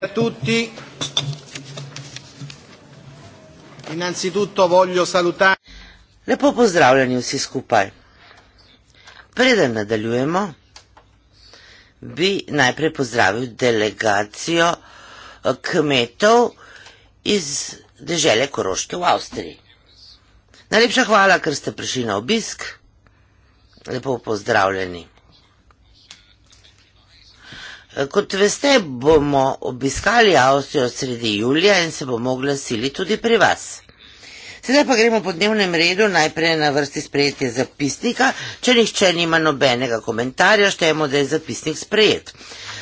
a tutti. Innanzitutto voglio salutare... Lepo pozdravljeni vsi skupaj. Preden nadaljujemo, bi najprej pozdravil delegacijo eh, kmetov iz dežele Koroške v Avstriji. Najlepša hvala, ker ste prišli na obisk. Lepo pozdravljeni. Kot veste, bomo obiskali Avstrijo sredi julija in se bomo oglasili tudi pri vas. Sedaj pa gremo po dnevnem redu, najprej na vrsti sprejetje zapisnika. Če nihče nima nobenega komentarja, štejemo, da je zapisnik sprejet.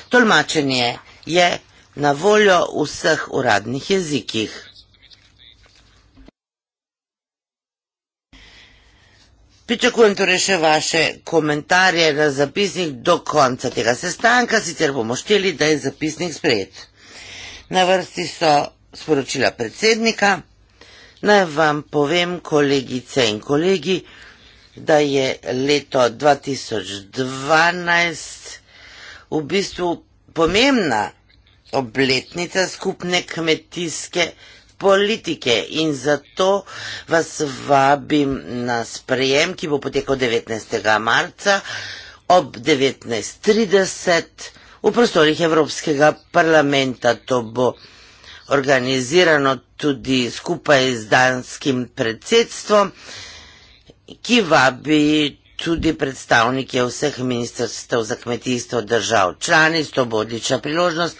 Tolmačenje je na voljo v vseh uradnih jezikih. Pričakujem torej še vaše komentarje na zapisnik do konca tega sestanka, sicer bomo šteli, da je zapisnik sprejet. Na vrsti so sporočila predsednika. Naj vam povem, kolegice in kolegi, da je leto 2012 v bistvu pomembna obletnica skupne kmetijske politike in zato vas vabim na sprejem, ki bo potekal 19. marca ob 19.30 v prostorih Evropskega parlamenta. To bo organizirano tudi skupaj z danskim predsedstvom, ki vabi tudi predstavnike vseh ministrstv za kmetijstvo držav članic. To bo odlična priložnost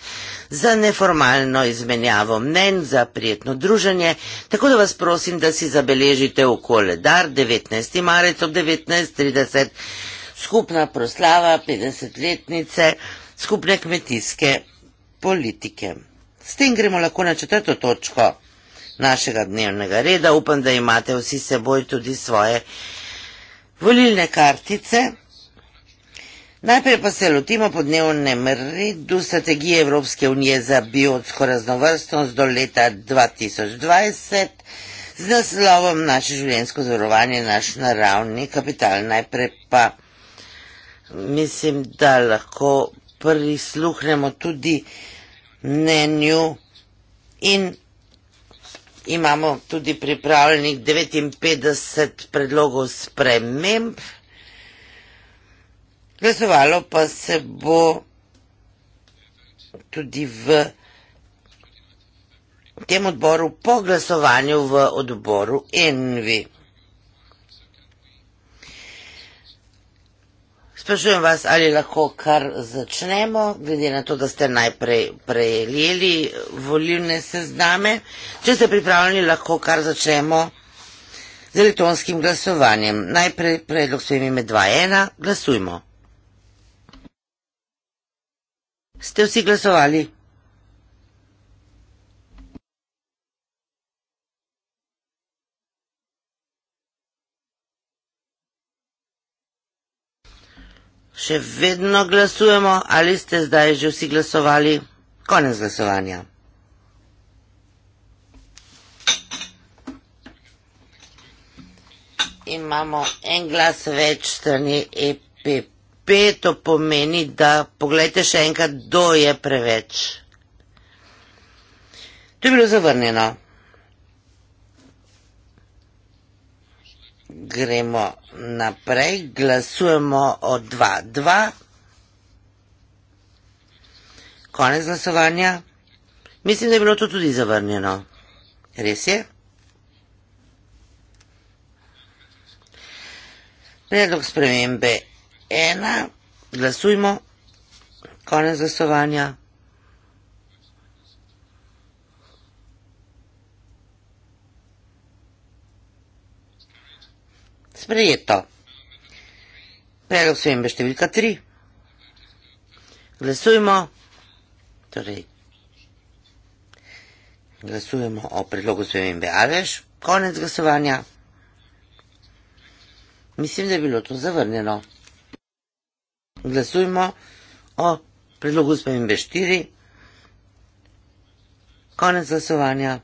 za neformalno izmenjavo mnen, za prijetno druženje, tako da vas prosim, da si zabeležite v koledar 19. marec ob 19.30 skupna proslava 50-letnice skupne kmetijske politike. S tem gremo lahko na četrto točko našega dnevnega reda. Upam, da imate vsi seboj tudi svoje volilne kartice. Najprej pa se lotimo po dnevnem redu strategije Evropske unije za biotsko raznovrstnost do leta 2020 z naslovom Naše življensko zavarovanje, naš naravni kapital. Najprej pa mislim, da lahko prisluhnemo tudi mnenju in imamo tudi pripravljenih 59 predlogov sprememb Glasovalo pa se bo tudi v tem odboru po glasovanju v odboru Envi. Sprašujem vas, ali lahko kar začnemo, glede na to, da ste najprej prejeli volilne sezname. Če ste pripravljeni, lahko kar začnemo z elektronskim glasovanjem. Najprej predlog svojim ime 2.1. Glasujmo. ste vsi glasovali. Še vedno glasujemo, ali ste zdaj že vsi glasovali. Konec glasovanja. Imamo en glas več strani EPP peto pomeni, da pogledajte še enkrat, kdo je preveč. To je bilo zavrnjeno. Gremo naprej, glasujemo o 2-2. Konec glasovanja. Mislim, da je bilo to tudi zavrnjeno. Res je? Predlog spremembe ena, glasujmo, konec glasovanja. Sprejeto. Predlog svembe številka 3. Glasujmo, torej, glasujemo o predlogu svembe Aleš, konec glasovanja. Mislim, da je bilo to zavrnjeno glasujmo o predlogu spremembe 4. Konec glasovanja.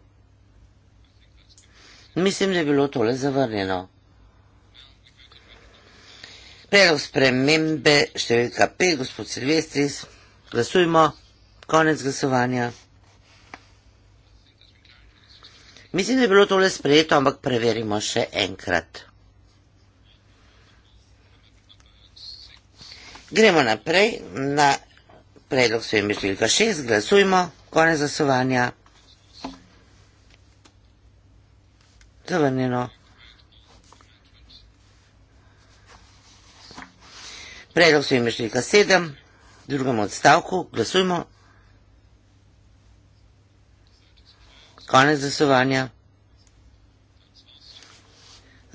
Mislim, da je bilo tole zavrnjeno. Predlog spremembe številka 5, gospod Silvestris. Glasujmo. Konec glasovanja. Mislim, da je bilo tole sprejeto, ampak preverimo še enkrat. Gremo naprej na predlog svojega številka 6, glasujmo, konec zasovanja. Zavrnjeno. Predlog svojega številka 7, drugemu odstavku, glasujmo. Konec zasovanja.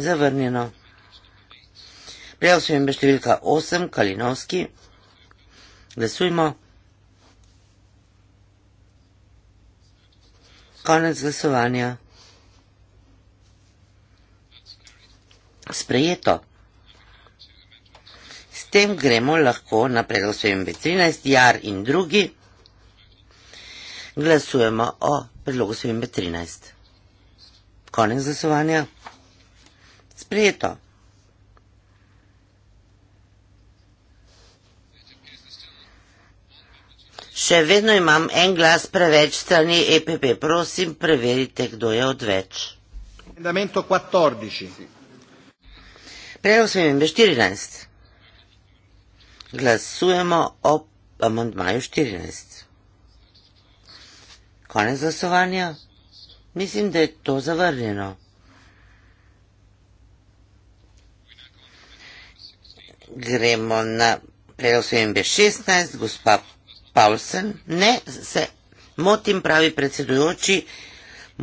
Zavrnjeno. Prijavljujem jim številka 8, Kalinovski. Glasujmo. Konec glasovanja. Sprejeto. S tem gremo lahko na predlog spremembe 13, jar in drugi. Glasujemo o predlogu spremembe 13. Konec glasovanja. Sprejeto. Še vedno imam en glas preveč strani EPP. Prosim, preverite, kdo je odveč. Emendamento 14. Prejel sem 14. Glasujemo o amandmaju 14. Konec glasovanja. Mislim, da je to zavrnjeno. Gremo na predlog 16, gospa Paulsen. Ne, se motim pravi predsedujoči,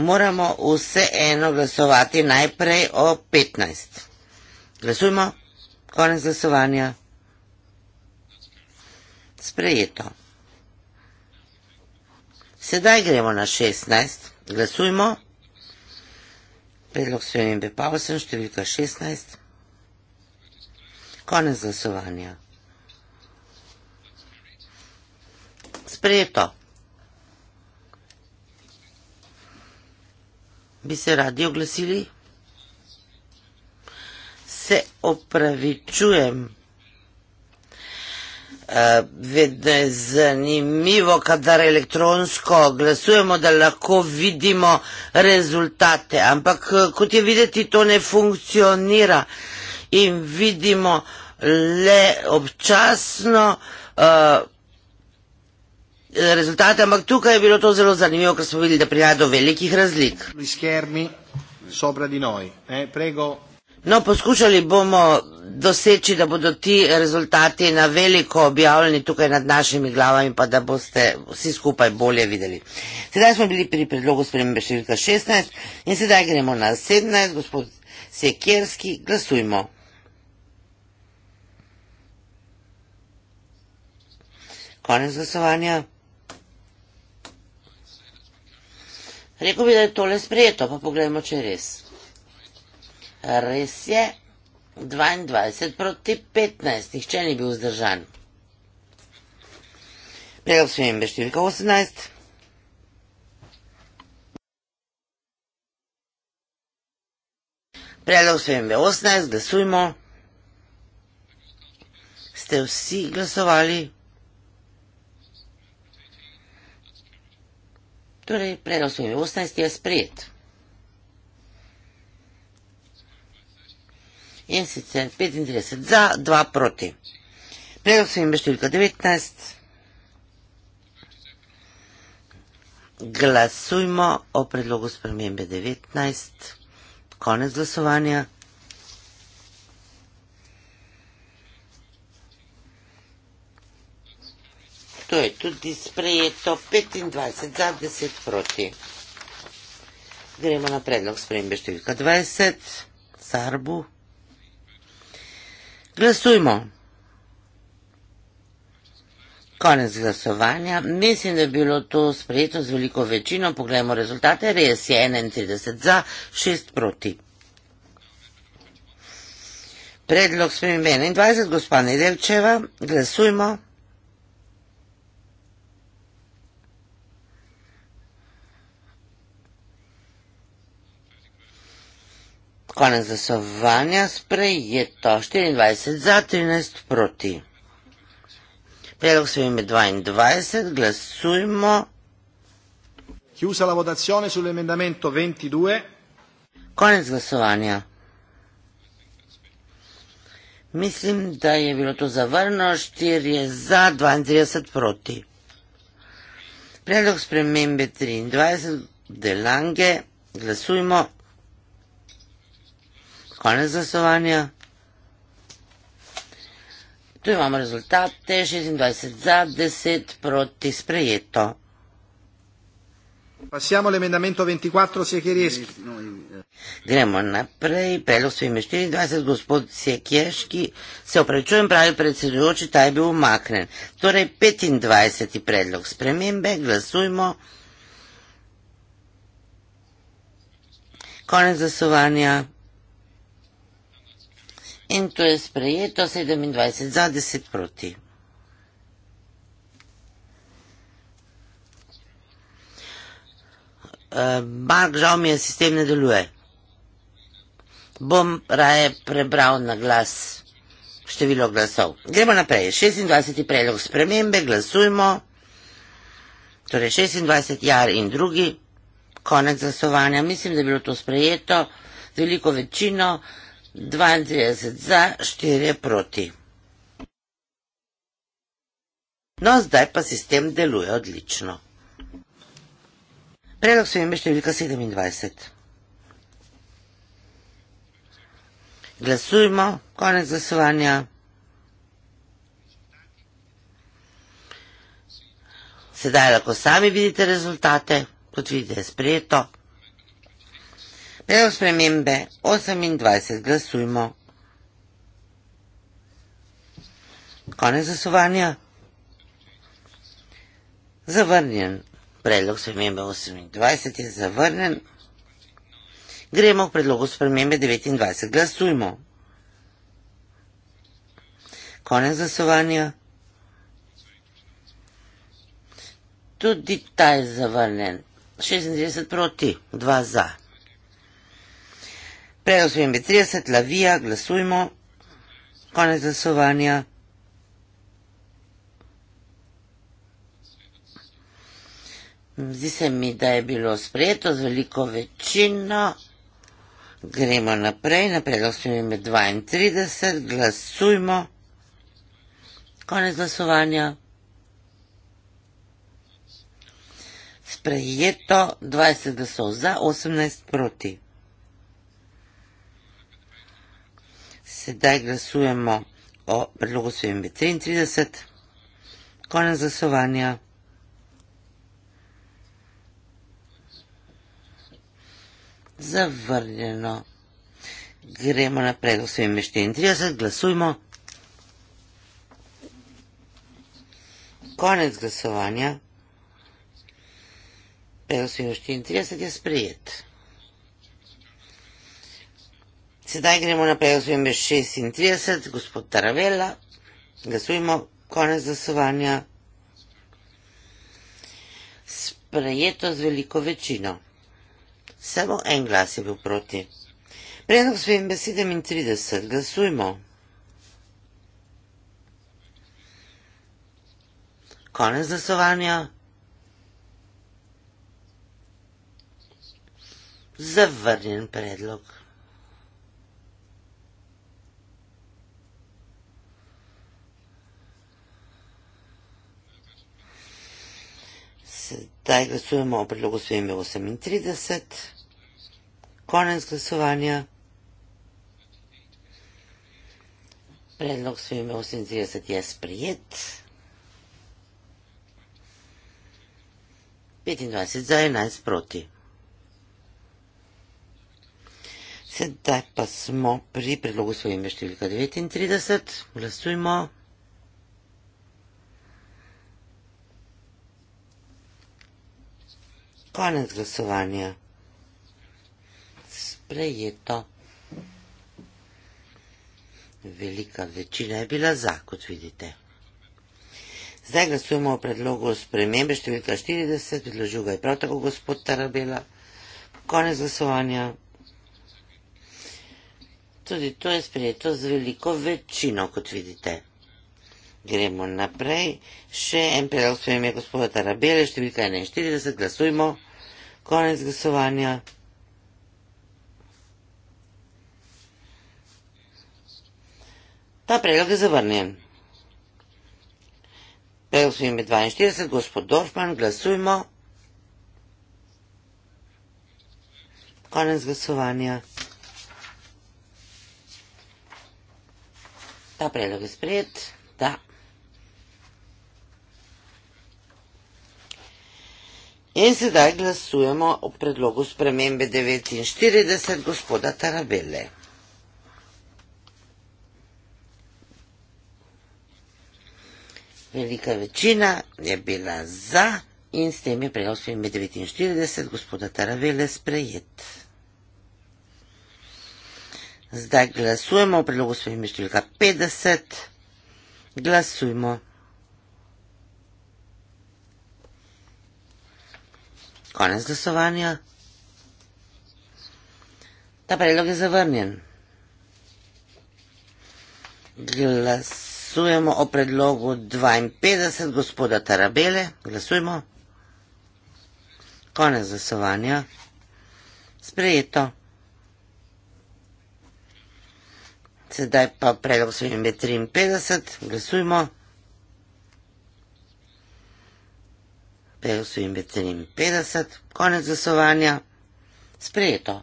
moramo vse eno glasovati najprej o 15. Glasujmo, konec glasovanja. Sprejeto. Sedaj gremo na 16. Glasujmo. Predlog svojim bepavosem, številka 16. Konec glasovanja. sprejeto. Bi se radi oglasili? Se opravičujem. Eh, vedno je zanimivo, kadar elektronsko glasujemo, da lahko vidimo rezultate. Ampak, eh, kot je videti, to ne funkcionira. In vidimo le občasno, eh, rezultate, ampak tukaj je bilo to zelo zanimivo, ker smo videli, da prihaja do velikih razlik. Eh, no, poskušali bomo doseči, da bodo ti rezultati na veliko objavljeni tukaj nad našimi glavami, pa da boste vsi skupaj bolje videli. Sedaj smo bili pri predlogu spremembe številka 16 in sedaj gremo na 17. Gospod Sekerski, glasujmo. Konec glasovanja. Rekl bi, da je tole sprejeto, pa pogledajmo, če je res. Res je 22 proti 15, nihče ni bil zdržan. Prega v svembe, številka 18. Predlog SVMB 18, glasujmo. Ste vsi glasovali? Torej, predlog sv. 18 je sprejet. In sicer 35 za, 2 proti. Predlog sv. številka 19. Glasujmo o predlogu spremembe 19. Konec glasovanja. zato je tudi sprejeto 25 za 10 proti. Gremo na predlog spremembe številka 20. Sarbu. Glasujmo. Konec glasovanja. Mislim, da je bilo to sprejeto z veliko večino. Poglejmo rezultate. Res je 31 za, 6 proti. Predlog spremembe 21, gospa Nedelčeva. Glasujmo. Konec glasovanja sprejeto 24 za 13 proti. Predlog se ime 22, glasujmo. Chiusa la votazione sull'emendamento 22. Konec glasovanja. Mislim, da je bilo to zavrno, 4 je za, 32 proti. Predlog spremembe 23, Delange, glasujmo konec glasovanja. Tu imamo rezultate, 26 za, 10 proti sprejeto. Passiamo all'emendamento 24, Siekierieschi. Gremo naprej, predlog svoj ime 24, gospod Siekierieschi. Se opravičujem, pravi predsedujoči, ta je bil umaknen. Torej, 25. predlog spremembe, glasujmo. Konec zasovanja in to je sprejeto 27 za 10 proti. Eh, Mark, žal mi je, sistem ne deluje. Bom raje prebral na glas število glasov. Gremo naprej. 26. predlog spremembe, glasujmo. Torej 26 jar in drugi. Konec glasovanja. Mislim, da je bilo to sprejeto z veliko večino. 32 za, 4 proti. No, zdaj pa sistem deluje odlično. Predlog so imeli številka 27. Glasujmo, konec glasovanja. Sedaj lahko sami vidite rezultate, kot vidite, je sprejeto. Sprejel spremembe 28, glasujmo. Konec zasovanja. Zavrnjen. Predlog spremembe 28 je zavrnen. Gremo k predlogu spremembe 29, glasujmo. Konec zasovanja. Tudi ta je zavrnen. 36 proti, 2 za. Prej 38, lavija, glasujmo, konec glasovanja. Zdi se mi, da je bilo sprejeto z veliko večino. Gremo naprej, naprej 32, glasujmo, konec glasovanja. Sprejeto 20 glasov za 18 proti. Sedaj glasujemo o predlogu 733. Konec glasovanja. Zavrljeno. Gremo naprej do 734. Glasujmo. Konec glasovanja. Predlog 734 je sprejet. Sedaj gremo naprej v zvembe 36, gospod Taravela. Glasujemo, konec glasovanja. Sprejeto z veliko večino. Samo en glas je bil proti. Predlog zvembe 37, glasujemo. Konec glasovanja. Zavrnjen predlog. Zdaj glasujemo o predlogu spremembe 38. Konec glasovanja. Predlog spremembe 38 je sprejet. 25 za 11 proti. Sedaj pa smo pri predlogu svojime številka 39. Glasujmo. Konec glasovanja. Sprejeto. Velika večina je bila za, kot vidite. Zdaj glasujemo o predlogu spremembe številka 40, predložil ga je prav tako gospod Tarabela. Konec glasovanja. Tudi to je sprejeto z veliko večino, kot vidite. Gremo naprej. Še en predlog s vami je gospoda Tarabele, številka 41, glasujmo. Konec glasovanja. Ta predlog je zavrnjen. Predlog s vami je 42, gospod Dorfman, glasujmo. Konec glasovanja. Ta predlog je sprejet. Da. In sedaj glasujemo o predlogu spremembe 49 gospoda Tarabele. Velika večina je bila za in s tem je predlog spremembe 49 gospoda Tarabele sprejet. Zdaj glasujemo o predlogu spremembe številka 50. Glasujmo. Glasujmo. Konec glasovanja. Ta predlog je zavrnjen. Glasujemo o predlogu 52 gospoda Tarabele. Glasujemo. Konec glasovanja. Sprejeto. Sedaj pa predlog 753. Glasujemo. Peusu in Becerim 50, konec glasovanja, sprejeto.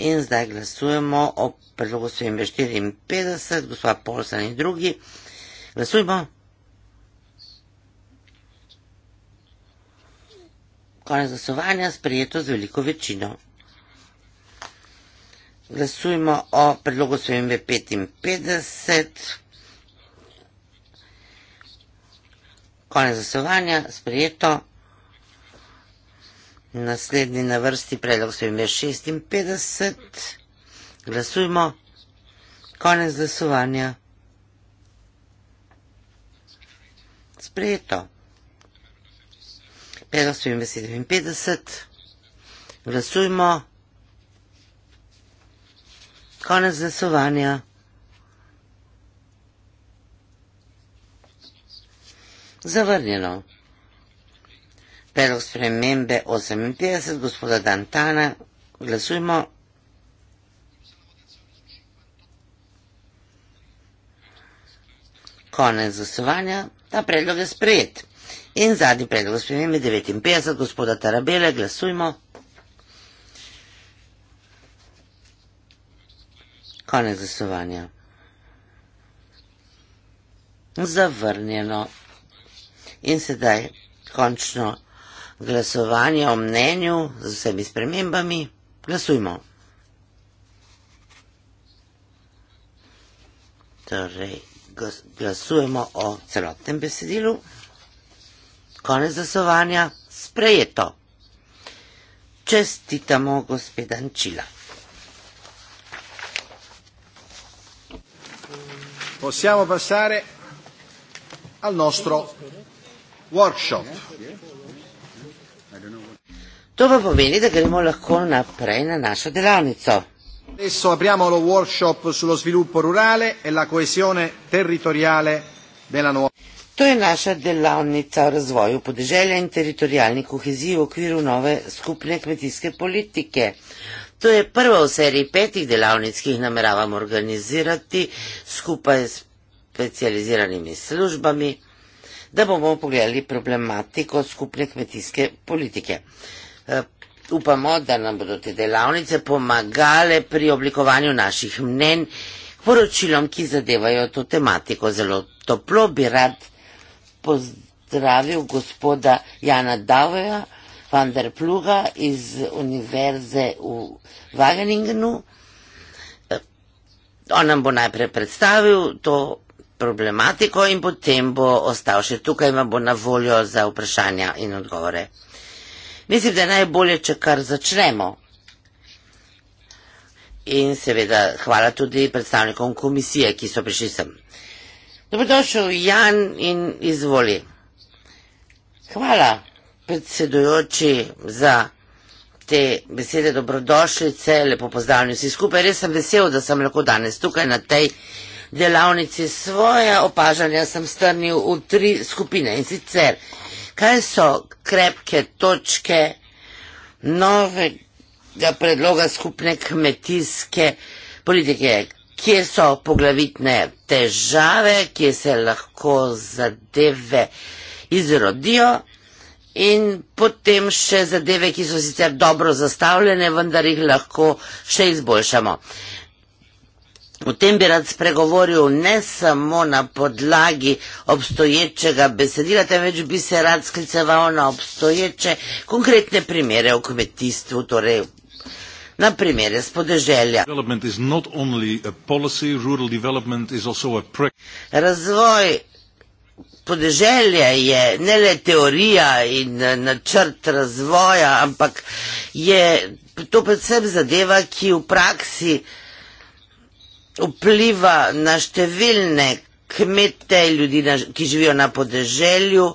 In zdaj glasujemo o predlogu Svembe 54, gospod Polsan in drugi. Glasujemo. Konec glasovanja sprejeto z veliko večino. Glasujemo o predlogu Svembe 55, Konec glasovanja, sprejeto. Naslednji na vrsti predlog so ime 56. Glasujmo. Konec glasovanja. Sprejeto. Predlog so ime 57. Glasujmo. Konec glasovanja. zavrnjeno. Predlog spremembe 58 gospoda Dantana, glasujmo. Konec glasovanja, ta predlog je sprejet. In zadnji predlog spremembe 59 gospoda Tarabele, glasujmo. Konec glasovanja. Zavrnjeno. In sedaj končno glasovanje o mnenju z vsemi spremembami. Glasujmo. Torej, glasujemo o celotnem besedilu. Konec glasovanja. Sprejeto. Čestitamo gospoda Čila. Possiamo passare al nostro workshop. To pa pomeni, da gremo lahko naprej na našo delavnico. Adesso apriamo lo workshop sullo sviluppo rurale e la coesione territoriale della nuova. To je naša delavnica o razvoju podeželja in teritorijalni koheziji v okviru nove skupne kmetijske politike. To je prva v seriji petih delavnic, ki jih nameravamo organizirati skupaj s specializiranimi službami, da bomo pogledali problematiko skupne kmetijske politike. E, upamo, da nam bodo te delavnice pomagale pri oblikovanju naših mnenj k poročilom, ki zadevajo to tematiko. Zelo toplo bi rad pozdravil gospoda Jana Davoja van der Pluga iz Univerze v Wageningenu. E, on nam bo najprej predstavil to problematiko in potem bo ostal še tukaj in vam bo na voljo za vprašanja in odgovore. Mislim, da je najbolje, če kar začnemo. In seveda hvala tudi predstavnikom komisije, ki so prišli sem. Dobrodošel Jan in izvoli. Hvala predsedujoči za te besede dobrodošlice, lepo pozdravljeni vsi skupaj. Res sem vesel, da sem lahko danes tukaj na tej delavnici svoje opažanja sem strnil v tri skupine in sicer, kaj so krepke točke novega predloga skupne kmetijske politike, kje so poglavitne težave, kje se lahko zadeve izrodijo in potem še zadeve, ki so sicer dobro zastavljene, vendar jih lahko še izboljšamo potem bi rad spregovoril ne samo na podlagi obstoječega besedila, temveč bi se rad skliceval na obstoječe konkretne primere v kmetijstvu, torej na primere s podeželja. Razvoj podeželja je ne le teorija in eh, načrt razvoja, ampak je to predvsem zadeva, ki v praksi razvoja vpliva na številne kmete, ljudi, ki živijo na podeželju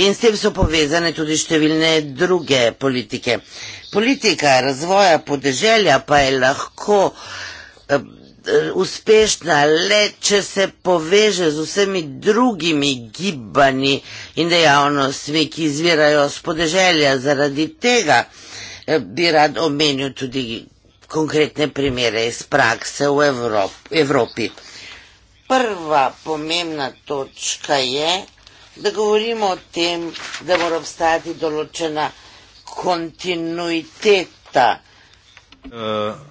in s tem so povezane tudi številne druge politike. Politika razvoja podeželja pa je lahko eh, uspešna le, če se poveže z vsemi drugimi gibanji in dejavnostmi, ki izvirajo z podeželja. Zaradi tega eh, bi rad omenil tudi konkretne primere iz prakse v Evropi. Prva pomembna točka je, da govorimo o tem, da mora obstajati določena kontinuiteta. Uh,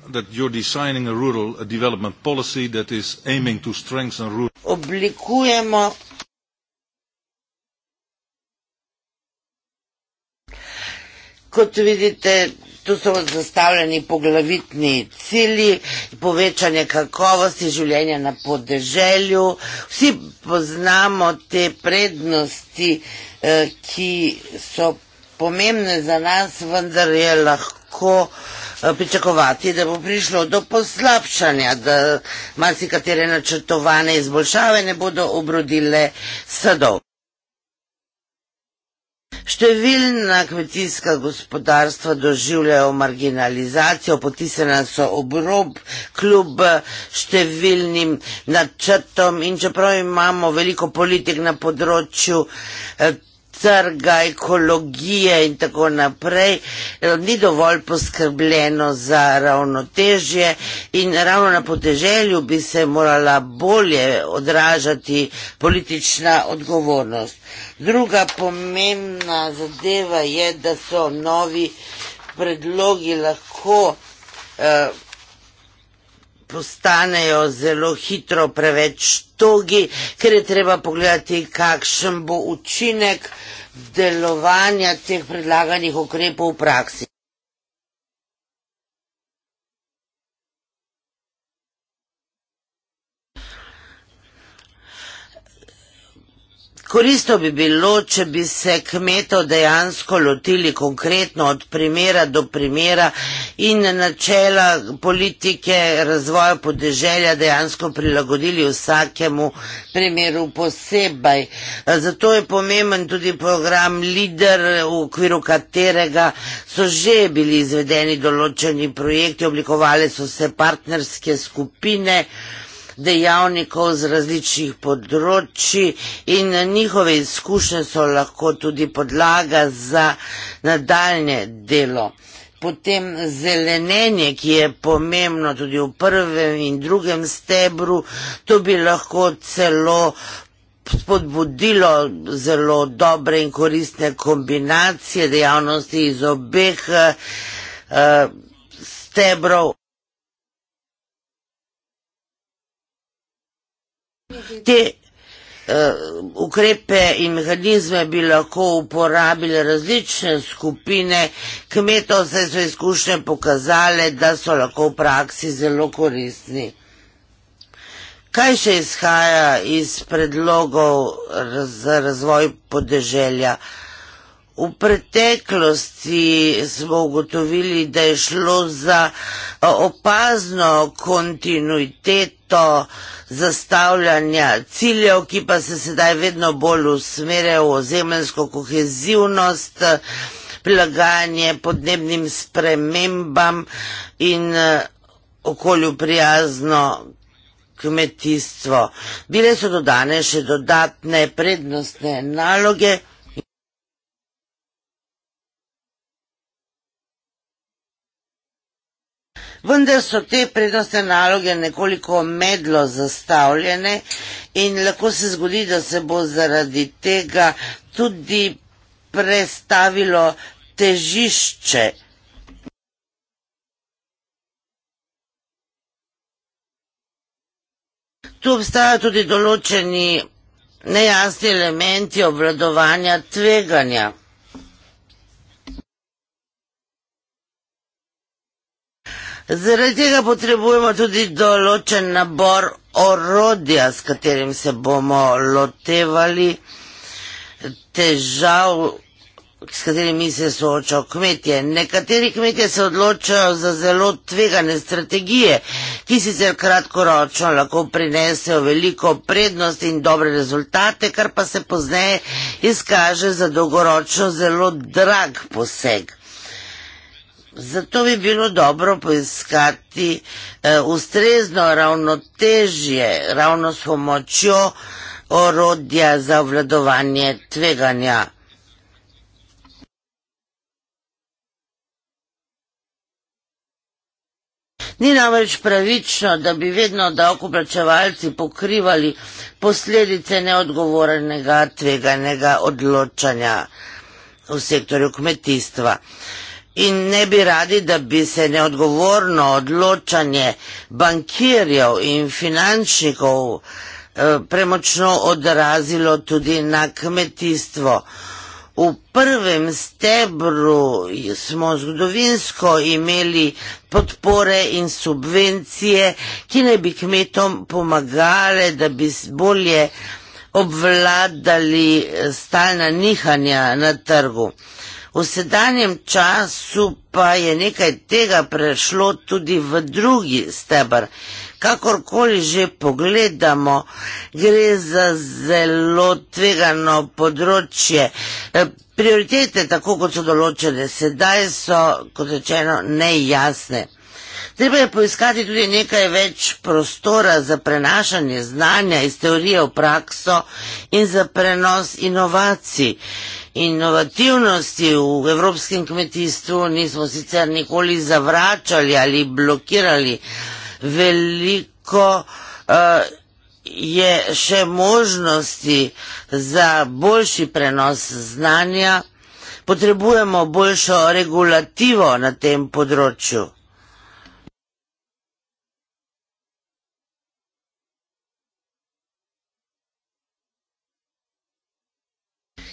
that you're designing a rural development policy that is aiming to strengthen rural. Oblikujemo kot vidite Tu so zastavljeni poglavitni cilji, povečanje kakovosti življenja na podeželju. Vsi poznamo te prednosti, eh, ki so pomembne za nas, vendar je lahko eh, pričakovati, da bo prišlo do poslabšanja, da marsikatere načrtovane izboljšave ne bodo obrodile sadov. Številna kmetijska gospodarstva doživljajo marginalizacijo, potisena so ob rob, kljub številnim načrtom in čeprav imamo veliko politik na področju eh, trga, ekologije in tako naprej, eh, ni dovolj poskrbljeno za ravnotežje in ravno na podeželju bi se morala bolje odražati politična odgovornost. Druga pomembna zadeva je, da so novi predlogi lahko eh, postanejo zelo hitro preveč togi, ker je treba pogledati, kakšen bo učinek delovanja teh predlaganih ukrepov v praksi. Koristo bi bilo, če bi se kmetov dejansko lotili konkretno od primera do primera, in načela politike razvoja podeželja dejansko prilagodili vsakemu primeru posebej. Zato je pomemben tudi program LIDER, v okviru katerega so že bili izvedeni določeni projekti, oblikovali so se partnerske skupine dejavnikov z različnih področji in njihove izkušnje so lahko tudi podlaga za nadaljne delo. Potem zelenenje, ki je pomembno tudi v prvem in drugem stebru, to bi lahko celo spodbudilo zelo dobre in koristne kombinacije dejavnosti iz obeh uh, stebrov. Te Eh, ukrepe in mehanizme bi lahko uporabile različne skupine kmetov, saj so izkušnje pokazale, da so lahko v praksi zelo koristni. Kaj še izhaja iz predlogov za razvoj podeželja? V preteklosti smo ugotovili, da je šlo za eh, opazno kontinuiteto zastavljanja ciljev, ki pa se sedaj vedno bolj usmerjajo v ozemljsko kohezivnost, prilagajanje podnebnim spremembam in eh, okolju prijazno kmetijstvo. Bile so dodane še dodatne prednostne naloge, vendar so te prednostne naloge nekoliko medlo zastavljene in lahko se zgodi, da se bo zaradi tega tudi prestavilo težišče. Tu obstajajo tudi določeni nejasni elementi obvladovanja tveganja. Zaradi tega potrebujemo tudi določen nabor orodja, s katerim se bomo lotevali težav, s katerimi se soočajo kmetje. Nekateri kmetje se odločajo za zelo tvegane strategije, ki sicer kratkoročno lahko prinesejo veliko prednosti in dobre rezultate, kar pa se pozneje izkaže za dolgoročno zelo drag poseg. Zato bi bilo dobro poiskati uh, ustrezno ravnotežje ravno s pomočjo orodja za obvladovanje tveganja. Ni namreč pravično, da bi vedno davkoplačevalci pokrivali posledice neodgovornega tveganega odločanja v sektorju kmetijstva in ne bi radi, da bi se neodgovorno odločanje bankirjev in finančnikov eh, premočno odrazilo tudi na kmetijstvo. V prvem stebru smo zgodovinsko imeli podpore in subvencije, ki ne bi kmetom pomagale, da bi bolje obvladali eh, stalna nihanja na trgu. V sedanjem času pa je nekaj tega prešlo tudi v drugi stebr. Kakorkoli že pogledamo, gre za zelo tvegano področje. E, prioritete, tako kot so določene sedaj, so, kot rečeno, nejasne. Treba je poiskati tudi nekaj več prostora za prenašanje znanja iz teorije v prakso in za prenos inovacij inovativnosti v evropskem kmetijstvu nismo sicer nikoli zavračali ali blokirali. Veliko uh, je še možnosti za boljši prenos znanja, potrebujemo boljšo regulativo na tem področju.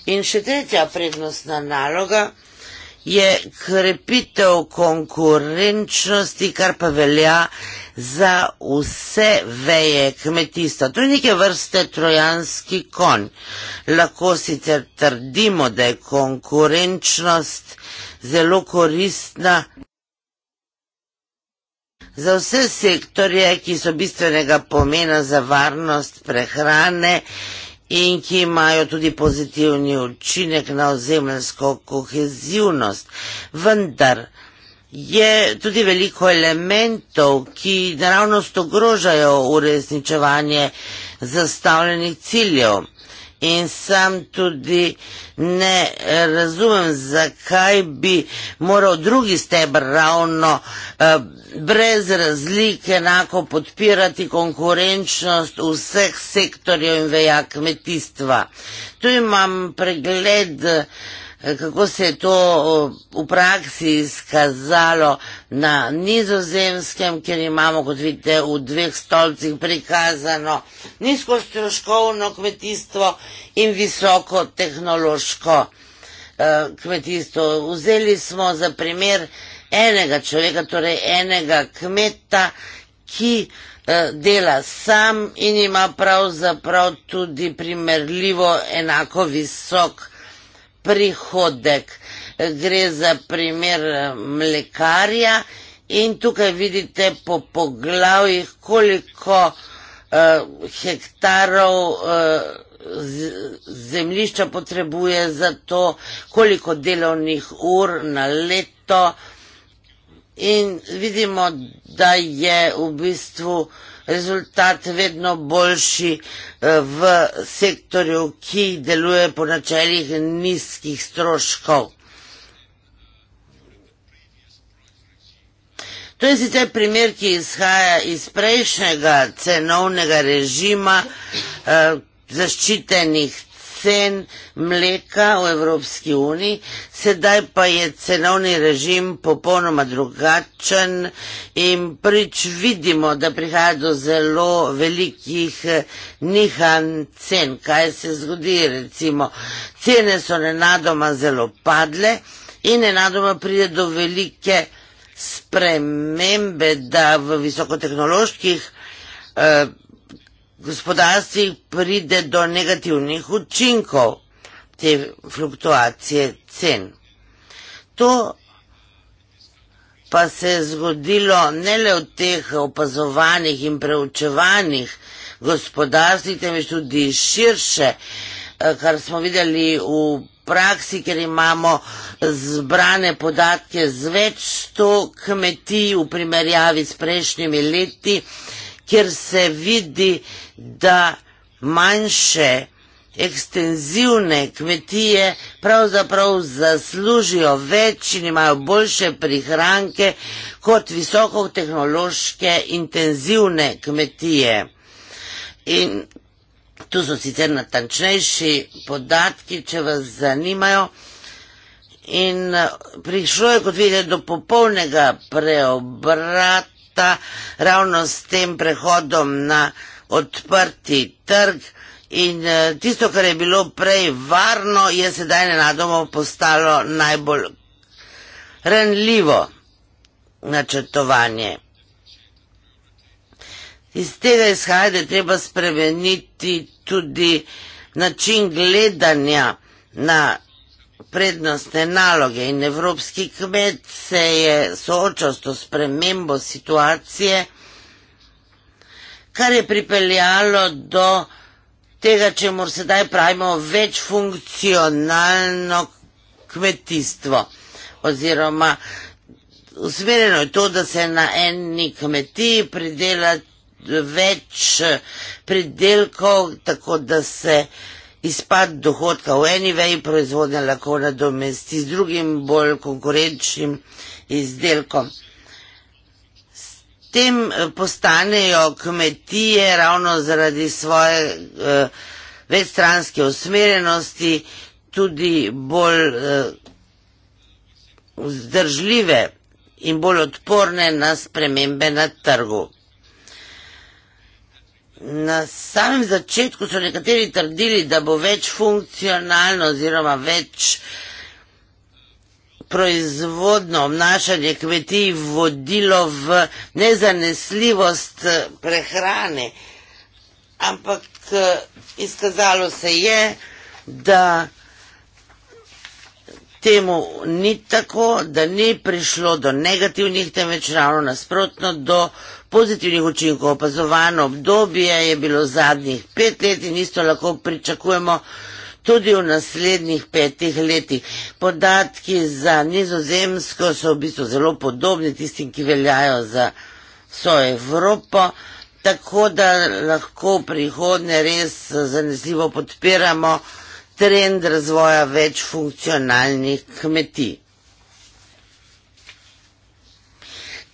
In še tretja prednostna naloga je krepitev konkurenčnosti, kar pa velja za vse veje kmetijstva. To je neke vrste trojanski konj. Lahko sicer trdimo, da je konkurenčnost zelo koristna za vse sektorje, ki so bistvenega pomena za varnost prehrane in ki imajo tudi pozitivni učinek na ozemljsko kohezivnost. Vendar je tudi veliko elementov, ki naravnost ogrožajo uresničevanje zastavljenih ciljev in sam tudi ne razumem, zakaj bi moral drugi stebr ravno eh, brez razlike enako podpirati konkurenčnost vseh sektorjev in veja kmetijstva. Tu imam pregled vsega, kako se je to v praksi izkazalo na nizozemskem, kjer imamo, kot vidite, v dveh stolcih prikazano nizko stroškovno kmetijstvo in visoko tehnološko e, kmetijstvo. Vzeli smo za primer enega človeka, torej enega kmeta, ki e, dela sam in ima pravzaprav tudi primerljivo enako visok kmetijstvo prihodek. Gre za primer eh, mlekarja in tukaj vidite po poglavjih, koliko uh, hektarov uh, z, zemlišča potrebuje za to, koliko delovnih ur na leto. In vidimo, da je v bistvu uh, rezultat vedno boljši eh, v sektorju, ki deluje po načeljih nizkih stroškov. To je sicer primer, ki izhaja iz prejšnjega cenovnega režima eh, zaščitenih cen mleka v Evropski uniji, sedaj pa je cenovni režim popolnoma drugačen in prič vidimo, da prihaja do zelo velikih eh, nihanj cen. Kaj se zgodi, recimo, cene so nenadoma zelo padle in nenadoma pride do velike spremembe, da v visokotehnoloških eh, gospodarstvih pride do negativnih učinkov te fluktuacije cen. To pa se je zgodilo ne le v teh opazovanih in preučevanih gospodarstvih, temveč tudi širše, eh, kar smo videli v praksi, ker imamo zbrane podatke z več sto kmetij v primerjavi s prejšnjimi leti, kjer se vidi, da manjše ekstenzivne kmetije pravzaprav zaslužijo več in imajo boljše prihranke kot visokotehnološke intenzivne kmetije. In tu so sicer natančnejši podatki, če vas zanimajo. In eh, prišlo je, kot vidite, do popolnega preobrata ravno s tem prehodom na kmetijo odprti trg in eh, tisto, kar je bilo prej varno, je sedaj nenadoma postalo najbolj ranljivo načrtovanje. Iz tega izhaja, da je treba spremeniti tudi način gledanja na prednostne naloge in evropski kmet se je soočal s to spremembo situacije kar je pripeljalo do tega, če mor sedaj pravimo večfunkcionalno kmetijstvo oziroma usmerjeno je to, da se na eni kmetiji pridela več pridelkov, tako da se izpad dohodka v eni veji proizvodnja lahko nadomesti z drugim bolj konkurenčnim izdelkom tem eh, postanejo kmetije ravno zaradi svoje eh, večstranske usmerjenosti tudi bolj eh, vzdržljive eh, in bolj odporne na spremembe na trgu. Na samem začetku so nekateri trdili, da bo več funkcionalno oziroma več eh, proizvodno obnašanje kmetij vodilo v nezanesljivost eh, prehrane. Ampak eh, izkazalo se je, da temu ni tako, da ni prišlo do negativnih, temveč ravno nasprotno do pozitivnih učinkov. Opazovano obdobje je bilo zadnjih pet let in isto lahko pričakujemo, tudi v naslednjih petih letih. Podatki za nizozemsko so v bistvu zelo podobni tistim, ki veljajo za vso Evropo, tako da lahko prihodne res zanesljivo podpiramo trend razvoja večfunkcionalnih kmetij.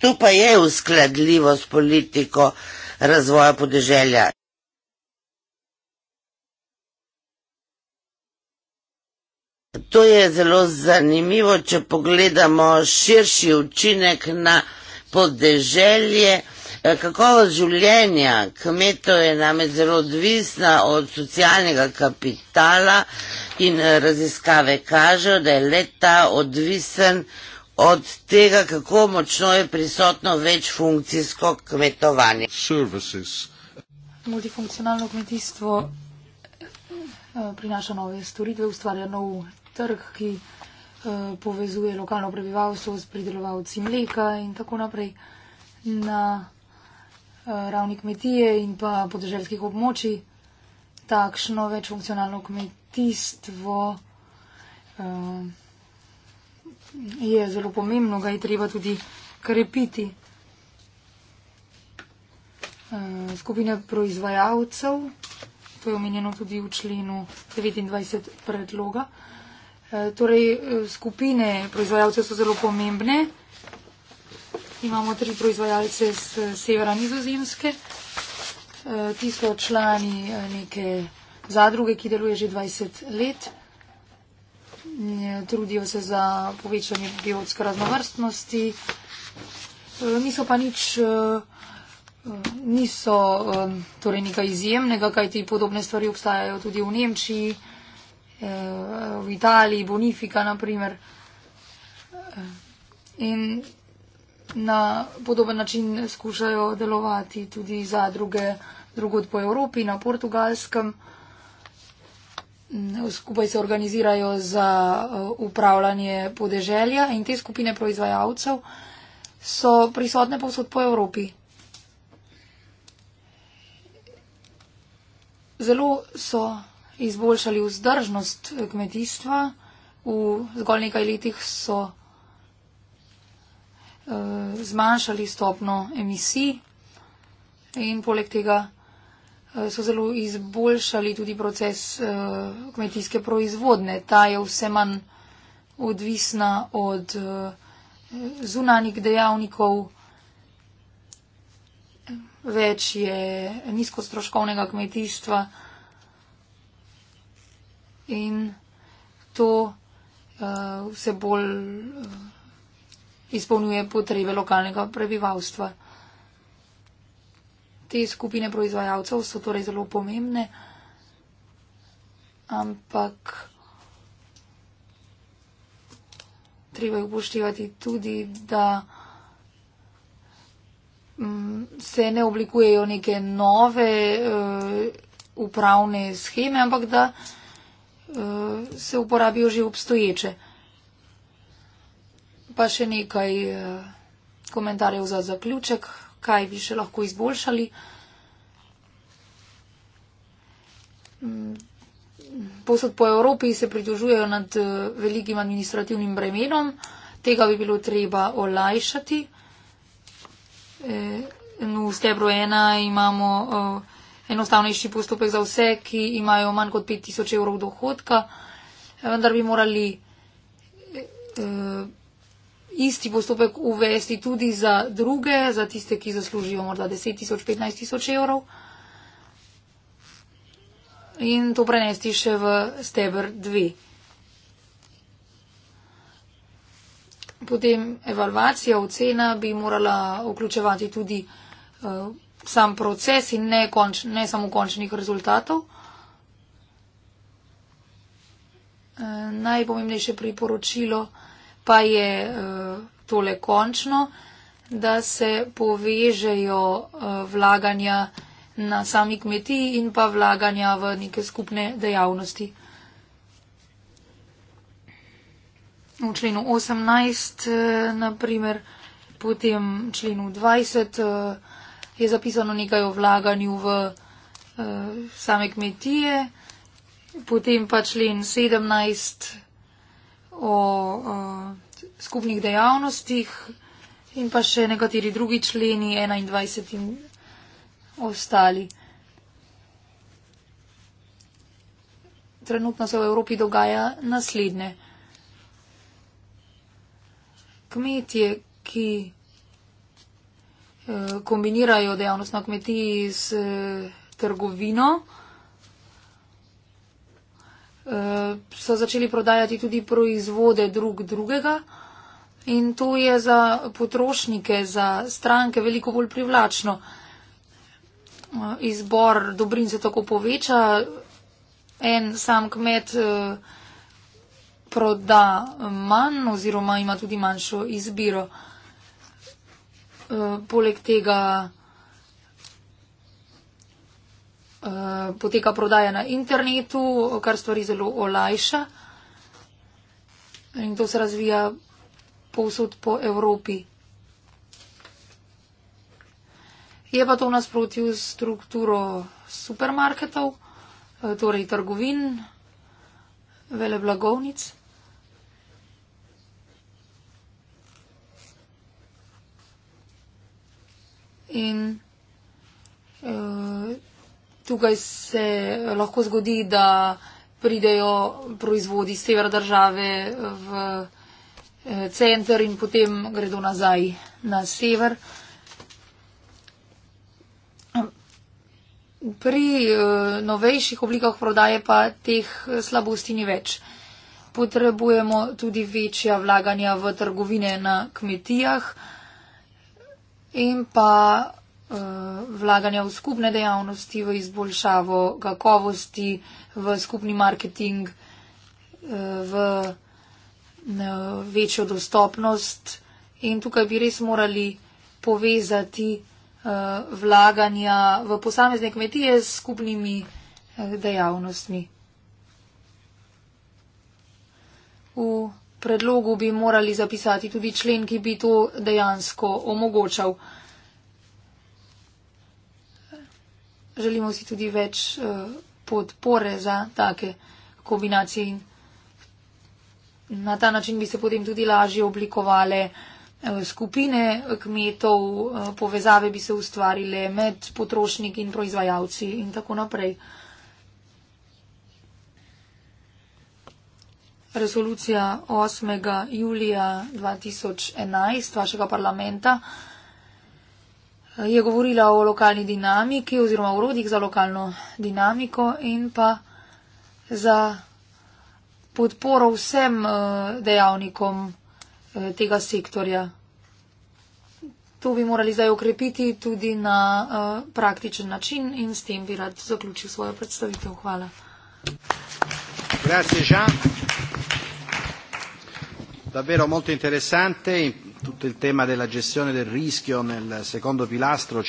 Tu pa je uskladljivo s politiko razvoja podeželja. To je zelo zanimivo, če pogledamo širši učinek na podeželje. E, Kakovo življenja kmetov je namreč zelo odvisna od socialnega kapitala in e, raziskave kažejo, da je leta odvisen od tega, kako močno je prisotno večfunkcijsko kmetovanje. Services. Multifunkcionalno kmetijstvo e, prinaša nove storitve, ustvarja nov trg, ki uh, povezuje lokalno prebivalstvo s pridelovalci mleka in tako naprej na uh, ravni kmetije in pa podeželskih območij. Takšno večfunkcionalno kmetijstvo uh, je zelo pomembno, ga je treba tudi krepiti. Skupine proizvajalcev, to je omenjeno tudi v členu 29 predloga, uh, Eh, torej, eh, skupine proizvajalcev so zelo pomembne. Imamo tri proizvajalce z eh, severa nizozemske. Ti so člani neke zadruge, ki deluje že 20 let. Trudijo se za povečanje biotske raznovrstnosti. Niso pa nič, niso torej nekaj izjemnega, kajti podobne stvari obstajajo tudi v Nemčiji. Eh, v Italiji, Bonifica, naprimer. Eh, in na podoben način skušajo delovati tudi za druge, drugod po Evropi, na portugalskem. Mm, skupaj se organizirajo za eh, upravljanje podeželja in te skupine proizvajalcev so prisotne povsod po Evropi. Zelo so izboljšali vzdržnost eh, kmetijstva. V zgolj nekaj letih so eh, zmanjšali stopno emisij in poleg tega eh, so zelo izboljšali tudi proces kmetijske proizvodne. Ta je vse manj odvisna od zunanjih dejavnikov, več je nizkostroškovnega kmetijstva in to uh, vse bolj uh, izpolnjuje potrebe lokalnega prebivalstva. Te skupine proizvajalcev so torej zelo pomembne, ampak treba je upoštevati tudi, da mm, se ne oblikujejo neke nove uh, upravne scheme, ampak da uh, uh, se uporabijo že obstoječe. Pa še nekaj uh, komentarjev za zaključek, kaj bi še lahko izboljšali. Mm, posod po Evropi se pridružujejo nad eh, velikim administrativnim bremenom, tega bi bilo treba olajšati. E, v stebru ena imamo o, enostavnejši postopek za vse, ki imajo manj kot 5000 evrov dohodka, eh, vendar bi morali uh, isti postopek uvesti tudi za druge, za tiste, ki zaslužijo morda 10 tisoč, 15 tisoč evrov in to prenesti še v steber 2. Potem evalvacija, ocena bi morala vključevati tudi uh, sam proces in ne, konč, ne samo končnih rezultatov. E, najpomembnejše priporočilo pa je e, tole končno, da se povežejo e, vlaganja na sami kmetiji in pa vlaganja v neke skupne dejavnosti. V členu 18, e, naprimer, potem členu 20. E, je zapisano nekaj o vlaganju v uh, same kmetije, potem pa člen 17 o uh, skupnih dejavnostih in pa še nekateri drugi členi 21 in ostali. Trenutno se v Evropi dogaja naslednje. Kmetje, ki kombinirajo dejavnost na kmetiji s eh, trgovino. Eh, so začeli prodajati tudi proizvode drug drugega in to je za potrošnike, za stranke veliko bolj privlačno. Eh, izbor dobrin se tako poveča. En sam kmet proda manj oziroma ima tudi manjšo izbiro. Eh, poleg tega eh, poteka prodaja na internetu, kar stvari zelo olajša. In to se razvija povsod po Evropi. Je pa to v nasprotju s strukturo supermarketov, eh, torej trgovin, veleblagovnic. in uh, tukaj se lahko zgodi, da pridejo proizvodi iz severa države v uh, center in potem gredo nazaj na sever. Pri uh, novejših oblikah prodaje pa teh slabosti ni več. Potrebujemo tudi večja vlaganja v trgovine na kmetijah. Uh, in pa eh, vlaganja v skupne dejavnosti, v izboljšavo kakovosti, v skupni marketing, eh, v večjo dostopnost. In tukaj bi res morali povezati eh, vlaganja v posamezne kmetije s skupnimi dejavnostmi predlogu bi morali zapisati tudi člen, ki bi to dejansko omogočal. Želimo si tudi več eh, podpore za take kombinacije in na ta način bi se potem tudi lažje oblikovale eh, skupine kmetov, eh, povezave bi se ustvarile med potrošniki in proizvajalci in tako naprej. resolucija 8. julija 2011 vašega parlamenta eh, je govorila o lokalni dinamiki oziroma urodjih za lokalno dinamiko in pa za podporo vsem eh, dejavnikom eh, tega sektorja. To bi morali zdaj okrepiti tudi na praktičen način in s tem bi rad zaključil svojo predstavitev. Hvala. Grazie, Jean. Davvero molto interessante tutto il tema della gestione del rischio nel secondo pilastro.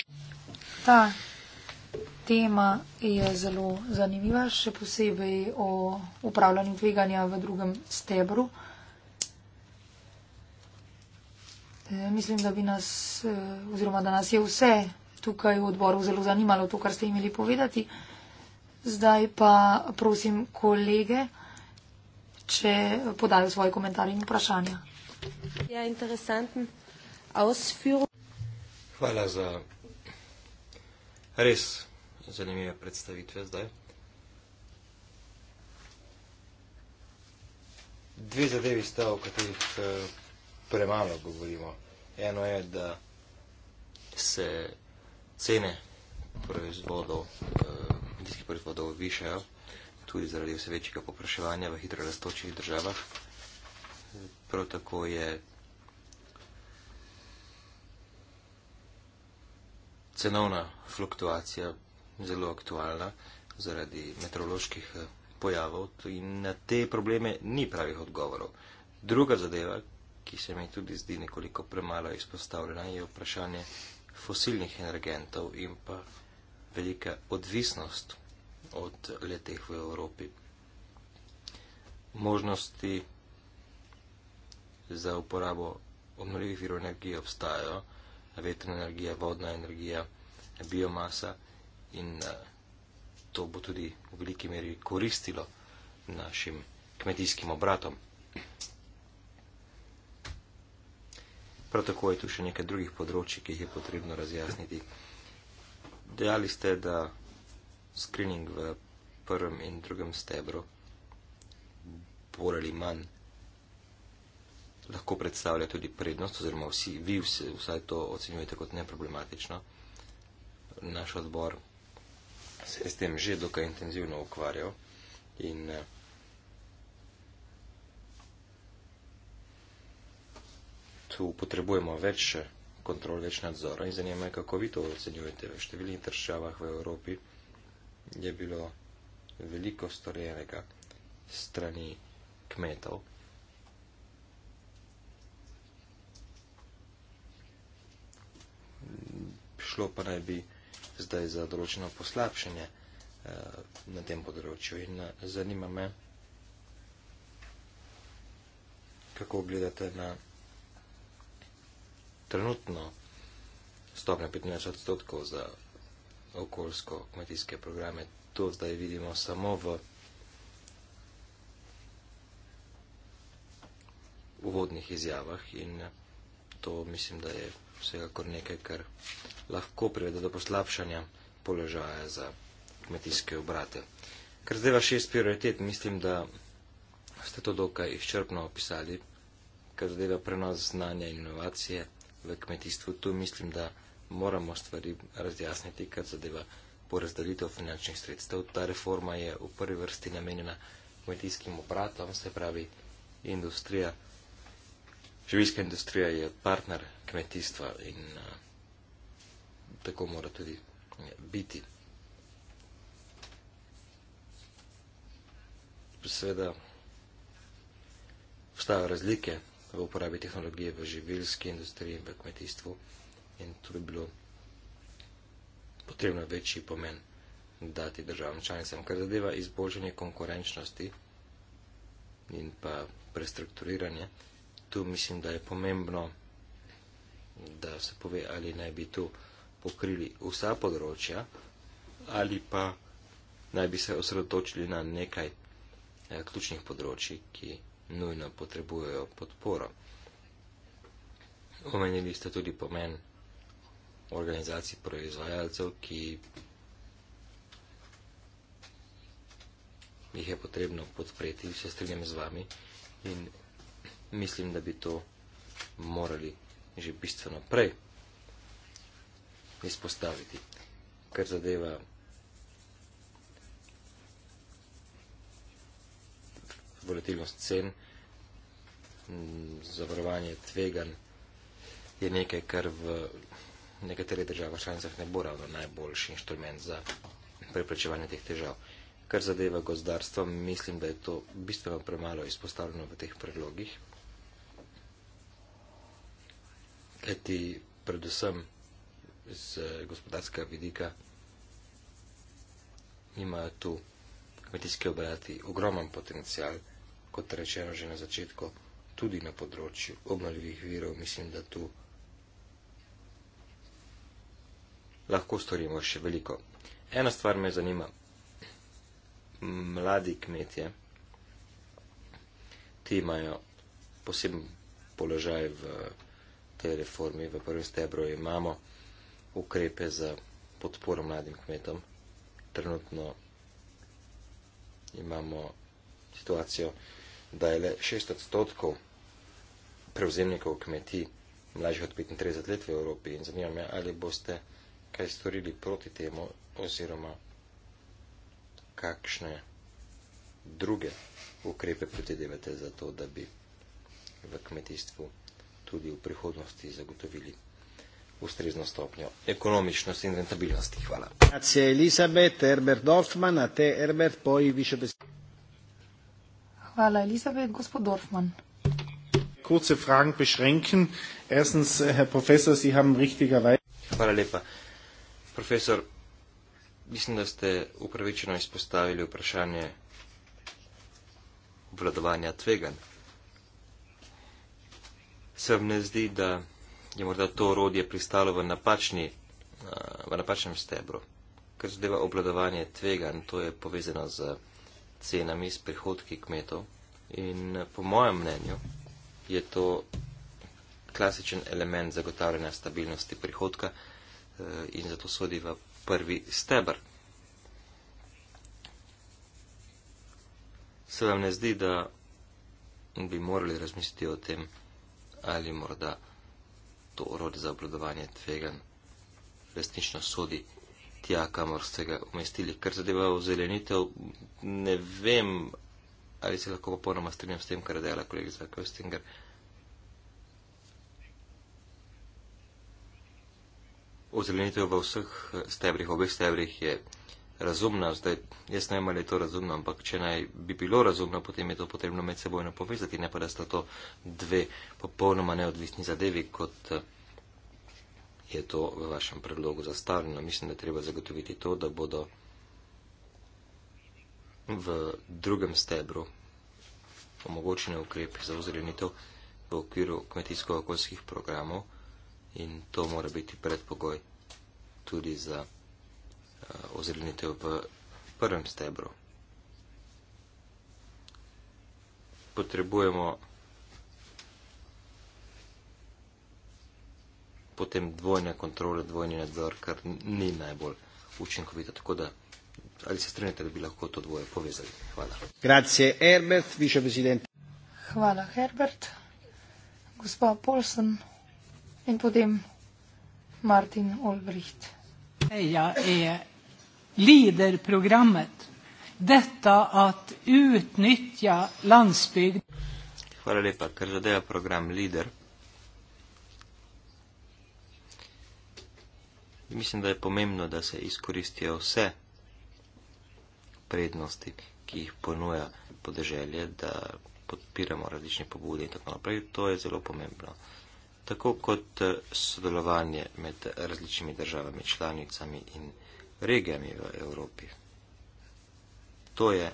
Ta tema je zelo zanimiva, še posebej o upravljanju tveganja v drugem stebru. E, mislim, da bi nas, e, oziroma da nas je vse tukaj v odboru zelo zanimalo to, kar ste imeli povedati. Zdaj pa prosim kolege če podajo svoje komentarje in vprašanja. Ja, interesanten ausfjur. Hvala za res zanimive predstavitve zdaj. Dve zadevi sta, o katerih eh, premalo govorimo. Eno je, da se cene proizvodov, medijskih eh, proizvodov, višajo tudi zaradi vse večjega popraševanja v hitro raztočih državah. Prav tako je cenovna fluktuacija zelo aktualna zaradi meteoroloških eh, pojavov in na te probleme ni pravih odgovorov. Druga zadeva, ki se mi tudi zdi nekoliko premalo izpostavljena, je vprašanje fosilnih energentov in pa velika odvisnost od leteh v Evropi. Možnosti za uporabo obnovljivih virov energije obstajajo, vetrna energija, vodna energija, biomasa in eh, to bo tudi v veliki meri koristilo našim kmetijskim obratom. Prav tako je tu še nekaj drugih področji, ki jih je potrebno razjasniti. Dejali ste, da screening v prvem in drugem stebru, bolj ali manj, lahko predstavlja tudi prednost, oziroma vsi, vi vse, vsaj to ocenjujete kot neproblematično. Naš odbor se je s tem že dokaj intenzivno ukvarjal in eh, tu potrebujemo več eh, kontrol, več nadzora in zanima me, kako vi to ocenjujete v številnih državah v Evropi je bilo veliko storjenega strani kmetov. Šlo pa naj bi zdaj za določeno poslabšanje eh, na tem področju in eh, zanima me, kako gledate na trenutno stopnjo 15 odstotkov za okoljsko-kmetijske programe. To zdaj vidimo samo v uvodnih izjavah in to mislim, da je vsekakor nekaj, kar lahko privede do poslabšanja položaja za kmetijske obrate. Kar zdaj vaš šest prioritet, mislim, da ste to dokaj izčrpno opisali, kar zadeva prenos znanja in inovacije v kmetijstvu. Tu mislim, da moramo stvari razjasniti, kar zadeva porazdelitev finančnih sredstev. Ta reforma je v prvi vrsti namenjena kmetijskim obratom, se pravi industrija. Živijska industrija je partner kmetijstva in a, eh, tako mora tudi eh, biti. Seveda obstajajo razlike v uporabi tehnologije v živilski industriji in v kmetijstvu in tudi bilo potrebno večji pomen dati državam članicam. Kar zadeva izboljšanje konkurenčnosti in pa prestrukturiranje, tu mislim, da je pomembno, da se pove, ali naj bi tu pokrili vsa področja ali pa naj bi se osredotočili na nekaj eh, ključnih področji, ki nujno potrebujejo podporo. Omenili ste tudi pomen organizacij proizvajalcev, ki jih je potrebno podpreti, se strinjam z vami in mislim, da bi to morali že bistveno prej izpostaviti, ker zadeva volatilnost cen, zavarovanje tvegan je nekaj, kar v nekaterih državah članicah ne bo ravno najboljši inštrument za preprečevanje teh težav. Kar zadeva gozdarstvo, mislim, da je to bistveno premalo izpostavljeno v teh predlogih. Kajti predvsem z gospodarskega vidika imajo tu kmetijski obrati ogromen potencial, kot rečeno že na začetku, tudi na področju obnovljivih virov, mislim, da tu lahko storimo še veliko. Ena stvar me zanima. Mladi kmetje, ti imajo poseben položaj v tej reformi, v prvem stebru imamo ukrepe za podporo mladim kmetom. Trenutno imamo situacijo, da je le 6 odstotkov prevzemnikov kmetij mlajših od 35 let v Evropi in zanima me, ali boste kaj storili proti temu, oziroma kakšne druge ukrepe predvidevate za to, da bi v kmetijstvu tudi v prihodnosti zagotovili ustrezno stopnjo ekonomičnosti in rentabilnosti. Hvala. Hvala, Elisabeth. Gospod Dorfman. Kurze Fragen beschränken. Erstens, Herr Professor, Sie haben richtigerweise. Hvala lepa. Profesor, mislim, da ste upravičeno izpostavili vprašanje obvladovanja tvegan. Se vam ne zdi, da je morda to orodje pristalo v, napačni, eh, v napačnem stebru? Kar zadeva obvladovanje tvegan, to je povezano z cenami, s prihodki kmetov. In eh, po mojem mnenju je to klasičen element zagotavljanja stabilnosti prihodka. Eh, in zato sodi v prvi stebr. Se vam ne zdi, da bi morali razmisliti o tem, ali morda to orodje za obladovanje tvegan resnično sodi tja, kamor ste ga umestili. Kar zadeva v zelenitev, ne vem, ali se lahko popolnoma strinjam s tem, kar je dela kolegica Kostinger. Uh, ozelenitev v vseh eh, stebrih, obeh stebrih je razumna. Zdaj, jaz ne vem, ali je to razumno, ampak če naj bi bilo razumno, potem je to potrebno med sebojno povezati, ne pa da sta to dve popolnoma neodvisni zadevi, kot eh, je to v vašem predlogu zastavljeno. Mislim, da treba zagotoviti to, da bodo v drugem stebru omogočene ukrepi za ozelenitev v okviru kmetijsko-okoljskih programov in to mora biti predpogoj tudi za uh, eh, ozrednitev v prvem stebru. Potrebujemo potem dvojne kontrole, dvojni nadzor, kar ni najbolj učinkovito, tako da ali se strinjate, da bi lahko to dvoje povezali. Hvala. Grazie, Herbert, Hvala, Herbert. Gospa Polsen, in potem Martin Olbricht. Jag är Leaderprogrammet. Detta att utnyttja landsbygd. Hvala lepa, ker zadeva program Leader. Mislim, da je pomembno, da se izkoristijo vse prednosti, ki jih ponuja podeželje, da podpiramo različne pobude in tako naprej. To je zelo pomembno tako kot eh, sodelovanje med različnimi državami, članicami in regijami v Evropi. To je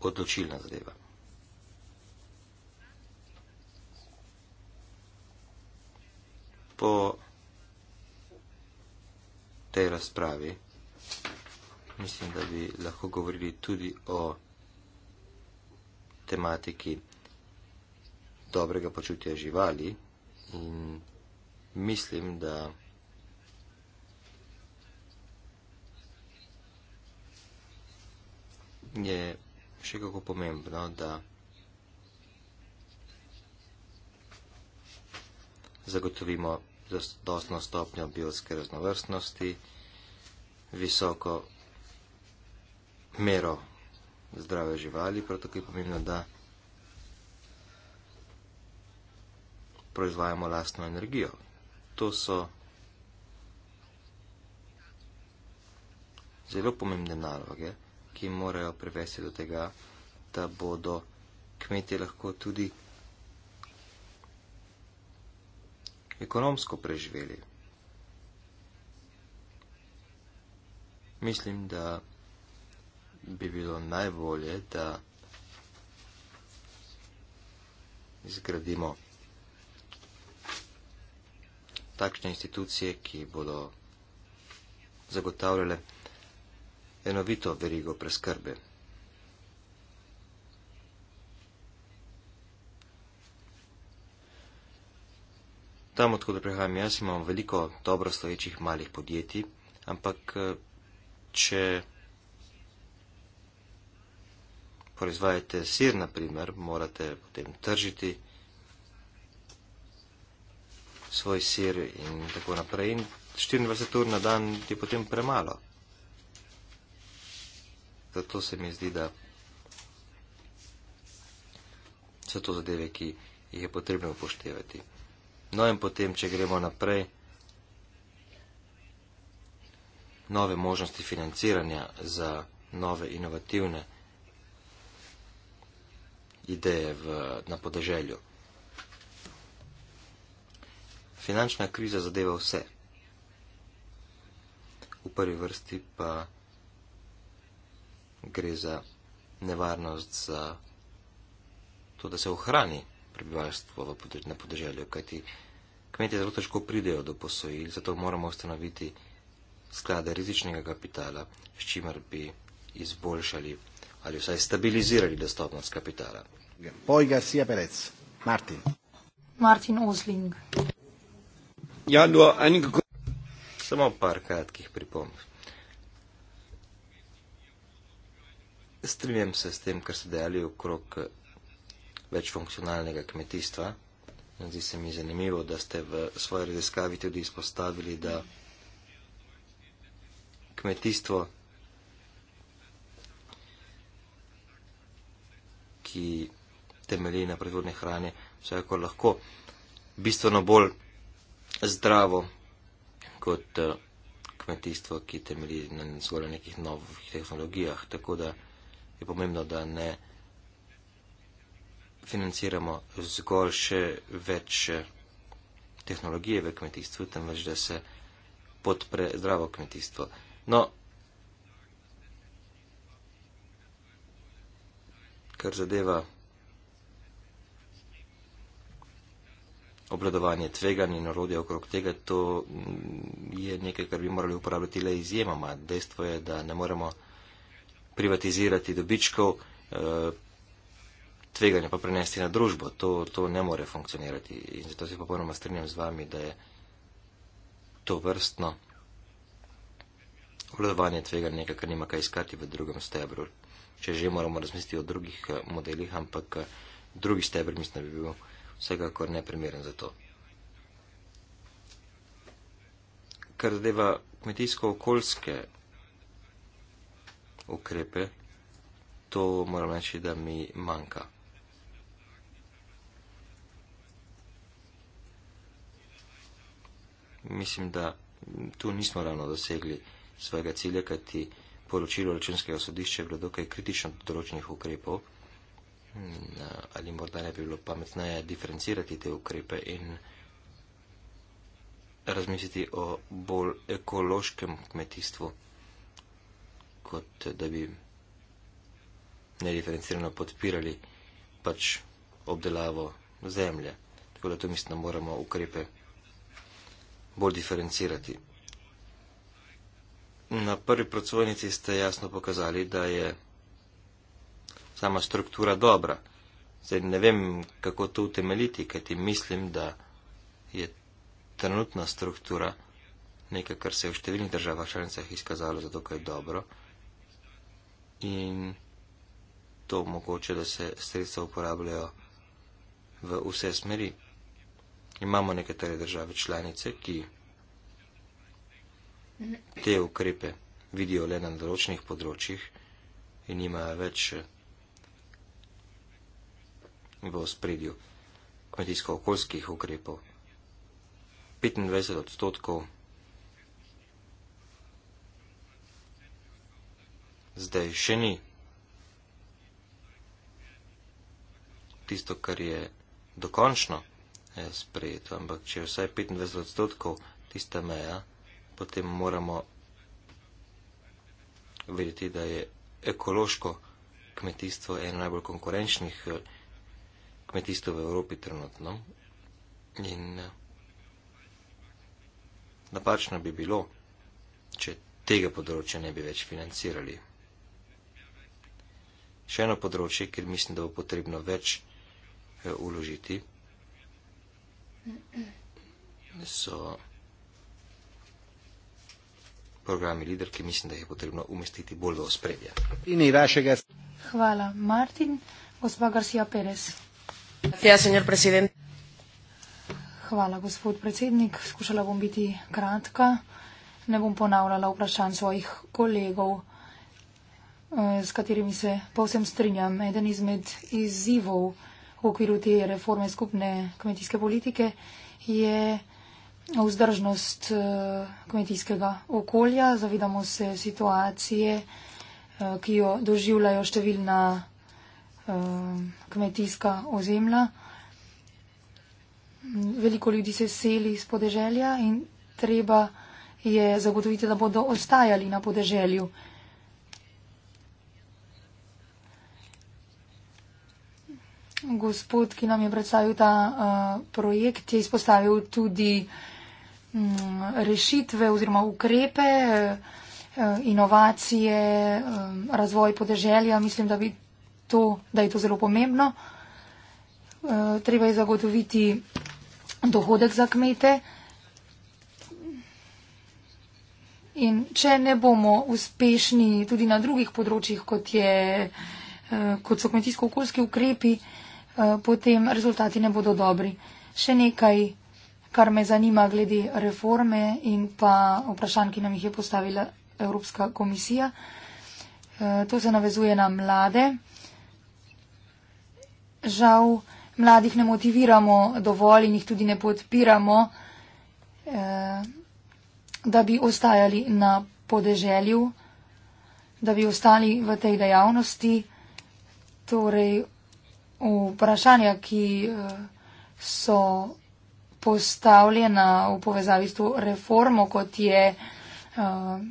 odločilna zadeva. Po tej razpravi mislim, da bi lahko govorili tudi o tematiki dobrega počutja živali in mislim, da je še kako pomembno, da zagotovimo dostno stopnjo biotske raznovrstnosti, visoko mero zdrave živali, prav tako je pomembno, da proizvajamo lastno energijo. To so zelo pomembne naloge, ki morajo prevesti do tega, da bodo kmetje lahko tudi ekonomsko preživeli. Mislim, da bi bilo najbolje, da izgradimo takšne institucije, ki bodo zagotavljale enovito verigo preskrbe. Tam, odkud prihajam jaz, imam veliko dobro stoječih malih podjetij, ampak če proizvajate sir, na primer, morate potem tržiti svoj sir in tako naprej. In 24 ur na dan je potem premalo. Zato se mi zdi, da so to zadeve, ki jih je potrebno upoštevati. No in potem, če gremo naprej, nove možnosti financiranja za nove inovativne ideje v, na podeželju finančna kriza zadeva vse. V prvi vrsti pa gre za nevarnost za to, da se ohrani prebivalstvo na podeželju, kajti kmetje zelo težko pridejo do posojil, zato moramo ustanoviti sklade rizičnega kapitala, s čimer bi izboljšali ali vsaj stabilizirali dostopnost kapitala. Poi Garcia Perez, Martin. Martin Osling. Ja, nur einige Samo par kratkih pripomb. Strinjam se s tem, kar ste dejali okrog eh, večfunkcionalnega kmetijstva. Zdi se mi zanimivo, da ste v svoji raziskavi tudi izpostavili, da kmetijstvo, ki temelji na predvodne hrane, vsekakor lahko bistveno bolj zdravo kot eh, kmetijstvo, ki temelji na zgolj nekih novih tehnologijah. Tako da je pomembno, da ne financiramo zgolj še več eh, tehnologije v kmetijstvu, temveč da se podpre zdravo kmetijstvo. No, kar zadeva obladovanje tveganj in orodja okrog tega, to mm, je nekaj, kar bi morali uporabljati le izjemoma. Dejstvo je, da ne moremo privatizirati dobičkov, eh, tveganja pa prenesti na družbo. To, to ne more funkcionirati. In zato se popolnoma strinjam z vami, da je to vrstno obladovanje tveganj nekaj, kar nima kaj iskati v drugem stebru. Če že moramo razmisliti o drugih eh, modelih, ampak eh, drugi stebr mislim, da bi bil vsekakor neprimeren za to. Kar zadeva kmetijsko-okoljske ukrepe, to moram reči, da mi manjka. Mislim, da tu nismo ravno dosegli svojega cilja, kajti poročilo računskega sodišča je bilo dokaj kritično do določenih ukrepov, In, ali morda ne bi bilo pametneje diferencirati te ukrepe in razmisliti o bolj ekološkem kmetijstvu, kot da bi nediferencirano podpirali pač obdelavo zemlje. Tako da to mislim, da moramo ukrepe bolj diferencirati. Na prvi procvojnici ste jasno pokazali, da je sama struktura dobra. Zdaj ne vem, kako to utemeljiti, kaj ti mislim, da je trenutna struktura nekaj, kar se je v številnih državah članicah izkazalo za dokaj dobro. In to mogoče, da se sredstva uporabljajo v vse smeri. Imamo nekatere države članice, ki te ukrepe vidijo le na določenih področjih in imajo več v ospredju kmetijsko-okoljskih ukrepov. 25 odstotkov zdaj še ni tisto, kar je dokončno sprejeto, ampak če je vsaj 25 odstotkov tista meja, potem moramo vedeti, da je ekološko kmetijstvo eno najbolj konkurenčnih eh, kmetijstvo v Evropi trenutno. In eh, napačno bi bilo, če tega področja ne bi več financirali. Še eno področje, kjer mislim, da bo potrebno več eh, uložiti, so programi LIDER, ki mislim, da jih je potrebno umestiti bolj v ospredje. Hvala, Martin. Gospa Garcia Perez. Gracias, señor presidente. Hvala, gospod predsednik. Skušala bom biti kratka. Ne bom ponavljala vprašanj svojih kolegov, eh, s katerimi se povsem strinjam. Eden izmed izzivov v okviru te reforme skupne kmetijske politike je vzdržnost eh, kmetijskega okolja. Zavedamo se situacije, eh, ki jo doživljajo številna. Eh, kmetijska ozemlja. Veliko ljudi se seli iz podeželja in treba je zagotoviti, da bodo ostajali na podeželju. Gospod, ki nam je predstavil ta uh, projekt, je izpostavil tudi um, rešitve oziroma ukrepe, uh, inovacije, um, razvoj podeželja. Mislim, da bi to, da je to zelo pomembno. E, treba je zagotoviti dohodek za kmete. In če ne bomo uspešni tudi na drugih področjih, kot, je, e, kot so kmetijsko-okoljski ukrepi, e, potem rezultati ne bodo dobri. Še nekaj, kar me zanima glede reforme in pa vprašanj, ki nam jih je postavila Evropska komisija. To se navezuje na mlade žal mladih ne motiviramo dovolj in jih tudi ne podpiramo, eh, da bi ostajali na podeželju, da bi ostali v tej dejavnosti. Torej, vprašanja, ki eh, so postavljena v povezavi s to reformo, kot je eh,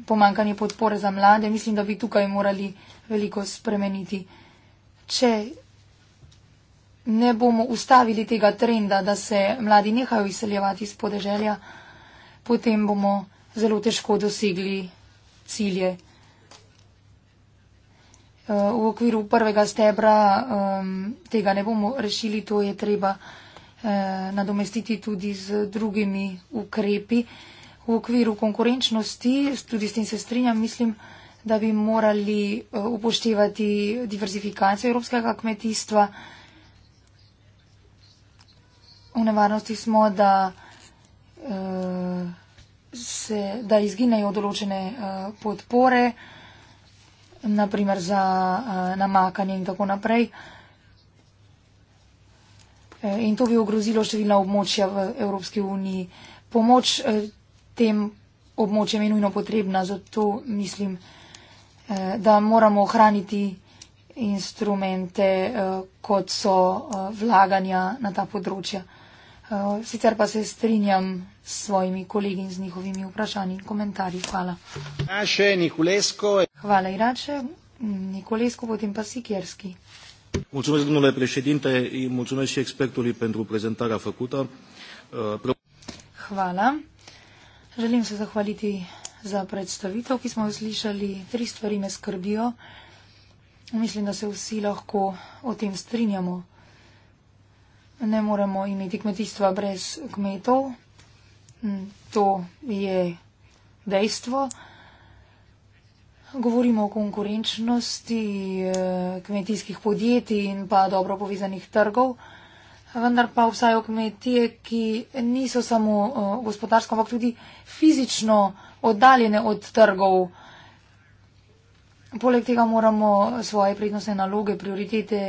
pomankanje podpore za mlade, mislim, da bi tukaj morali veliko spremeniti. Če ne bomo ustavili tega trenda, da se mladi nehajo izseljevati iz podeželja, potem bomo zelo težko dosegli cilje. Eh, v okviru prvega stebra ehm, tega ne bomo rešili, to je treba eh, nadomestiti tudi z drugimi ukrepi. V okviru konkurenčnosti, tudi s tem se strinjam, mislim, da bi morali eh, upoštevati diversifikacijo evropskega kmetijstva v nevarnosti smo, da, uh, se, da izginejo določene uh, podpore, naprimer za uh, namakanje in tako naprej. In to bi ogrozilo številna območja v Evropski uniji. Pomoč tem območjem je nujno potrebna, zato mislim, da moramo ohraniti instrumente, kot so vlaganja na ta področja. Uh, sicer pa se strinjam s svojimi kolegi in z njihovimi vprašanji in komentarji. Hvala. Naše Nikolesko. Hvala Irače. Nikolesko, potem pa Sikerski. Mulțumesc, domnule președinte, mulțumesc și expertului pentru prezentarea făcută. Uh, Hvala. Želim se zahvaliti za predstavitev, ki smo jo slišali. Tri stvari me skrbijo. Mislim, da se vsi lahko o tem strinjamo ne moremo imeti kmetijstva brez kmetov. Mm, to je dejstvo. Govorimo o konkurenčnosti eh, kmetijskih podjetij in pa dobro povezanih trgov, vendar pa obstajajo kmetije, ki niso samo eh, gospodarsko, ampak tudi fizično oddaljene od trgov. Poleg tega moramo svoje prednostne naloge, prioritete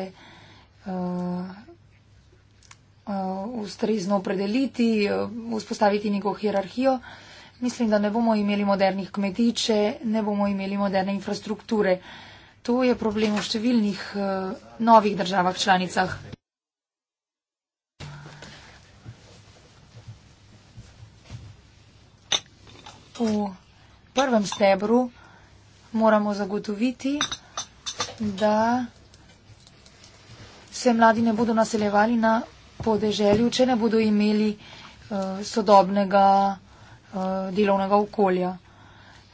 eh, Eh, ustrezno opredeliti, eh, vzpostaviti neko hierarhijo. Mislim, da ne bomo imeli modernih kmetiče, ne bomo imeli moderne infrastrukture. To je problem v številnih eh, novih državah članicah. V prvem stebru moramo zagotoviti, da se mladi ne bodo naseljevali na podeželju, če ne bodo imeli uh, sodobnega uh, delovnega okolja,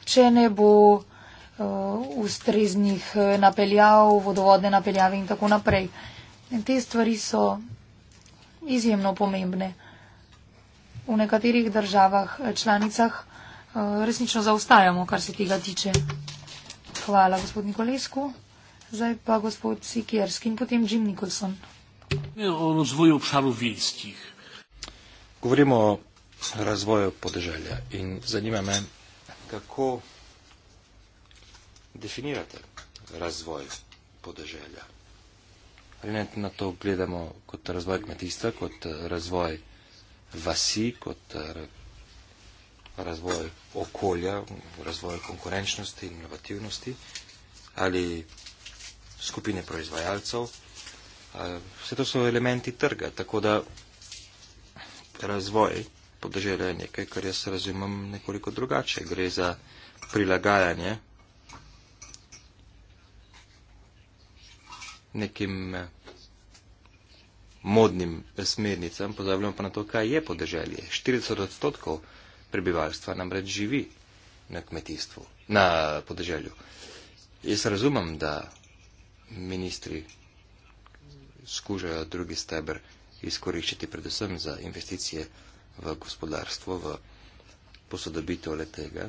če ne bo uh, ustreznih napeljav, vodovodne napeljave in tako naprej. In te stvari so izjemno pomembne. V nekaterih državah, članicah resnično zaostajamo, kar se tega tiče. Hvala, gospod Nikolesku. Zdaj pa gospod Sikerski in potem Jim Nicholson o razvoju obšarov vijskih. Govorimo o razvoju podeželja in zanima me, kako definirate razvoj podeželja. Ali ne na to gledamo kot razvoj kmetijstva, kot eh, razvoj vasi, kot eh, razvoj okolja, razvoj konkurenčnosti in inovativnosti ali skupine proizvajalcev, Vse to so elementi trga, tako da razvoj podeželja je nekaj, kar jaz razumem nekoliko drugače. Gre za prilagajanje nekim eh, modnim smernicam, pozabljamo pa na to, kaj je podeželje. 40 odstotkov prebivalstva namreč živi na kmetijstvu, na podeželju. Jaz razumem, da ministri skušajo drugi stebr izkoriščati predvsem za investicije v gospodarstvo, v posodobitev le tega.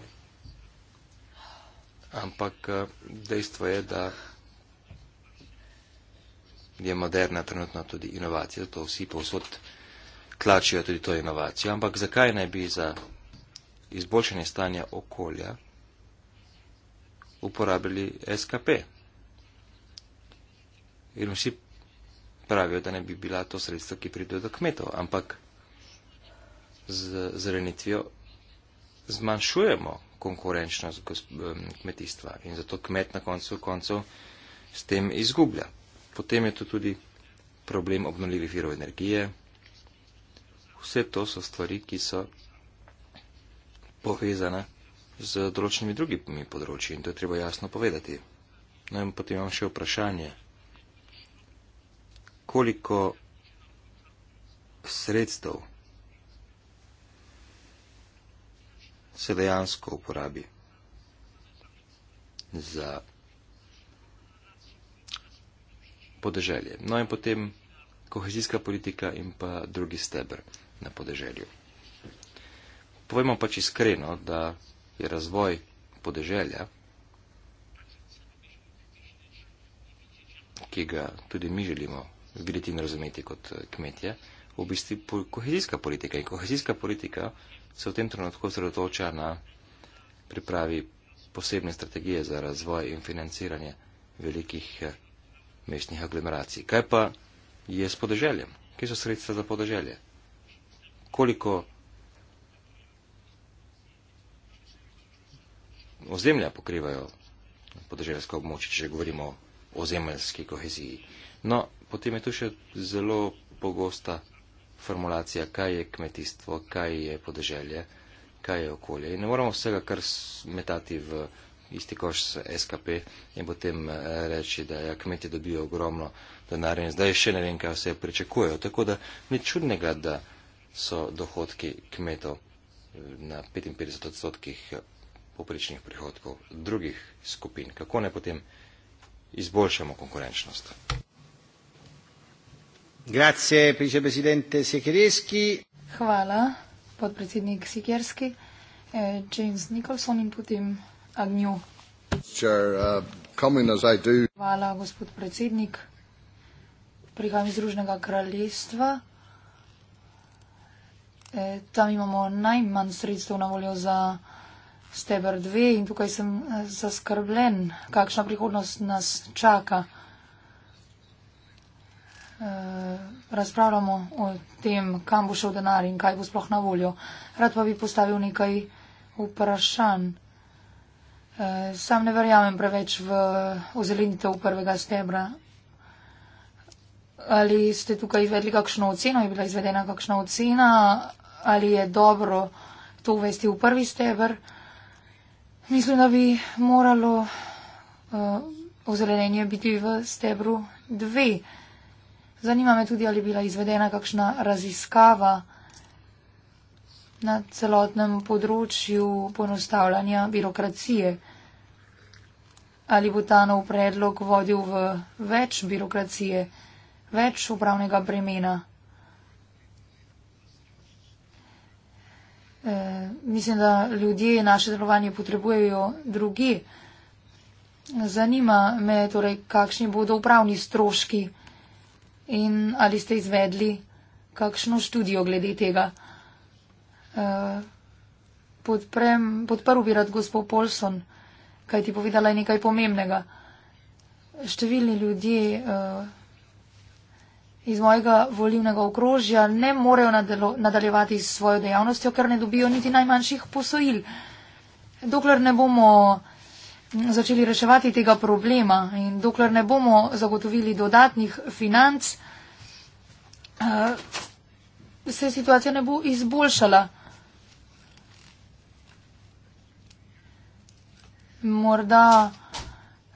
Ampak eh, dejstvo je, da je moderna trenutno tudi inovacija, to vsi povsod tlačijo tudi to inovacijo. Ampak zakaj naj bi za izboljšanje stanja okolja uporabili SKP? In vsi pravijo, da ne bi bila to sredstvo, ki pride do kmetov, ampak z zrenitvijo zmanjšujemo konkurenčnost kmetijstva in zato kmet na koncu koncev s tem izgublja. Potem je to tudi problem obnovljivih virov energije. Vse to so stvari, ki so povezane z določenimi drugimi področji in to je treba jasno povedati. No in potem imam še vprašanje koliko sredstev se dejansko uporabi za podeželje. No in potem kohezijska politika in pa drugi stebr na podeželju. Povemo pač iskreno, da je razvoj podeželja, ki ga tudi mi želimo videti in razumeti kot eh, kmetje, v bistvu kohezijska politika. In kohezijska politika se v tem trenutku sredotoča na pripravi posebne strategije za razvoj in financiranje velikih eh, mestnih aglomeracij. Kaj pa je s podeželjem? Kje so sredstva za podeželje? Koliko ozemlja pokrivajo podeželjsko območje, če govorimo o ozemeljski koheziji? No, potem je tu še zelo pogosta formulacija, kaj je kmetijstvo, kaj je podeželje, kaj je okolje. In ne moramo vsega kar metati v isti koš s SKP in potem eh, reči, da ja, kmetje dobijo ogromno denarja in zdaj še ne vem, kaj vse pričakujejo. Tako da ni čudnega, da so dohodki kmetov eh, na 55 odstotkih eh, popričnih prihodkov drugih skupin. Kako ne potem izboljšamo konkurenčnost? Hvala, podpredsednik Sikerski, eh, James Nicholson in potem Agnew. Uh, Hvala, gospod predsednik. Prihajam iz Združnega kraljestva. Eh, tam imamo najmanj sredstev na voljo za steber 2 in tukaj sem eh, zaskrbljen, kakšna prihodnost nas čaka. Eh, razpravljamo o tem, kam bo šel denar in kaj bo sploh na voljo. Rad pa bi postavil nekaj vprašanj. Eh, sam ne verjamem preveč v ozelenitev prvega stebra. Ali ste tukaj izvedli kakšno oceno, je bila izvedena kakšna ocena, ali je dobro to uvesti v prvi stebr? Mislim, da bi moralo uh, eh, ozelenenje biti v stebru 2. Zanima me tudi, ali je bila izvedena kakšna raziskava na celotnem področju ponostavljanja birokracije. Ali bo ta nov predlog vodil v več birokracije, več upravnega bremena. E, mislim, da ljudje naše delovanje potrebujejo drugi. Zanima me torej, kakšni bodo upravni stroški. In ali ste izvedli kakšno študijo glede tega? Eh, podprem, podprl bi rad gospod Polson, kaj ti povedala je nekaj pomembnega. Številni ljudje uh, iz mojega volivnega okrožja ne morejo nadalo, nadaljevati s svojo dejavnostjo, ker ne dobijo niti najmanjših posojil. Dokler ne bomo uh, začeli reševati tega problema in dokler ne bomo zagotovili dodatnih financ, eh, se situacija ne bo izboljšala. Morda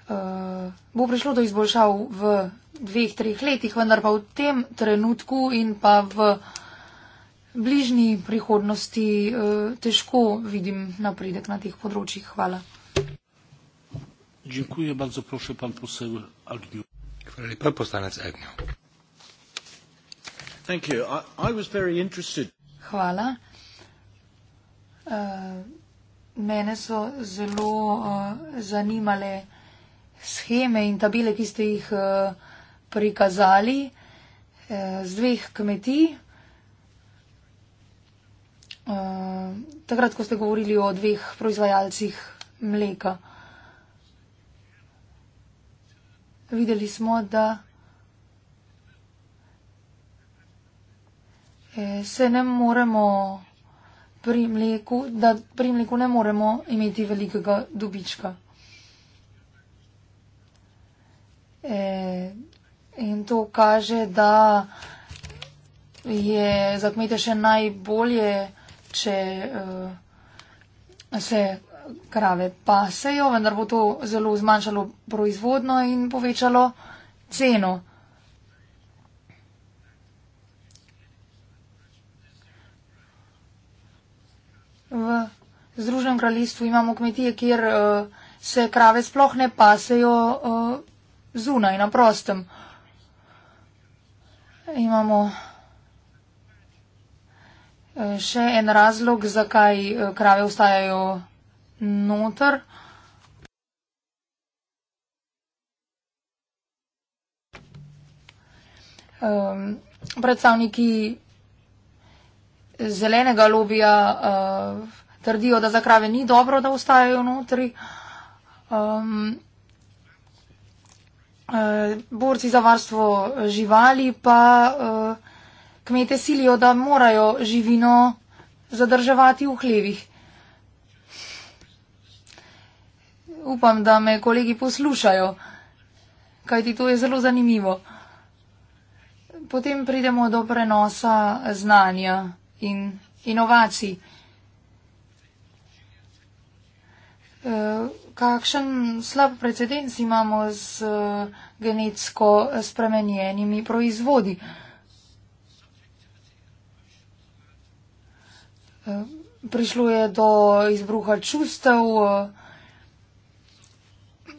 eh, bo prišlo do izboljšav v dveh, treh letih, vendar pa v tem trenutku in pa v bližnji prihodnosti eh, težko vidim napredek na teh področjih. Hvala. Dziękuję bardzo. Proszę pan poseł Agniu. Pan poslanec Agniu. Thank you. I, I was very interested. Hvala. Uh, mene so zelo uh, zanimale scheme in tabele, ki ste jih uh, prikazali uh, z dveh kmetij. Uh, takrat, ko ste govorili o dveh proizvajalcih mleka. videli smo, da eh, se ne moremo pri mleku, da pri mleku ne moremo imeti velikega dobička. Eh, in to kaže, da je za kmete še najbolje, če eh, se krave pa sejo, vendar bo to zelo zmanjšalo proizvodno in povečalo ceno. V Združenem kraljestvu imamo kmetije, kjer uh, se krave sploh ne pasejo uh, zunaj na prostem. Imamo uh, še en razlog, zakaj uh, krave ostajajo noter. Um, predstavniki zelenega lobija uh, trdijo, da za krave ni dobro, da ostajajo notri. Um, uh, borci za varstvo živali pa uh, eh, kmete silijo, da morajo živino zadrževati v hlevih. upam, da me kolegi poslušajo, kajti to je zelo zanimivo. Potem pridemo do prenosa znanja in inovacij. Eh, kakšen slab precedens imamo z eh, genetsko spremenjenimi proizvodi? Eh, prišlo je do izbruha čustev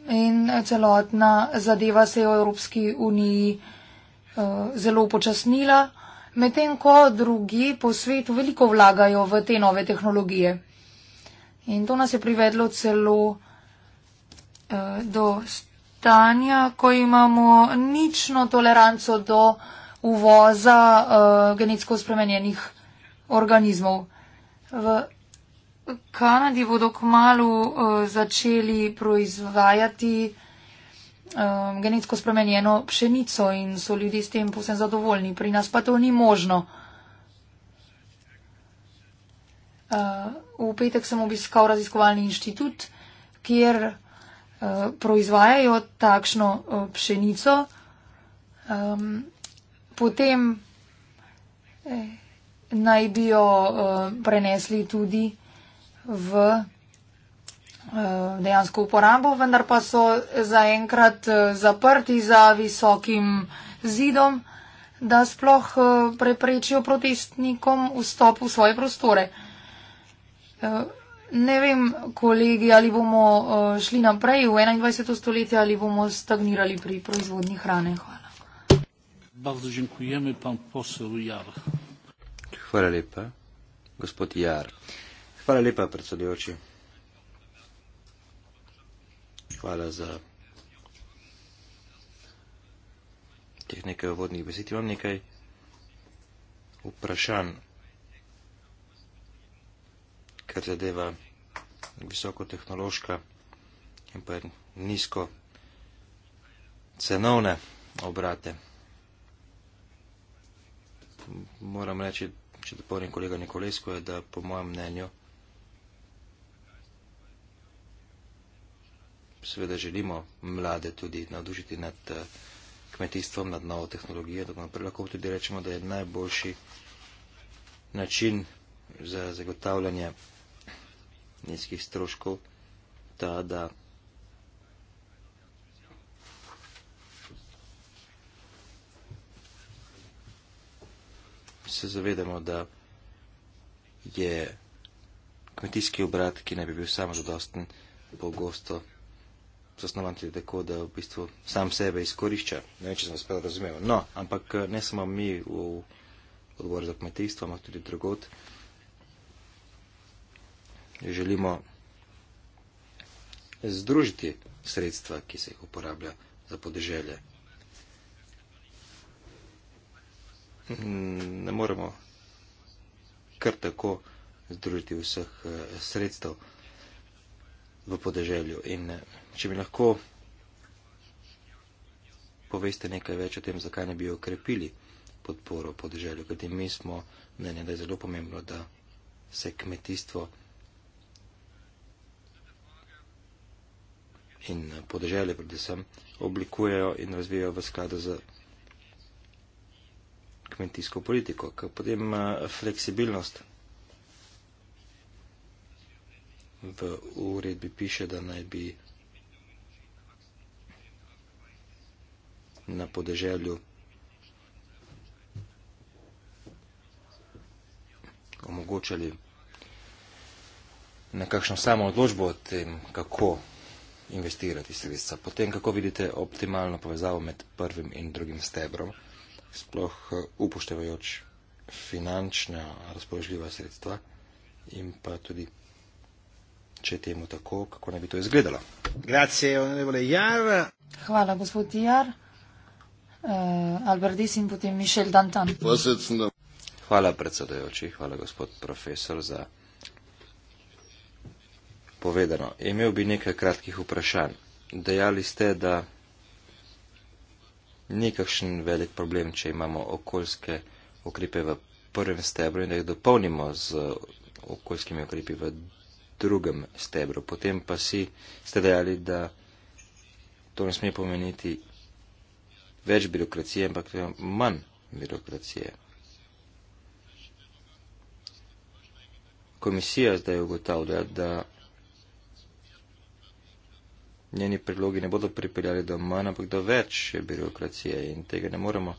in celotna zadeva se je v Evropski uniji eh, zelo upočasnila, medtem ko drugi po svetu veliko vlagajo v te nove tehnologije. In to nas je privedlo celo eh, do stanja, ko imamo nično toleranco do uvoza eh, genetsko spremenjenih organizmov. V Kanadi bodo kmalo uh, eh, začeli proizvajati um, genetsko spremenjeno pšenico in so ljudje s tem posebno zadovoljni. Pri nas pa to ni možno. Uh, v petek sem obiskal raziskovalni inštitut, kjer uh, proizvajajo takšno uh, pšenico. Um, potem eh, naj bi jo uh, prenesli tudi v eh, dejansko uporabo, vendar pa so zaenkrat eh, zaprti za visokim zidom, da sploh eh, preprečijo protestnikom vstop v svoje prostore. Ne vem, kolegi, ali bomo šli naprej v 21. stoletje ali bomo stagnirali pri proizvodnji hrane. Hvala. Hvala lepa, gospod Jar. Hvala lepa, predsedujoči. Hvala za teh nekaj uvodnih besed. Imam nekaj vprašanj, kar zadeva visokotehnološka in pa nizko cenovne obrate. Moram reči, če dopolnim kolega Nikolesko, je, da po mojem mnenju seveda želimo mlade tudi navdušiti nad eh, kmetijstvom, nad novo tehnologijo, tako naprej. Lahko tudi rečemo, da je najboljši način za zagotavljanje nizkih stroškov ta, da se zavedamo, da je kmetijski obrat, ki naj bi bil samo zadosten, pogosto. Po zasnovatelj tako, da v bistvu sam sebe izkorišča. Ne vem, če sem vas prav razumel. No, ampak eh, ne samo mi v odboru za kmetijstvo, ampak tudi drugot. Želimo združiti sredstva, ki se jih uporablja za podeželje. Ne moremo kar tako združiti vseh eh, sredstev v podeželju in eh, Če mi lahko poveste nekaj več o tem, zakaj ne bi okrepili podporo podeželju, kajti mi smo mnenja, da je zelo pomembno, da se kmetijstvo in podeželje predvsem oblikujejo in razvijajo v skladu z kmetijsko politiko, ker potem eh, fleksibilnost v uredbi piše, da naj bi na podeželju. Omogočali na kakšno samo odločbo o tem, kako investirati sredstva. Potem, kako vidite optimalno povezavo med prvim in drugim stebrom, sploh eh, upoštevajoč finančna razpoložljiva sredstva in pa tudi, če je temu tako, kako naj bi to izgledalo. Grazie, onorevole Jar. Hvala, gospod Jar uh, Albertis in potem Mišel Dantan. Hvala predsedojoči, hvala gospod profesor za povedano. Imel bi nekaj kratkih vprašanj. Dejali ste, da ni kakšen velik problem, če imamo okoljske ukrepe v prvem stebru in da jih dopolnimo z okoljskimi ukrepi v drugem stebru. Potem pa si ste dejali, da to ne sme pomeniti več birokracije, ampak treba manj birokracije. Komisija zdaj ugotavlja, da njeni predlogi ne bodo pripeljali do manj, ampak do več birokracije in tega ne moremo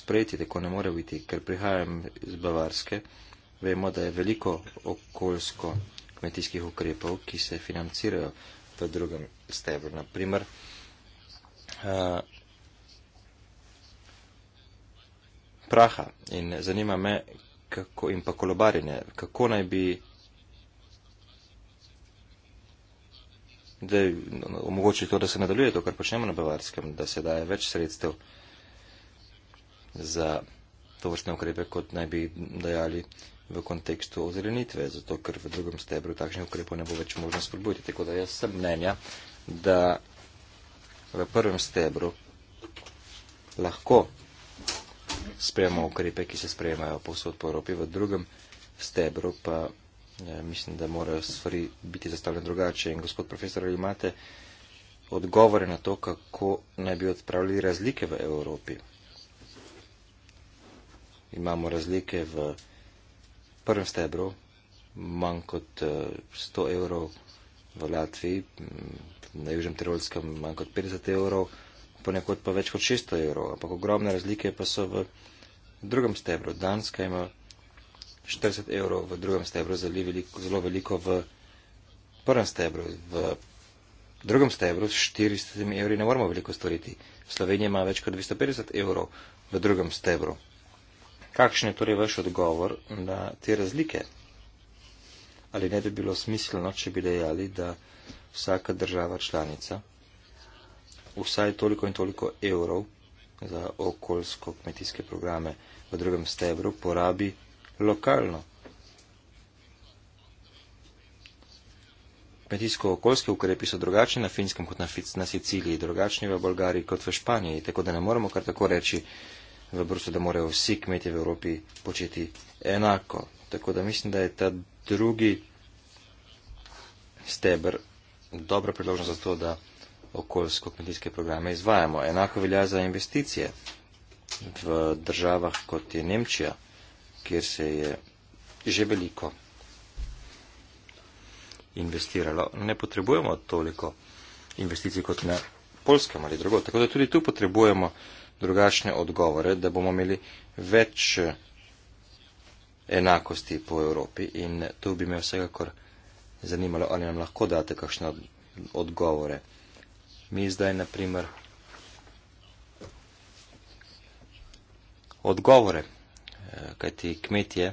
sprejeti, tako ne more biti, ker prihajam iz Bavarske. Vemo, da je veliko okoljsko kmetijskih ukrepov, ki se financirajo v drugem stebru. Naprimer, eh, praha in zanima me kako, in pa kolobarine, kako naj bi da no, omogočili to, da se nadaljuje to, kar počnemo na Bavarskem, da se daje več sredstev za to vrstne ukrepe, kot naj bi dajali v kontekstu ozelenitve, zato ker v drugem stebru takšnih ukrepov ne bo več možno spodbuditi. Tako da jaz sem mnenja, da v prvem stebru lahko sprejemamo ukrepe, ki se sprejemajo posod po Evropi, v drugem stebru pa eh, mislim, da morajo stvari biti zastavljene drugače. In gospod profesor, ali imate odgovore na to, kako naj bi odpravili razlike v Evropi? Imamo razlike v prvem stebru, manj kot 100 eh, evrov v Latviji, na južnem Tirolskem manj kot 50 evrov ponekod pa več kot 600 evrov, ampak ogromne razlike pa so v drugem stebru. Danska ima 40 evrov v drugem stebru, zelo veliko v prvem stebru. V drugem stebru s 400 evri ne moramo veliko storiti. Slovenija ima več kot 250 evrov v drugem stebru. Kakšen je torej vaš odgovor na te razlike? Ali ne bi bilo smiselno, če bi dejali, da vsaka država članica vsaj toliko in toliko evrov za okoljsko-kmetijske programe v drugem stebru porabi lokalno. Kmetijsko-okoljske ukrepi so drugačni na Finjskem kot na, Fic, na Siciliji, drugačni v Bolgariji kot v Španiji, tako da ne moramo kar tako reči v Bruslju, da morajo vsi kmetje v Evropi početi enako. Tako da mislim, da je ta drugi steber dobra priložnost za to, da okoljsko-kmetijske programe izvajamo. Enako velja za investicije v državah kot je Nemčija, kjer se je že veliko investiralo. Ne potrebujemo toliko investicij kot na polskem ali drugo. Tako da tudi tu potrebujemo drugačne odgovore, da bomo imeli več enakosti po Evropi in to bi me vsekakor zanimalo, ali nam lahko date kakšne odgovore mi zdaj, na primer, odgovore, eh, kaj ti kmetje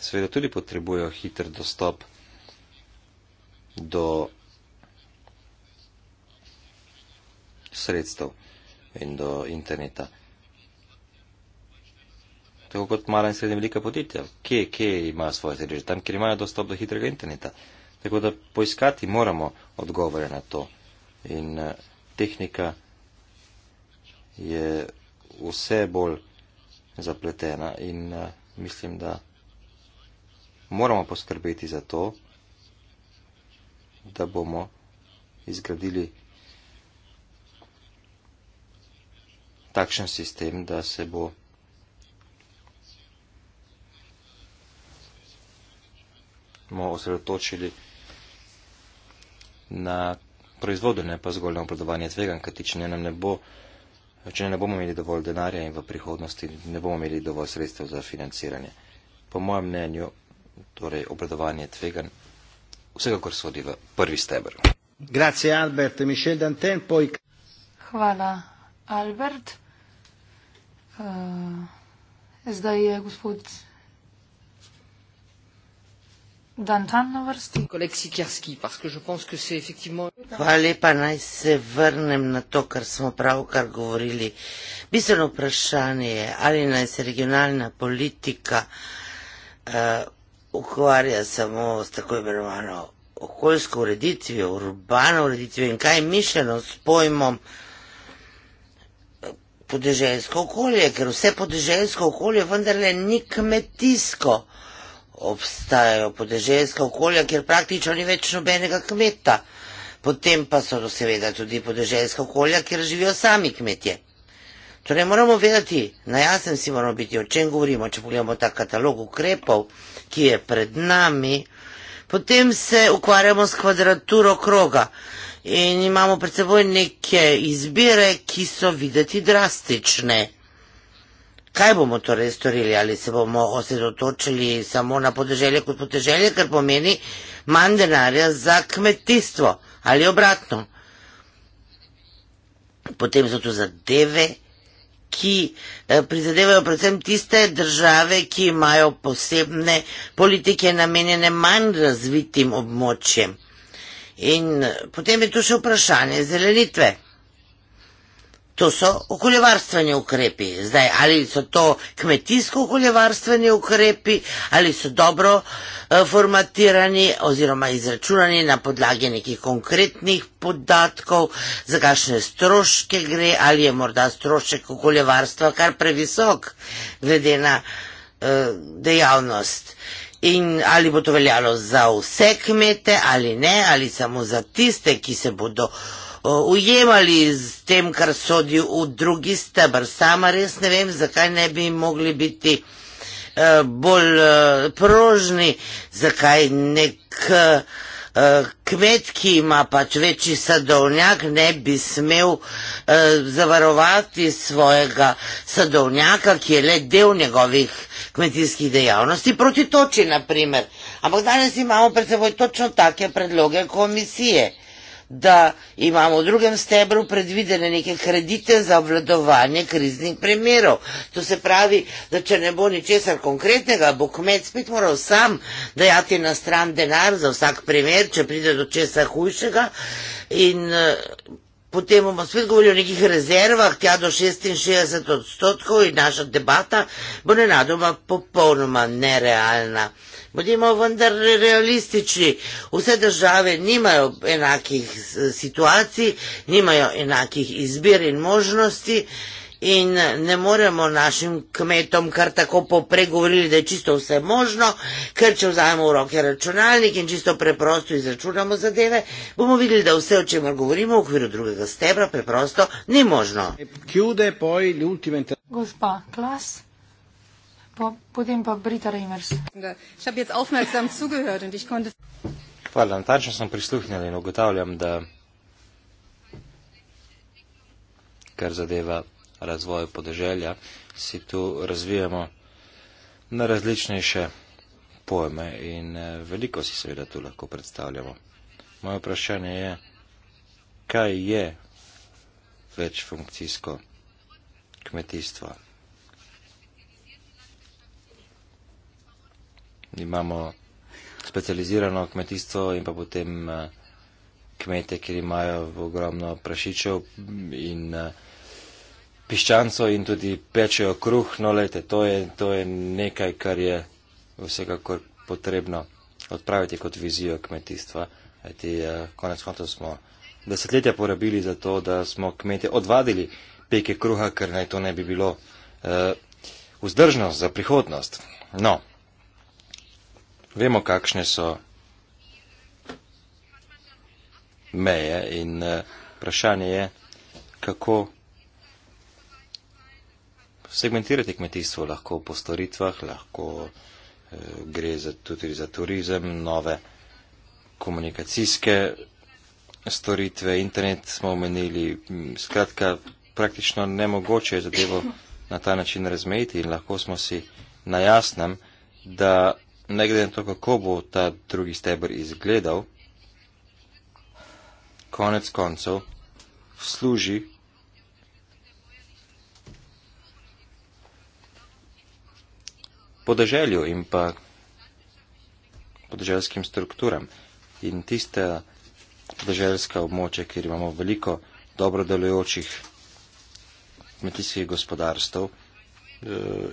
seveda tudi potrebujejo hiter dostop do sredstev in do interneta. Tako kot mala in srednja velika podjetja, kje, kje imajo svoje zreže, tam, kjer imajo dostop do hitrega interneta. Tako da poiskati moramo odgovore na to. In eh, tehnika je vse bolj zapletena in eh, mislim, da moramo poskrbeti za to, da bomo izgradili takšen sistem, da se bo osredotočili na proizvodu, ne pa zgolj na obladovanje tvegan, kajti če ne nam ne bo. Če ne bomo imeli dovolj denarja in v prihodnosti ne bomo imeli dovolj sredstev za financiranje. Po mojem mnenju, torej obradovanje tvegan vsekakor sodi v prvi steber. Grazie, Albert. Hvala, Albert. Uh, zdaj je gospod Hvala lepa, naj se vrnem na to, kar smo pravkar govorili. Bistveno vprašanje je, ali naj se regionalna politika uh, ukvarja samo s tako imenovano okoljsko ureditvijo, urbano ureditvijo in kaj je mišljeno s pojmom eh, podeželjsko okolje, ker vse podeželjsko okolje vendarle ni kmetijsko obstajajo podeželjska okolja, kjer praktično ni več nobenega kmeta. Potem pa so seveda tudi podeželjska okolja, kjer živijo sami kmetje. Torej moramo vedeti, na jasnem si moramo biti, o čem govorimo, če pogledamo ta katalog ukrepov, ki je pred nami, potem se ukvarjamo s kvadraturo kroga in imamo pred seboj neke izbire, ki so videti drastične. Kaj bomo torej storili, ali se bomo osredotočili samo na podeželje kot podeželje, kar pomeni manj denarja za kmetijstvo ali obratno? Potem so tu zadeve, ki eh, prizadevajo predvsem tiste države, ki imajo posebne politike namenjene manj razvitim območjem. In eh, potem je tu še vprašanje zelenitve. To so okoljevarstveni ukrepi. Zdaj, ali so to kmetijsko okoljevarstveni ukrepi, ali so dobro eh, formatirani oziroma izračunani na podlagi nekih konkretnih podatkov, za kakšne stroške gre, ali je morda strošek okoljevarstva kar previsok glede na eh, dejavnost. In ali bo to veljalo za vse kmete ali ne, ali samo za tiste, ki se bodo ujemali z tem, kar sodi v drugi stebr. Sama res ne vem, zakaj ne bi mogli biti e, bolj e, prožni, zakaj nek e, kmet, ki ima pač večji sadovnjak, ne bi smel zavarovati svojega sadovnjaka, ki je le del njegovih kmetijskih dejavnosti, proti toči, naprimer. Ampak danes imamo pred seboj točno take predloge komisije da imamo v drugem stebru predvidene neke kredite za obvladovanje kriznih primerov. To se pravi, da če ne bo ničesar konkretnega, bo kmet spet moral sam dajati na stran denar za vsak primer, če pride do česa hujšega. In eh, potem bomo spet govorili o nekih rezervah, tja do 66 odstotkov in naša debata bo nenadoma popolnoma nerealna. Bodimo vendar realistični. Vse države nimajo enakih situacij, nimajo enakih izbir in možnosti. In ne moremo našim kmetom kar tako popregovoriti, da je čisto vse možno, ker če vzajemo v roke računalnik in čisto preprosto izračunamo zadeve, bomo videli, da vse, o čemer govorimo v okviru drugega stebra, preprosto ni možno. Gospa Klas. Parlamentarno sem prisluhnil in ugotavljam, da kar zadeva razvoj podeželja, si tu razvijamo na različnejše pojme in eh, veliko si seveda tu lahko predstavljamo. Moje vprašanje je, kaj je večfunkcijsko kmetijstvo? imamo specializirano kmetijstvo in pa potem eh, kmete, ki imajo ogromno prašičev in eh, piščanco in tudi pečejo kruh. No, lejte, to, je, to je nekaj, kar je vsekakor potrebno odpraviti kot vizijo kmetijstva. Ti, eh, konec koncev smo desetletja porabili za to, da smo kmete odvadili peke kruha, ker naj to ne bi bilo uh, vzdržno za prihodnost. No. Vemo, kakšne so meje in eh, vprašanje je, kako segmentirati kmetijstvo, lahko po storitvah, lahko eh, gre za, tudi za turizem, nove komunikacijske storitve, internet smo omenili, skratka, praktično nemogoče je zadevo na ta način razmejiti in lahko smo si na jasnem, da ne glede na to, kako bo ta drugi stebr izgledal, konec koncev služi podeželju in pa podeželskim strukturam. In tiste podeželska območja, kjer imamo veliko dobro delujočih kmetijskih gospodarstv, eh,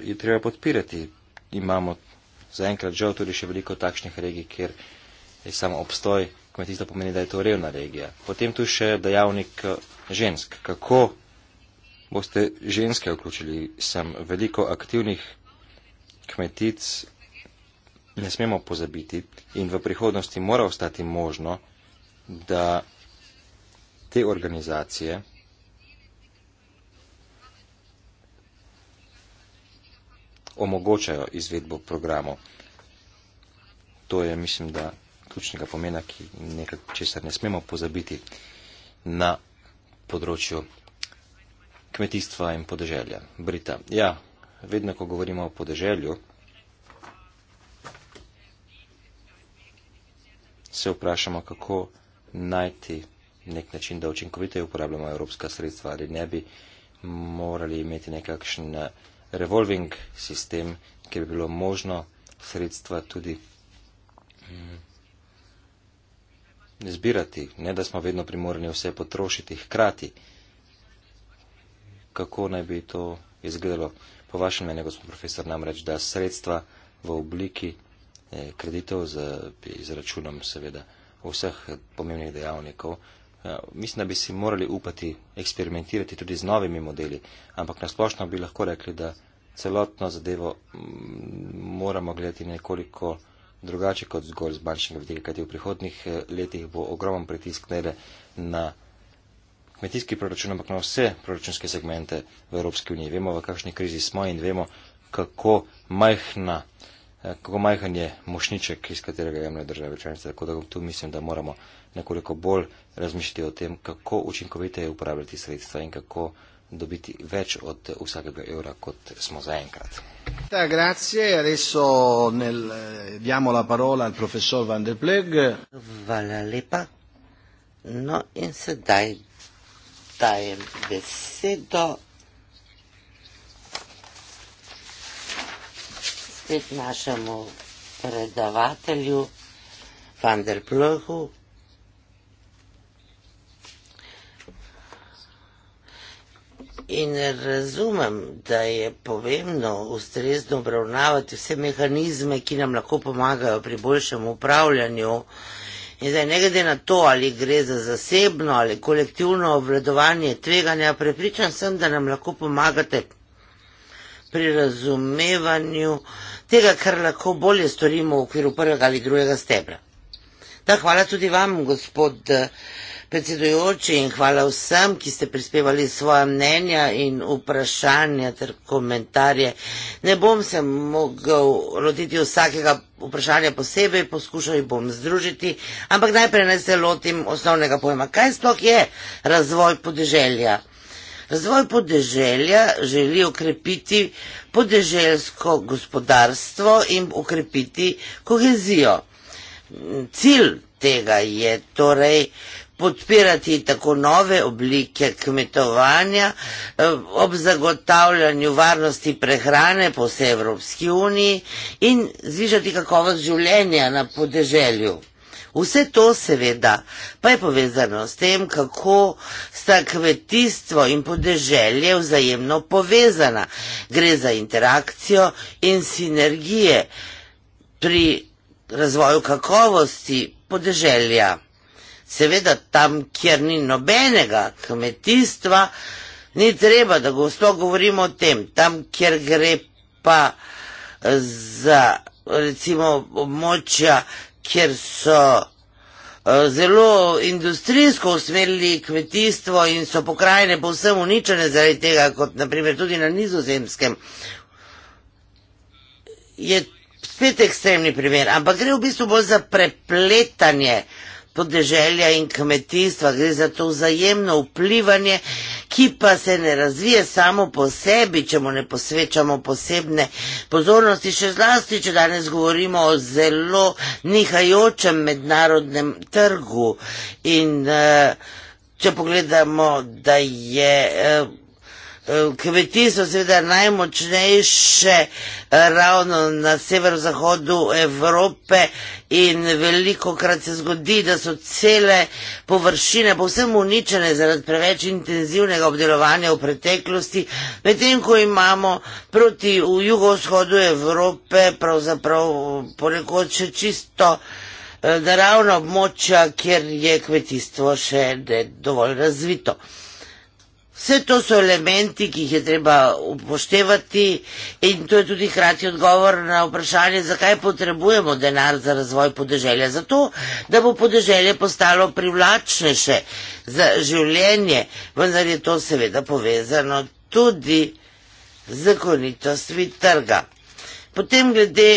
je treba podpirati. Imamo zaenkrat žal tudi še veliko takšnih regij, kjer je samo obstoj kmetijstva pomeni, da je to revna regija. Potem tu še dejavnik eh, žensk. Kako boste ženske vključili? Sem veliko aktivnih kmetic, ne smemo pozabiti in v prihodnosti mora ostati možno, da te organizacije, omogočajo izvedbo programov. To je, mislim, da ključnega pomena, ki nekaj česar ne smemo pozabiti na področju kmetijstva in podeželja. Brita, ja, vedno, ko govorimo o podeželju, se vprašamo, kako najti nek način, da učinkovito uporabljamo evropska sredstva ali ne bi morali imeti nekakšen revolving sistem, ki bi bilo možno sredstva tudi mm, zbirati, ne da smo vedno primorni vse potrošiti hkrati. Kako naj bi to izgledalo? Po vašem mnenju, gospod profesor, namreč, da sredstva v obliki eh, kreditov z izračunom seveda vseh pomembnih dejavnikov Eh, mislim, da bi si morali upati eksperimentirati tudi z novimi modeli, ampak nasplošno bi lahko rekli, da celotno zadevo mm, moramo gledati nekoliko drugače kot zgolj z bančnega vidika, kajti v prihodnih eh, letih bo ogromen pritisk ne le na kmetijski proračun, ampak na vse proračunske segmente v Evropski uniji. Vemo, v kakšni krizi smo in vemo, kako majhna. Eh, kako majhen je mošniček, iz katerega jemljajo države članice, tako da tu mislim, da moramo nekoliko bolj razmišljati o tem, kako učinkovite je uporabljati sredstva in kako dobiti več od vsakega evra, kot smo zaenkrat. Grazie, adesso nel, eh, diamo la parola al professor Van der Pleg. Hvala lepa. No in sedaj dajem besedo. Spet našemu predavatelju Van der Plehu, In razumem, da je pomembno ustrezno obravnavati vse mehanizme, ki nam lahko pomagajo pri boljšem upravljanju. In zdaj, ne glede na to, ali gre za zasebno ali kolektivno obvladovanje tveganja, prepričan sem, da nam lahko pomagate pri razumevanju tega, kar lahko bolje storimo v okviru prvega ali drugega stebra. Da, hvala tudi vam, gospod eh, predsedujoči, in hvala vsem, ki ste prispevali svoje mnenja in vprašanja ter komentarje. Ne bom se mogel roditi vsakega vprašanja posebej, poskušal jih bom združiti, ampak najprej naj se lotim osnovnega pojma. Kaj sploh je razvoj podeželja? Razvoj podeželja želi okrepiti podeželsko gospodarstvo in okrepiti kohezijo cilj tega je torej podpirati tako nove oblike kmetovanja eh, ob zagotavljanju varnosti prehrane po vsej Evropski uniji in zvižati kakovost življenja na podeželju. Vse to seveda pa je povezano s tem, kako sta kvetijstvo in podeželje vzajemno povezana. Gre za interakcijo in sinergije pri razvoju kakovosti podeželja. Seveda tam, kjer ni nobenega kmetijstva, ni treba, da gosto govorimo o tem. Tam, kjer gre pa eh, za recimo območja, kjer so eh, zelo industrijsko usmerili kmetijstvo in so pokrajine povsem uničene zaradi tega, kot naprimer tudi na nizozemskem. Je spet ekstremni primer, ampak gre v bistvu bolj za prepletanje podeželja in kmetijstva, gre za to vzajemno vplivanje, ki pa se ne razvije samo po sebi, če mu ne posvečamo posebne pozornosti, še zlasti, če danes govorimo o zelo nihajočem mednarodnem trgu in eh, če pogledamo, da je. Eh, Eh, Kmeti so seveda najmočnejše eh, ravno na severozhodu Evrope in veliko krat se zgodi, da so cele površine povsem uničene zaradi preveč intenzivnega obdelovanja v preteklosti, medtem ko imamo proti jugovzhodu Evrope pravzaprav ponekod še čisto eh, naravna območja, kjer je kmetijstvo še ne dovolj razvito. Vse to so elementi, ki jih je treba upoštevati in to je tudi hkrati odgovor na vprašanje, zakaj potrebujemo denar za razvoj podeželja. Zato, da bo podeželje postalo privlačnejše za življenje, vendar je to seveda povezano tudi z zakonitostmi trga. Potem glede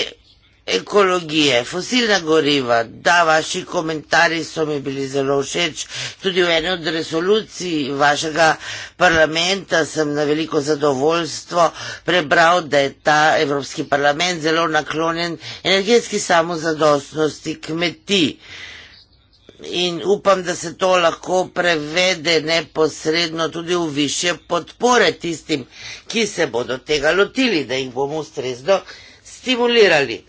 ekologije, fosilna goriva, da, vaši komentarji so mi bili zelo všeč. Tudi v eni od resolucij vašega parlamenta sem na veliko zadovoljstvo prebral, da je ta Evropski parlament zelo naklonjen energetski samozadostnosti kmetij. In upam, da se to lahko prevede neposredno tudi v više podpore tistim, ki se bodo tega lotili, da jih bomo ustrezno stimulirali.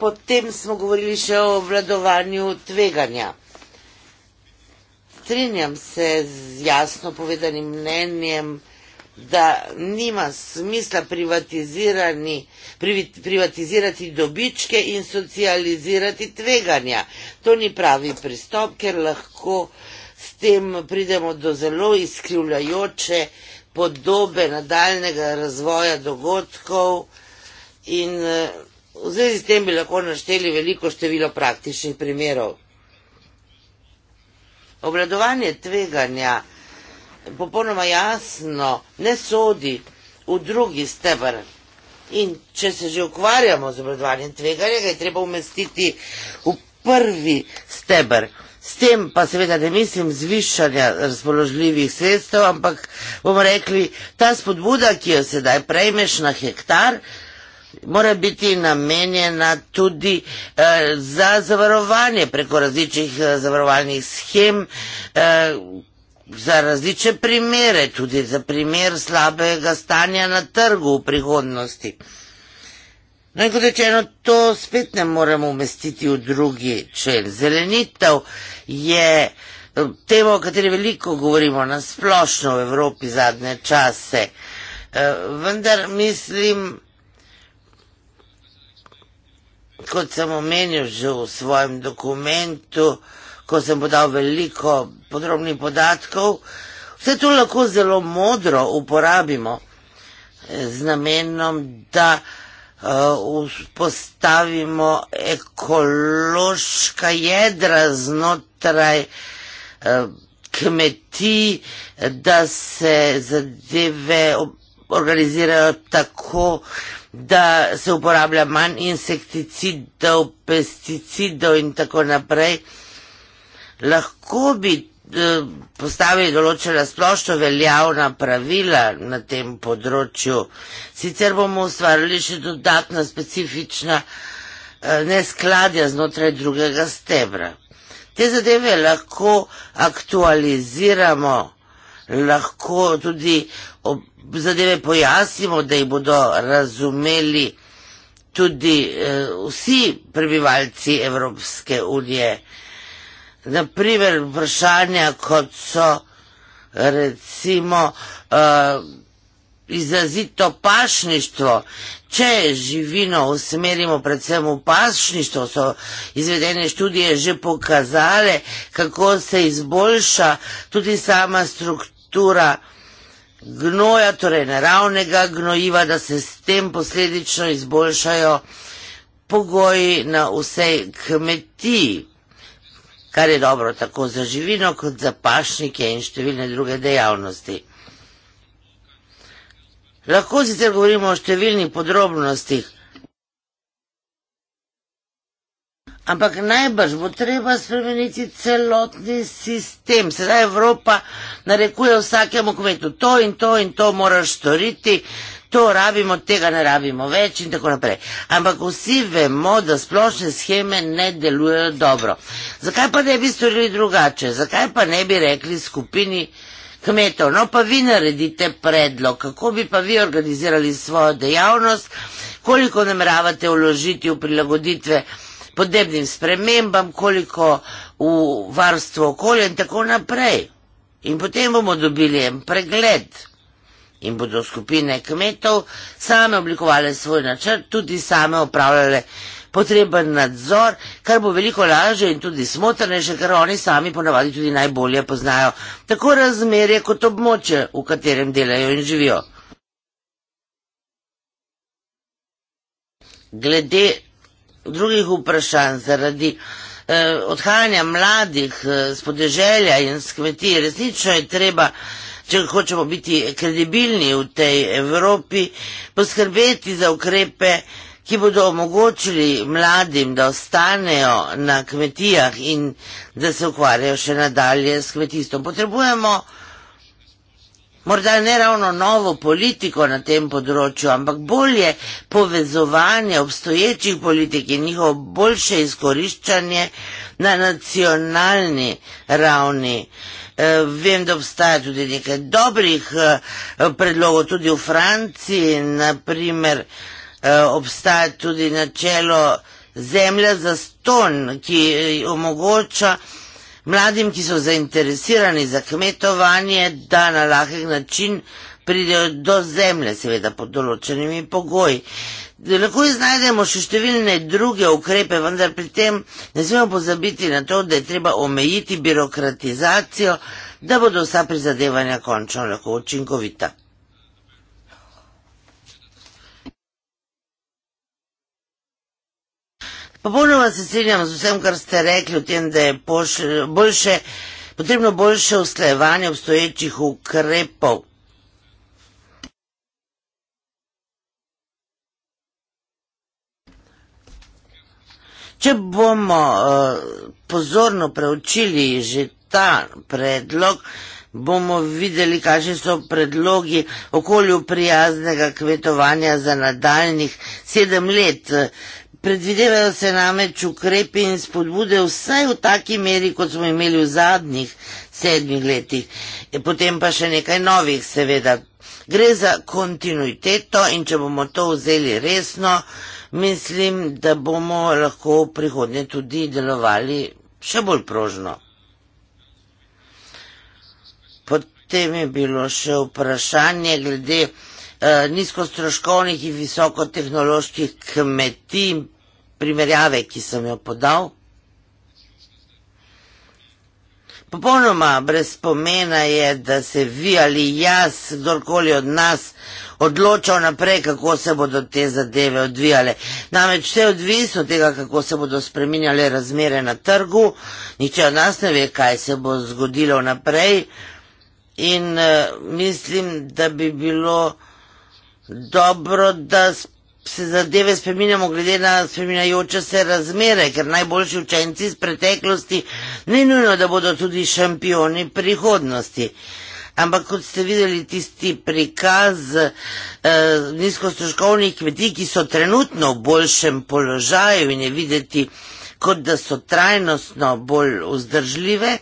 Potem smo govorili še o obvladovanju tveganja. Strinjam se z jasno povedanim mnenjem, da nima smisla privatizirani, privatizirati dobičke in socializirati tveganja. To ni pravi pristop, ker lahko s tem pridemo do zelo izkrivljajoče podobe nadaljnega razvoja dogodkov in eh, V zvezi s tem bi lahko našteli veliko število praktičnih primerov. Obladovanje tveganja popolnoma jasno ne sodi v drugi stebr. In če se že ukvarjamo z obladovanjem tveganja, ga je treba umestiti v prvi stebr. S tem pa seveda ne mislim zvišanja razpoložljivih sredstev, ampak bomo rekli, ta spodbuda, ki jo sedaj prejmeš na hektar, mora biti namenjena tudi eh, za zavarovanje preko različnih eh, zavarovalnih schem, eh, za različne primere, tudi za primer slabega stanja na trgu v prihodnosti. No in kot rečeno, to spet ne moremo umestiti v drugi člen. Zelenitev je eh, tema, o kateri veliko govorimo na splošno v Evropi zadnje čase. Eh, vendar mislim, kot sem omenil že v svojem dokumentu, ko sem podal veliko podrobnih podatkov, vse to lahko zelo modro uporabimo eh, z namenom, da eh, vzpostavimo ekološka jedra znotraj eh, kmetij, da se zadeve obrnejo organizirajo tako, da se uporablja manj insekticidov, pesticidov in tako naprej. Lahko bi eh, postavili določena splošno veljavna pravila na tem področju. Sicer bomo ustvarili še dodatna specifična eh, neskladja znotraj drugega stebra. Te zadeve lahko aktualiziramo lahko tudi zadeve pojasnimo, da jih bodo razumeli tudi eh, vsi prebivalci Evropske unije. Naprimer, vprašanja kot so recimo eh, izrazito pašništvo. Če živino usmerimo predvsem v pašništvo, so izvedene študije že pokazale, kako se izboljša tudi sama struktura struktura gnoja, torej naravnega gnojiva, da se s tem posledično izboljšajo pogoji na vsej kmetiji, kar je dobro tako za živino kot za pašnike in številne druge dejavnosti. Lahko sicer govorimo o številnih podrobnostih, Ampak najbrž bo treba spremeniti celotni sistem. Sedaj Evropa narekuje vsakemu kmetu to in to in to moraš storiti, to rabimo, tega ne rabimo več in tako naprej. Ampak vsi vemo, da splošne scheme ne delujejo dobro. Zakaj pa ne bi storili drugače? Zakaj pa ne bi rekli skupini kmetov? No pa vi naredite predlog, kako bi pa vi organizirali svojo dejavnost, koliko nameravate vložiti v prilagoditve podnebnim spremembam, koliko v varstvo okolja in tako naprej. In potem bomo dobili en pregled in bodo skupine kmetov same oblikovali svoj načrt, tudi same upravljale potreben nadzor, kar bo veliko lažje in tudi smotrnejše, ker oni sami ponavadi tudi najbolje poznajo tako razmerje kot območje, v katerem delajo in živijo. Glede drugih vprašanj, zaradi eh, odhajanja mladih eh, z podeželja in z kmetij, resnično je treba, če hočemo biti kredibilni v tej Evropi, poskrbeti za ukrepe, ki bodo omogočili mladim, da ostanejo na kmetijah in da se ukvarjajo še nadalje s kmetijstvom. Potrebujemo morda ne ravno novo politiko na tem področju, ampak bolje povezovanje obstoječih politik in njihovo boljše izkoriščanje na nacionalni ravni. E, vem, da obstaja tudi nekaj dobrih e, predlogov, tudi v Franciji, naprimer e, obstaja tudi načelo zemlja za ston, ki omogoča mladim, ki so zainteresirani za kmetovanje, da na lahek način pridejo do zemlje, seveda pod določenimi pogoji. Lahko iznajdemo še številne druge ukrepe, vendar pri tem ne smemo pozabiti na to, da je treba omejiti birokratizacijo, da bodo vsa prizadevanja končno lahko učinkovita. Popolnoma se strinjam z vsem, kar ste rekli o tem, da je pošlj, boljše, potrebno boljše usklajevanje obstoječih ukrepov. Če bomo uh, pozorno preučili že ta predlog, bomo videli, kakšni so predlogi okolju prijaznega kvetovanja za nadaljnih sedem let. Uh, Predvidevajo se namreč ukrepi in spodbude vsaj v taki meri, kot smo imeli v zadnjih sedmih letih, e, potem pa še nekaj novih, seveda. Gre za kontinuiteto in če bomo to vzeli resno, mislim, da bomo lahko v prihodnje tudi delovali še bolj prožno. Potem je bilo še vprašanje glede Eh, nizkostroškovnih in visokotehnoloških kmetij, primerjave, ki sem jo podal. Popolnoma brez pomena je, da se vi ali jaz, kdorkoli od nas, odloča naprej, kako se bodo te zadeve odvijale. Namreč vse odvisno tega, kako se bodo spreminjale razmere na trgu, niče od nas ne ve, kaj se bo zgodilo naprej. In uh, mislim, da bi bilo dobro, da se zadeve spreminjamo glede na spreminjajoče se razmere, ker najboljši učenci iz preteklosti ni nujno, da bodo tudi šampioni prihodnosti. Ampak kot ste videli tisti prikaz eh, nizkostroškovnih kmetij, ki so trenutno v boljšem položaju in je videti, kot da so trajnostno bolj vzdržljive,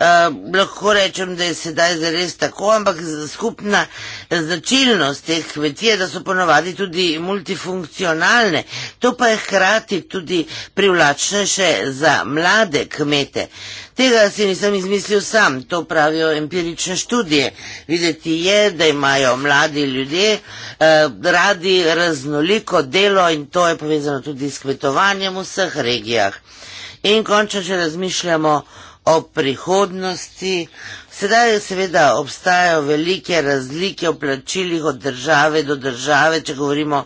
Uh, lahko rečem, da je sedaj zares tako, ampak skupna značilnost teh kmetij je, da so ponovadi tudi multifunkcionalne. To pa je hkrati tudi privlačnejše za mlade kmete. Tega si nisem izmislil sam, to pravijo empirične študije. Videti je, da imajo mladi ljudje uh, radi raznoliko delo in to je povezano tudi s kmetovanjem v vseh regijah. In končno, če razmišljamo, o prihodnosti. Sedaj seveda obstajajo velike razlike v plačilih od države do države, če govorimo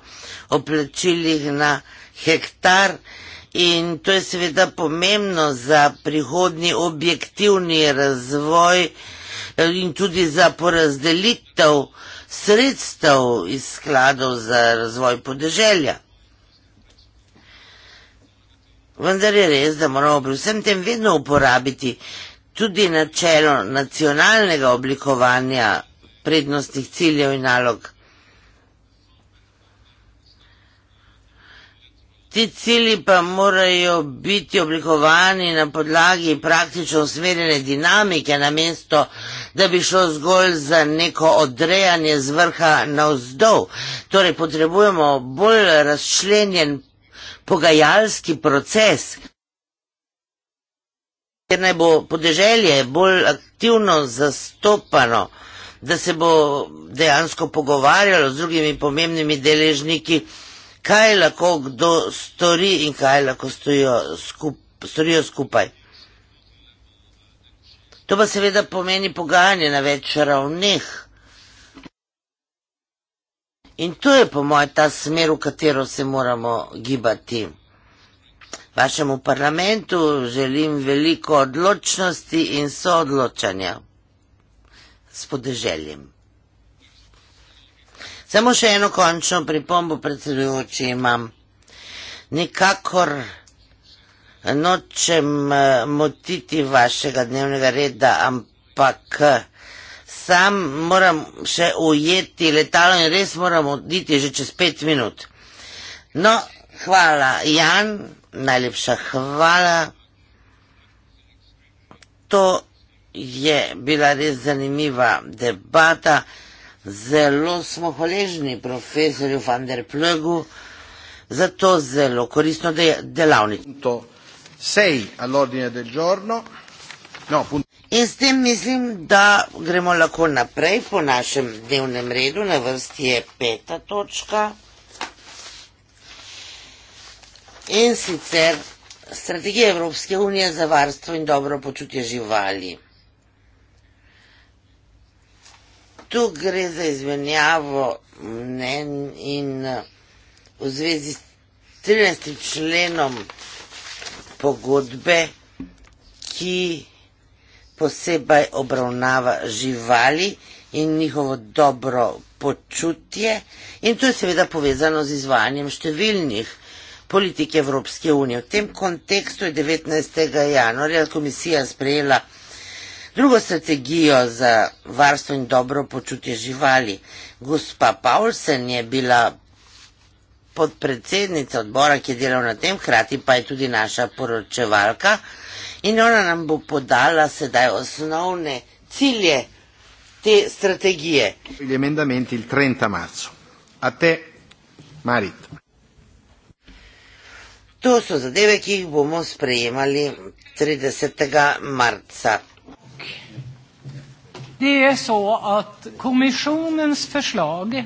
o plačilih na hektar. In to je seveda pomembno za prihodni objektivni razvoj eh, in tudi za porazdelitev sredstev iz skladov za razvoj podeželja. Vendar je res, da moramo pri vsem tem vedno uporabiti tudi načelo nacionalnega oblikovanja prednostnih ciljev in nalog. Ti cilji pa morajo biti oblikovani na podlagi praktično usmerjene dinamike, namesto da bi šlo zgolj za neko odrejanje z vrha na vzdolj. Torej, potrebujemo bolj razčlenjen pogajalski proces. Ker naj bo podeželje bolj aktivno zastopano, da se bo dejansko pogovarjalo z drugimi pomembnimi deležniki, kaj lahko kdo stori in kaj lahko stojo skup, storijo skupaj. To pa seveda pomeni pogajanje na več ravneh. In to je po mojem ta smer, v katero se moramo gibati. Vašemu parlamentu želim veliko odločnosti in soodločanja s podeželjem. Samo še eno končno pripombo predsedujoči imam. Nikakor nočem eh, motiti vašega dnevnega reda, ampak eh, sam moram še ujeti letalo in res moram oditi že čez pet minut. No, hvala Jan, najlepša hvala. To je bila res zanimiva debata. Zelo smo hvaležni profesorju van der Plögu za to zelo koristno delavnico. Sej all'ordine del giorno. No, punto. In s tem mislim, da gremo lahko naprej po našem dnevnem redu. Na vrsti je peta točka. In sicer strategija Evropske unije za varstvo in dobro počutje živali. Tu gre za izmenjavo mnen in v zvezi s 13. členom pogodbe, ki posebej obravnava živali in njihovo dobro počutje in to je seveda povezano z izvajanjem številnih politik Evropske unije. V tem kontekstu je 19. januarja komisija sprejela drugo strategijo za varstvo in dobro počutje živali. Gospa Paulsen je bila podpredsednica odbora, ki je delal na tem, hkrati pa je tudi naša poročevalka in ona nam bo podala sedaj osnovne cilje te strategije. Gli emendamenti il 30 marzo. A te, Marit. To so zadeve, ki jih bomo sprejemali 30. marca. Det är så att kommissionens förslag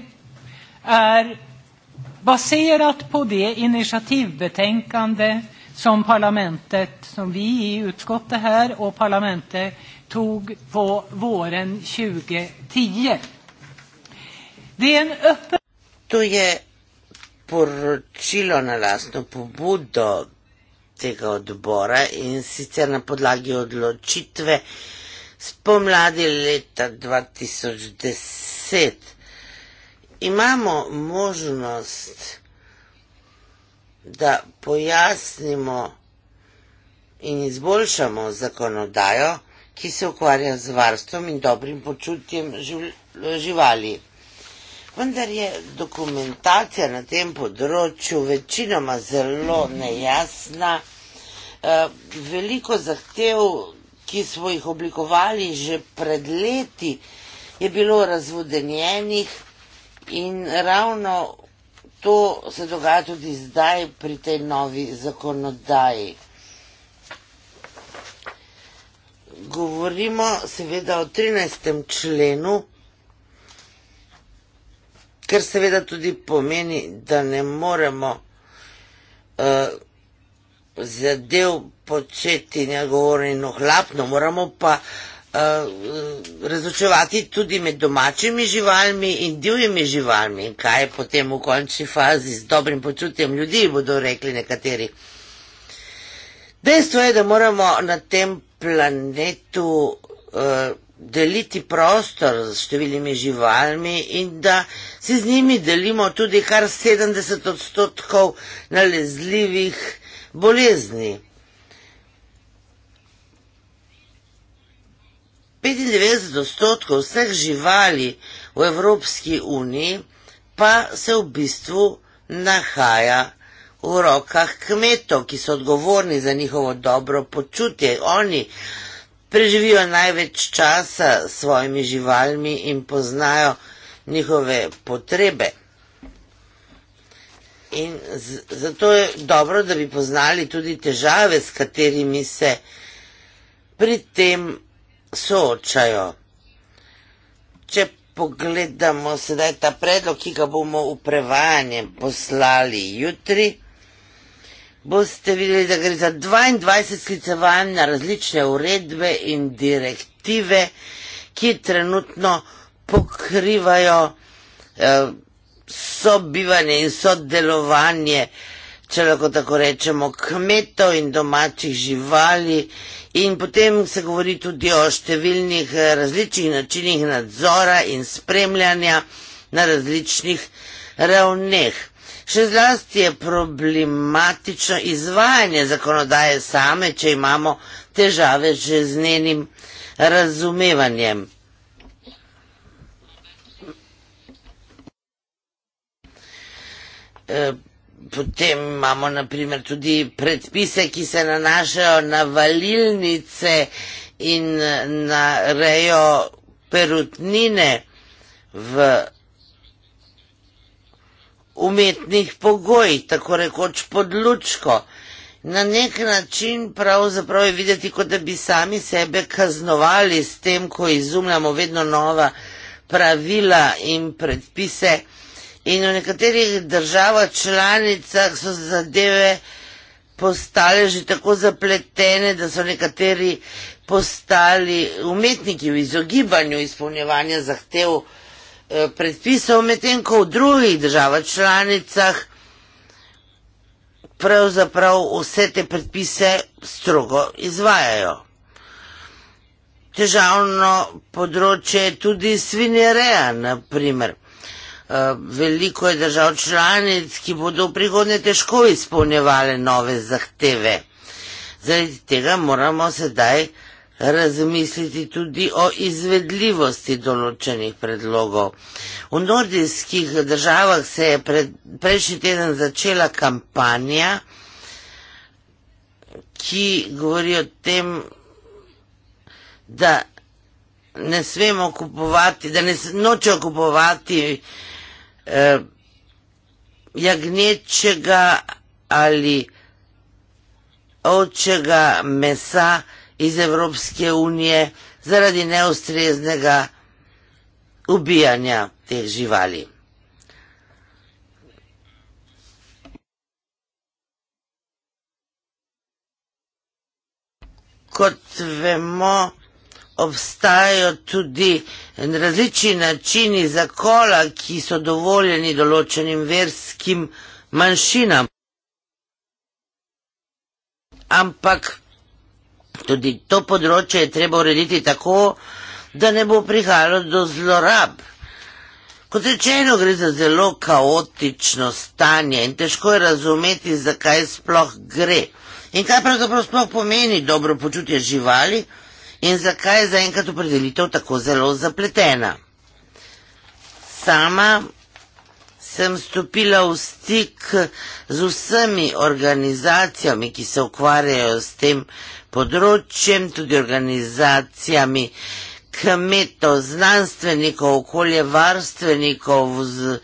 är baserat på det initiativbetänkande som parlamentet, som vi i utskottet här och parlamentet tog på våren 2010. Det är en öppen... Det är poručilo na lastnu pobudu tega odbora in sicer na podlagi odločitve spomladi leta 2010. Imamo možnost da pojasnimo in izboljšamo zakonodajo, ki se ukvarja z varstvom in dobrim počutjem živali. Vendar je dokumentacija na tem področju večinoma zelo nejasna. Eh, veliko zahtev, ki smo jih oblikovali že pred leti, je bilo razvodenjenih in ravno to se dogaja tudi zdaj pri tej novi zakonodaji. Govorimo seveda o 13. členu, ker seveda tudi pomeni, da ne moremo uh, zadev početi njegovorni nohlapno, moramo pa uh, razočevati tudi med domačimi živalmi in divjimi živalmi. Kaj je potem v končni fazi z dobrim počutjem ljudi, bodo rekli nekateri. Dejstvo je, da moramo na tem planetu uh, deliti prostor z številnimi živalmi in da si z njimi delimo tudi kar 70 odstotkov nalezljivih bolezni. 95 odstotkov vseh živali v Evropski uniji pa se v bistvu nahaja v rokah kmetov, ki so odgovorni za njihovo dobro počutje. Oni preživijo največ časa s svojimi živalmi in poznajo njihove potrebe. In zato je dobro, da bi poznali tudi težave, s katerimi se pri tem soočajo. Če pogledamo sedaj ta predlog, ki ga bomo v prevajanje poslali jutri, boste videli, da gre za 22 sklicevanj na različne uredbe in direktive, ki trenutno pokrivajo eh, sobivanje in sodelovanje eh, če lahko tako rečemo, kmetov in domačih živali. In potem se govori tudi o številnih eh, različnih načinih nadzora in spremljanja na različnih ravneh. Še zlasti je problematično izvajanje zakonodaje same, če imamo težave že z njenim razumevanjem. E, Potem imamo naprimer tudi predpise, ki se nanašajo na valilnice in eh, na rejo perutnine v umetnih pogojih, tako rekoč pod lučko. Na nek način pravzaprav je videti, kot da bi sami sebe kaznovali s tem, ko izumljamo vedno nova pravila in predpise in v nekaterih državah članicah so zadeve postale že tako zapletene, da so nekateri postali umetniki v izogibanju izpolnjevanja zahtev eh, predpisov, medtem ko v drugih državah članicah pravzaprav vse te predpise strogo izvajajo. Težavno področje je tudi svinjereja, na primer. Eh, veliko je držav članic, ki bodo v prihodnje težko izpolnjevale nove zahteve. Zaradi tega moramo sedaj razmisliti tudi o izvedljivosti določenih predlogov. V nordijskih državah se je pred, prejšnji teden začela kampanja, ki govori o tem, da ne smemo kupovati, da ne nočejo kupovati uh, eh, jagnječega ali ovčega mesa iz Evropske unije zaradi neustreznega ubijanja teh živali. Kot vemo, obstajajo tudi različni načini zakola, ki so dovoljeni določenim verskim manjšinam. Ampak tudi to področje je treba urediti tako, da ne bo prihajalo do zlorab. Kot rečeno, gre za zelo kaotično stanje in težko je razumeti, zakaj sploh gre. In kaj pravzaprav sploh pomeni dobro počutje živali? in zakaj je zaenkrat opredelitev tako zelo zapletena. Sama sem stopila v stik z vsemi organizacijami, ki se ukvarjajo s tem področjem, tudi organizacijami kmetov, znanstvenikov, okoljevarstvenikov, z,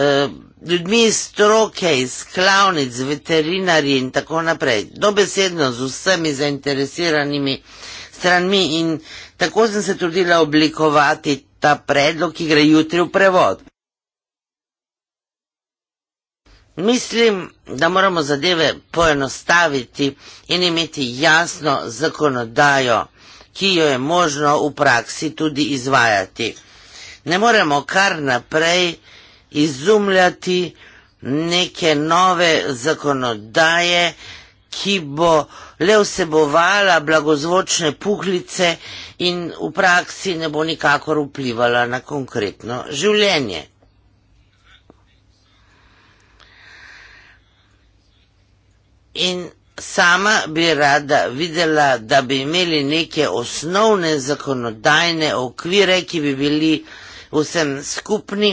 eh, ljudmi iz stroke, iz klavnic, veterinari in tako naprej. Dobesedno z vsemi zainteresiranimi eh, stranmi in tako sem se trudila oblikovati ta predlog, ki gre jutri v prevod. Mislim, da moramo zadeve poenostaviti in imeti jasno zakonodajo, ki jo je možno v praksi tudi izvajati. Ne moremo kar naprej izumljati neke nove zakonodaje, ki jo je možno izvajati ki bo le vsebovala blagozvočne puhlice in v praksi ne bo nikakor vplivala na konkretno življenje. In sama bi rada videla, da bi imeli neke osnovne zakonodajne okvire, ki bi bili vsem skupni.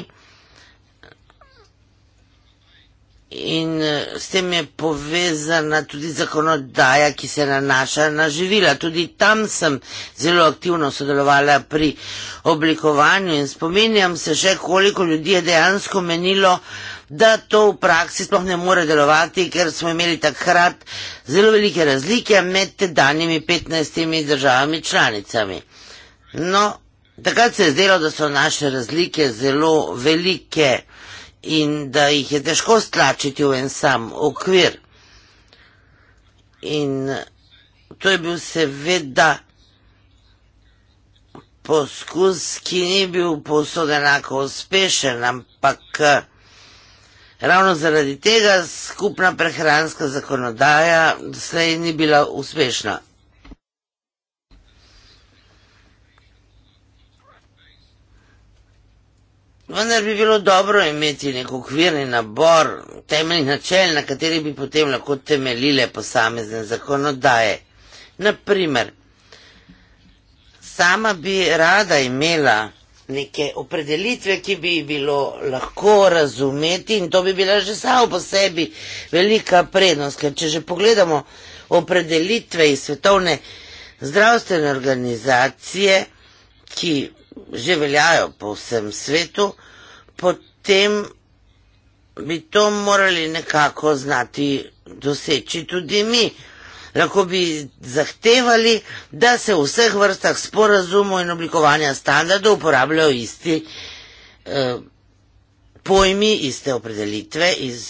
in eh, s tem je povezana tudi zakonodaja, ki se nanaša na živila. Tudi tam sem zelo aktivno sodelovala pri oblikovanju in spominjam se še, koliko ljudi je dejansko menilo, da to v praksi sploh ne more delovati, ker smo imeli takrat zelo velike razlike med danimi 15 državami članicami. No, takrat se je zdelo, da so naše razlike zelo velike in da jih je težko stlačiti v en sam okvir. In to je bil seveda poskus, ki ni bil povsod enako uspešen, ampak ravno zaradi tega skupna prehranska zakonodaja slej ni bila uspešna. Vendar bi bilo dobro imeti nek okvirni nabor temeljnih načel, na kateri bi potem lahko temeljile posamezne zakonodaje. Naprimer, sama bi rada imela neke opredelitve, ki bi jih bilo lahko razumeti in to bi bila že samo po sebi velika prednost, ker če že pogledamo opredelitve iz svetovne zdravstvene organizacije, ki že veljajo po vsem svetu, potem bi to morali nekako znati doseči tudi mi. Lahko bi zahtevali, da se v vseh vrstah sporazumov in oblikovanja standardov uporabljajo isti eh, pojmi, iste opredelitve iz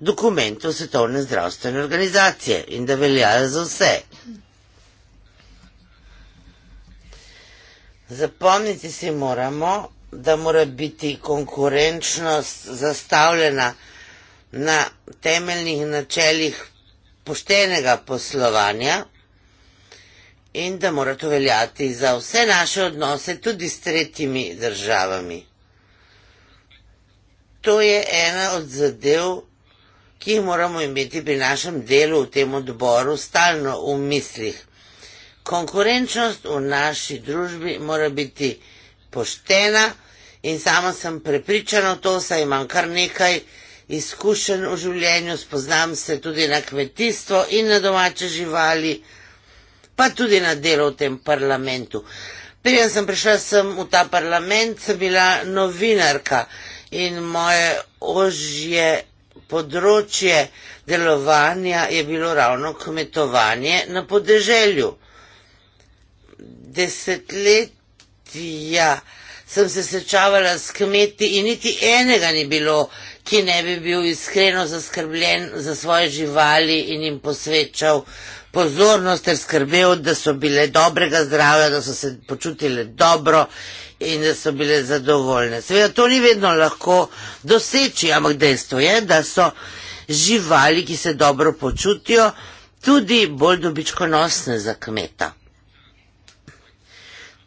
dokumentov Svetovne zdravstvene organizacije in da veljajo za vse. Zapomniti si moramo, da mora biti konkurenčnost zastavljena na temeljnih načelih poštenega poslovanja in da mora to veljati za vse naše odnose, tudi s tretjimi državami. To je ena od zadev, ki jih moramo imeti pri našem delu v tem odboru stalno v mislih. Konkurenčnost v naši družbi mora biti poštena, in sama sem prepričana to, saj imam kar nekaj izkušenj v življenju, spoznam se tudi na kmetijstvo in na domače živali, pa tudi na delo v tem parlamentu. Prije sem prišla sem v ta parlament, sem bila novinarka in moje ožje področje delovanja je bilo ravno kmetovanje na podeželju. Desetletja sem se srečavala s kmeti in niti enega ni bilo, ki ne bi bil iskreno zaskrbljen za svoje živali in jim posvečal pozornost ter skrbel, da so bile dobrega zdravja, da so se počutile dobro in da so bile zadovoljne. Seveda to ni vedno lahko doseči, ampak dejstvo je, da so živali, ki se dobro počutijo, tudi bolj dobičkonosne za kmeta.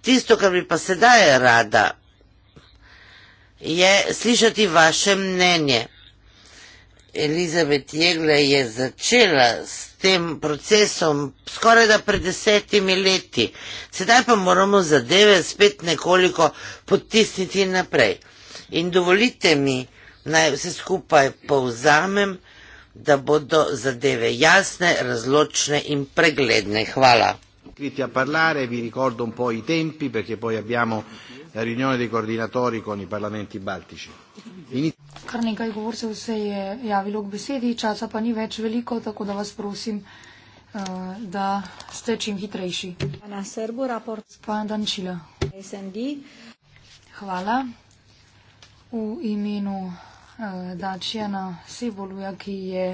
Tisto, kar bi pa sedaj rada, je slišati vaše mnenje. Elizabet Jegle je začela s tem procesom skoraj da pred desetimi leti. Sedaj pa moramo zadeve spet nekoliko potisniti naprej. In dovolite mi, naj vse skupaj povzamem, da bodo zadeve jasne, razločne in pregledne. Hvala iscritti a parlare, vi ricordo un po' i tempi perché poi abbiamo la riunione dei coordinatori con i parlamenti baltici. Inizio. Kar nekaj govor se vse je javilo k besedi, časa pa ni več veliko, tako da vas prosim, uh, da ste čim hitrejši. Na Srbu, raport. Spandančila. SND. Hvala. V imenu uh, eh, Dačijana Sevoluja, ki je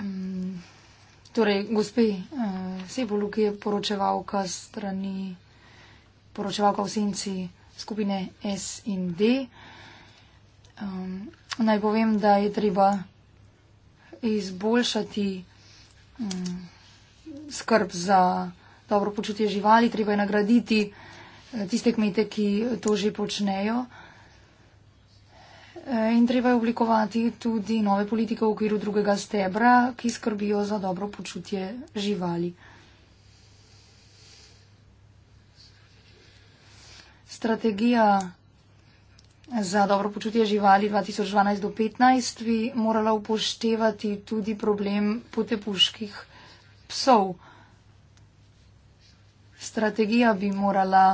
um, Torej, gospe eh, Sepoluki je poročevalka strani, poročevalka v senci skupine S in D. Um, naj povem, da je treba izboljšati um, skrb za dobro počutje živali, treba je nagraditi eh, tiste kmete, ki to že počnejo. Eh, in treba je oblikovati tudi nove politike v okviru drugega stebra, ki skrbijo za dobro počutje živali. Strategija za dobro počutje živali 2012 do 2015 bi morala upoštevati tudi problem potepuških psov. Strategija bi morala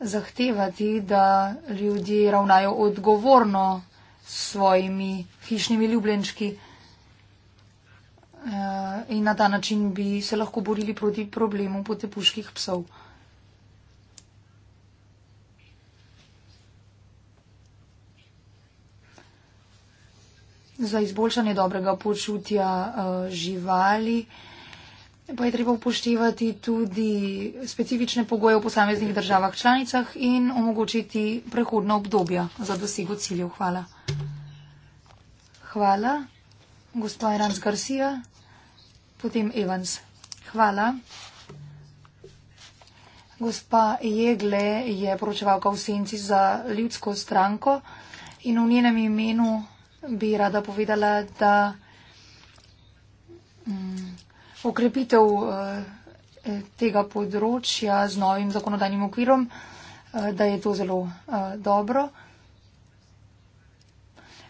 zahtevati, da ljudje ravnajo odgovorno s svojimi hišnimi ljubljenčki. Eh, in na ta način bi se lahko borili proti problemu potepuških psov. Za izboljšanje dobrega počutja eh, živali. Pa je treba upoštevati tudi specifične pogoje v posameznih državah članicah in omogočiti prehodna obdobja za dosego ciljev. Hvala. Hvala. Gospod Iranc Garcia, potem Evans. Hvala. Gospa Jegle je poročevalka v senci za ljudsko stranko in v njenem imenu bi rada povedala, da. Mm, okrepitev eh, tega področja z novim zakonodajnim okvirom, eh, da je to zelo eh, dobro.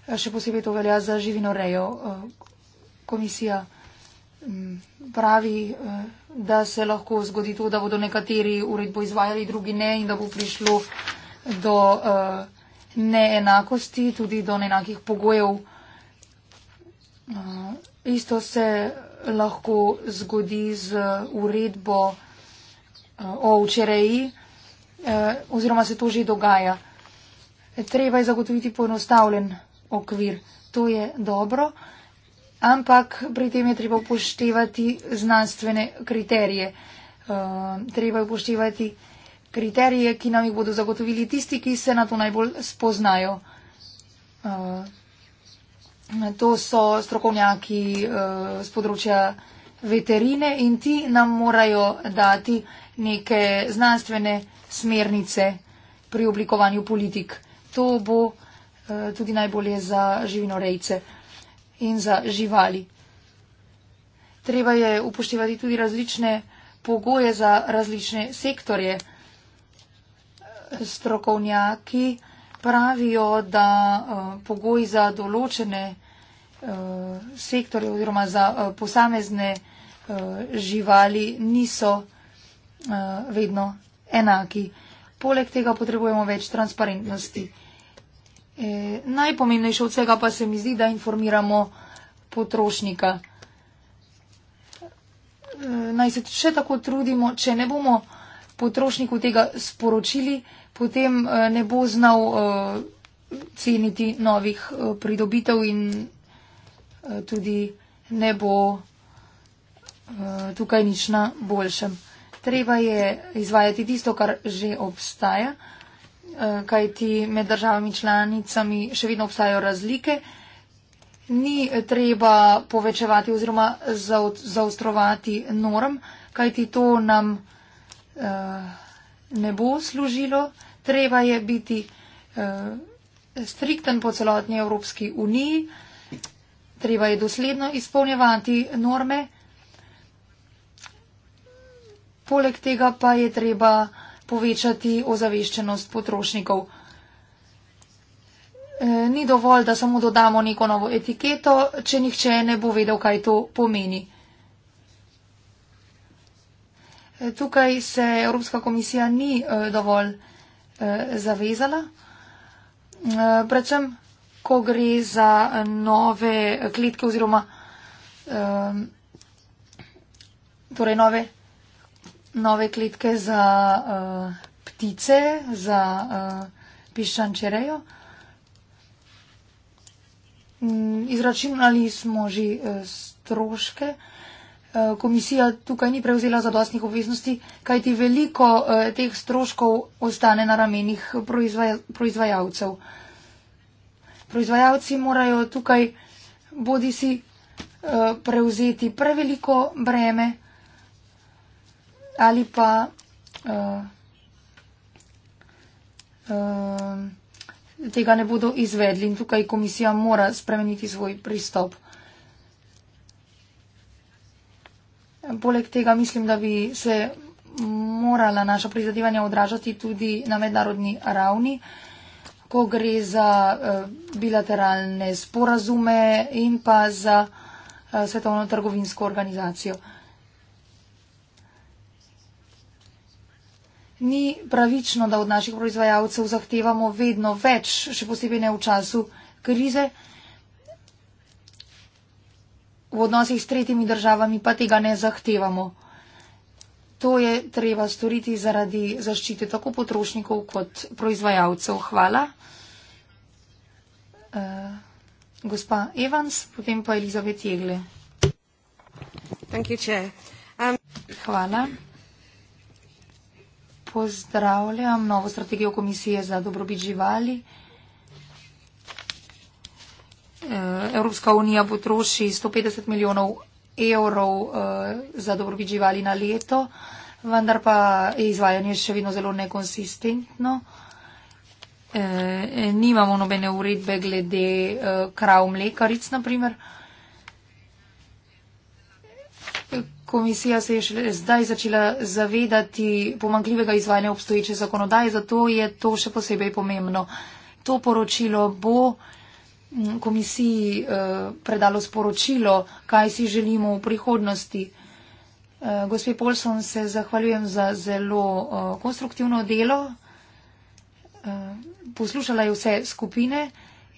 Še posebej to velja za živinorejo. Komisija mm, pravi, da se lahko zgodi to, da bodo nekateri uredbo izvajali, drugi ne in da bo prišlo do neenakosti, tudi do neenakih pogojev. Isto se lahko zgodi z uredbo eh, o včereji eh, oziroma se to že dogaja. Treba je zagotoviti poenostavljen okvir. To je dobro, ampak pri tem je treba upoštevati znanstvene kriterije. Eh, treba je upoštevati kriterije, ki nam jih bodo zagotovili tisti, ki se na to najbolj spoznajo to so strokovnjaki z eh, področja veterine in ti nam morajo dati neke znanstvene smernice pri oblikovanju politik. To bo eh, tudi najbolje za živinorejce in za živali. Treba je upoštevati tudi različne pogoje za različne sektorje. Strokovnjaki pravijo, da uh, pogoji za določene uh, sektorje oziroma za uh, posamezne uh, živali niso uh, vedno enaki. Poleg tega potrebujemo več transparentnosti. E, najpomembnejše od vsega pa se mi zdi, da informiramo potrošnika. E, naj se še tako trudimo, če ne bomo potrošniku tega sporočili, potem eh, ne bo znal eh, ceniti novih eh, pridobitev in tudi ne bo tukaj nič na boljšem. Treba je izvajati tisto, kar že obstaja, kajti med državami članicami še vedno obstajajo razlike. Ni treba povečevati oziroma zaostrovati norm, kajti to nam ne bo služilo treba je biti eh, strikten po celotni Evropski uniji, treba je dosledno izpolnjevati norme. Poleg tega pa je treba povečati ozaveščenost potrošnikov. E, ni dovolj, da samo dodamo neko novo etiketo, če nihče ne bo vedel, kaj to pomeni. E, tukaj se Evropska komisija ni e, dovolj Eh, zavezala. Eh, predvsem, ko gre za nove klitke oziroma eh, torej nove, nove klitke za ptice, za piščančerejo. Mm, izračunali smo že stroške. Eh, komisija tukaj ni prevzela zadostnih obveznosti, kajti veliko eh, teh stroškov ostane na ramenih proizvaja, proizvajalcev. Proizvajalci morajo tukaj bodi si eh, prevzeti preveliko breme ali pa uh, uh, tega ne bodo izvedli in tukaj komisija mora spremeniti svoj pristop. Poleg tega mislim, da bi se morala naša prizadevanja odražati tudi na mednarodni ravni, ko gre za eh, bilateralne sporazume in pa za eh, svetovno trgovinsko organizacijo. Ni pravično, da od naših proizvajalcev zahtevamo vedno več, še posebej ne v času krize v odnosih s tretjimi državami pa tega ne zahtevamo. To je treba storiti zaradi zaščite tako potrošnikov kot proizvajalcev. Hvala. Uh, gospa Evans, potem pa Elizabet Jegle. Um... Hvala. Pozdravljam novo strategijo Komisije za dobrobit živali. Uh, Eh, Evropska unija potroši 150 milijonov evrov eh, za dobrobit živali na leto, vendar pa je izvajanje še vedno zelo nekonsistentno. Eh, nimamo nobene uredbe glede krav mlekaric, naprimer. Komisija se je šele zdaj začela zavedati pomankljivega izvajanja obstoječe zakonodaje, zato je to še posebej pomembno. To poročilo bo komisiji eh, predalo sporočilo, kaj si želimo v prihodnosti. Eh, gospe Polson, se zahvaljujem za zelo eh, konstruktivno delo. Poslušala je vse skupine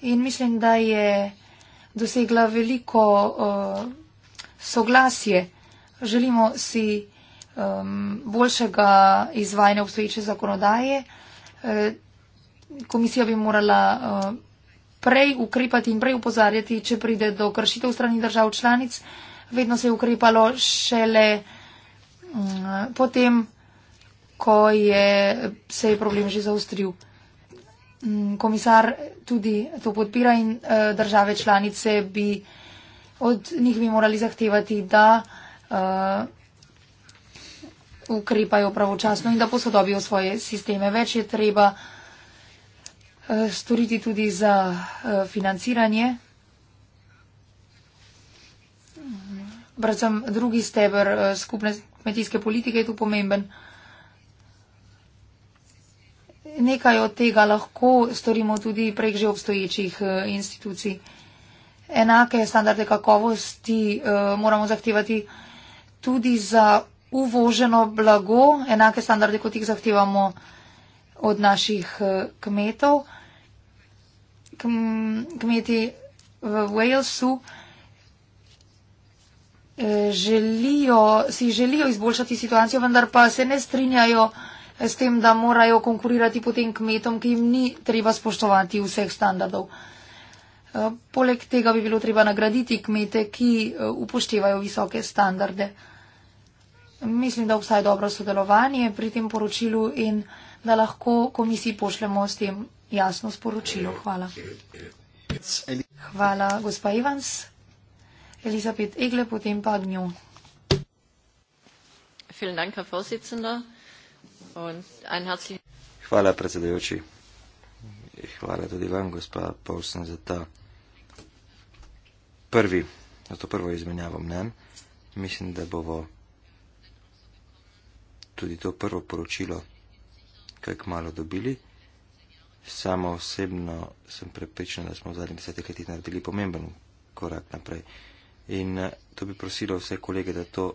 in mislim, da je dosegla veliko soglasje. Želimo si ehm, boljšega izvajanja obstoječe zakonodaje. Komisija bi morala prej ukrepati in prej upozarjati, če pride do kršitev strani držav članic. Vedno se je ukrepalo šele mm, potem, ko je, se je problem že zaustril. Mm, komisar tudi to podpira in eh, države članice bi od njih bi morali zahtevati, da eh, ukrepajo pravočasno in da posodobijo svoje sisteme. Več je treba. Eh, storiti tudi za eh, financiranje. Predvsem drugi stebr eh, skupne kmetijske politike je tu pomemben. Nekaj od tega lahko storimo tudi prek že obstoječih institucij. Enake standarde kakovosti moramo zahtevati tudi za uvoženo blago, enake standarde, kot jih zahtevamo od naših kmetov kmeti v Walesu eh, želijo, si želijo izboljšati situacijo, vendar pa se ne strinjajo eh, s tem, da morajo konkurirati potem kmetom, ki jim ni treba spoštovati vseh standardov. Eh, poleg tega bi bilo treba nagraditi kmete, ki upoštevajo visoke standarde. Mislim, da obstaja dobro sodelovanje pri tem poročilu in da lahko komisiji pošljemo s tem jasno sporočilo. Hvala. Hvala, gospa Ivans. Elizabet Egle, potem pa Gnjo. Hvala, predsedajoči. Hvala tudi vam, gospa Povsen, za ta prvi, za to prvo izmenjavo mnen. Mislim, da bomo tudi to prvo poročilo kaj k malo dobili. Samo osebno sem prepričan, da smo v zadnjih desetih letih naredili pomemben korak naprej. In eh, to bi prosilo vse kolege, da to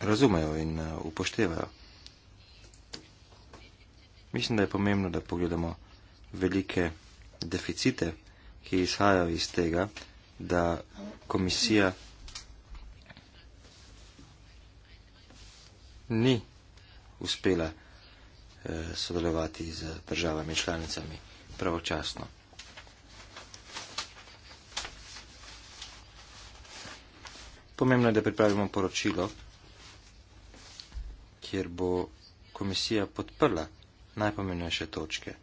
razumejo in eh, upoštevajo. Mislim, da je pomembno, da pogledamo velike deficite, ki izhajajo iz tega, da komisija ni uspela Eh, sodelovati z državami članicami pravočasno. Pomembno je, da pripravimo poročilo, kjer bo komisija podprla najpomembnejše točke.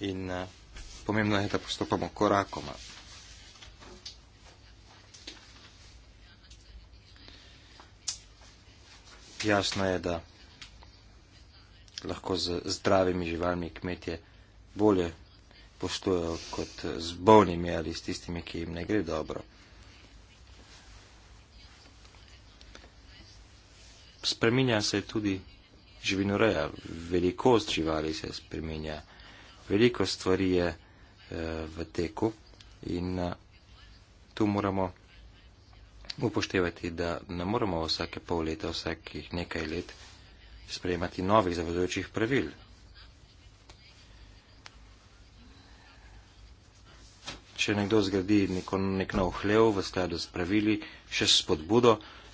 In eh, pomembno je, da postopamo korakoma. jasno je, da lahko z zdravimi živalmi kmetje bolje postojo kot z bolnimi ali s tistimi, ki jim ne gre dobro. Spreminja se tudi živinoreja, velikost živali se spreminja, veliko stvari je eh, v teku in eh, tu moramo upoštevati, da ne moramo vsake pol leta, vsakih nekaj let sprejemati novih zavezujočih pravil. Če nekdo zgradi neko, nek nov hlev v skladu s pravili, še s spodbudo,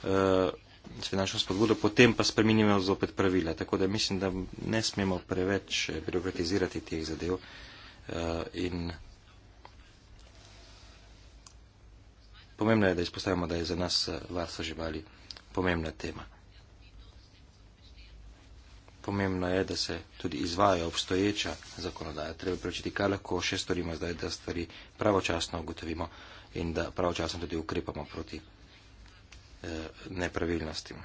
uh, s finančno spodbudo, potem pa spremenimo zopet pravila. Tako da mislim, da ne smemo preveč birokratizirati teh zadev uh, in Pomembno je, da izpostavimo, da je za nas eh, varstvo živali pomembna tema. Pomembno je, da se tudi izvaja obstoječa zakonodaja. Treba prečiti, kaj lahko še storimo zdaj, da stvari pravočasno ugotovimo in da pravočasno tudi ukrepamo proti eh, nepravilnostim.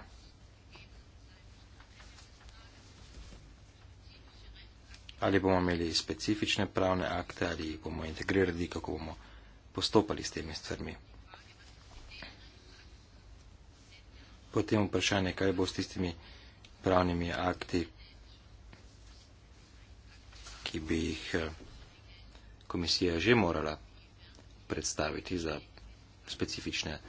Ali bomo imeli specifične pravne akte, ali bomo integrirali, kako bomo postopali s temi stvarmi. potem vprašanje, kaj bo s tistimi pravnimi akti, ki bi jih eh, komisija že morala predstaviti za specifične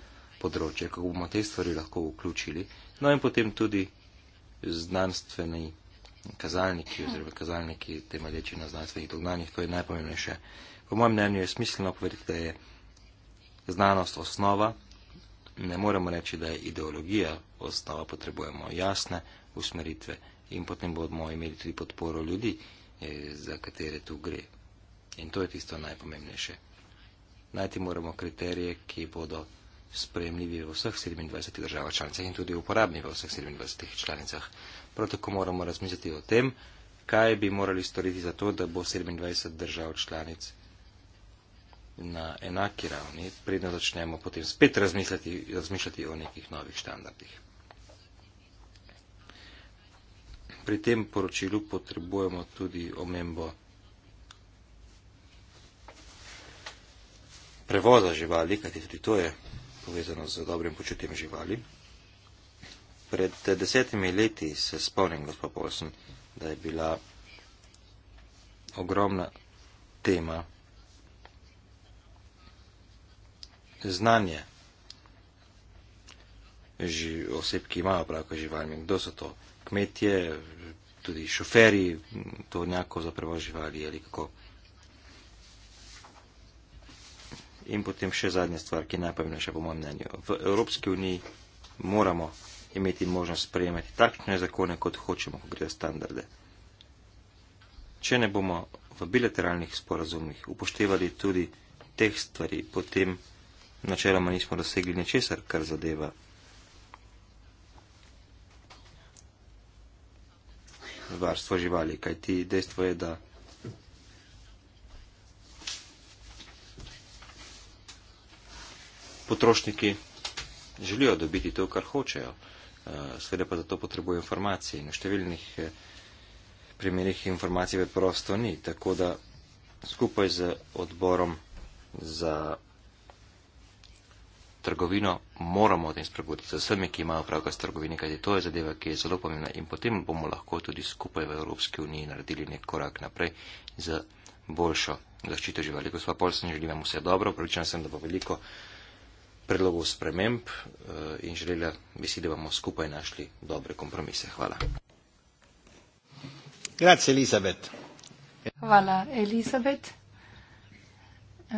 področje, kako bomo te stvari lahko vključili. No in potem tudi znanstveni kazalniki oziroma kazalniki temelječi na znanstvenih dognanjih, to je najpomembnejše. Po mojem mnenju je smiselno povedati, da je znanost osnova ne moremo reči, da je ideologija, ostalo potrebujemo jasne usmeritve in potem bomo imeli tudi podporo ljudi, eh, za katere tu gre. In to je tisto najpomembnejše. Najti moramo kriterije, ki bodo sprejemljivi v vseh 27 državah članicah in tudi uporabni v vseh 27 članicah. Prav tako moramo razmisliti o tem, kaj bi morali storiti za to, da bo 27 držav članic na enaki ravni, predno začnemo potem spet razmišljati, razmišljati o nekih novih standardih. Pri tem poročilu potrebujemo tudi omembo prevoza živali, kajti tudi to je povezano z dobrim počutjem živali. Pred desetimi leti se spomnim, gospod Polsen, da je bila ogromna tema znanje. Že oseb, ki imajo pravko živalmi, kdo so to? Kmetje, tudi šoferi, to nekako za prevoz živali ali kako. In potem še zadnja stvar, ki je najpomembnejša po mojem mnenju. V Evropski uniji moramo imeti možnost sprejemati takšne zakone, kot hočemo, ko gre za standarde. Če ne bomo v bilateralnih sporazumih upoštevali tudi teh stvari, potem načeloma nismo dosegli nečesar, kar zadeva varstvo živali, kaj ti dejstvo je, da potrošniki želijo dobiti to, kar hočejo. Eh, Sveda pa zato potrebuje informacije in v številnih eh, primerih informacij preprosto ni. Tako da skupaj z odborom za trgovino moramo o tem spregovoriti z vsemi, ki imajo pravka s trgovini, kajti to je zadeva, ki je zelo pomembna in potem bomo lahko tudi skupaj v Evropski uniji naredili nek korak naprej z boljšo zaščito živali. Gospa Polsen, želim vam vse dobro, pravičena sem, da bo veliko predlogov sprememb eh, in želela bi si, da bomo skupaj našli dobre kompromise. Hvala. Grazie Elisabeth. Hvala Elisabeth. Eh,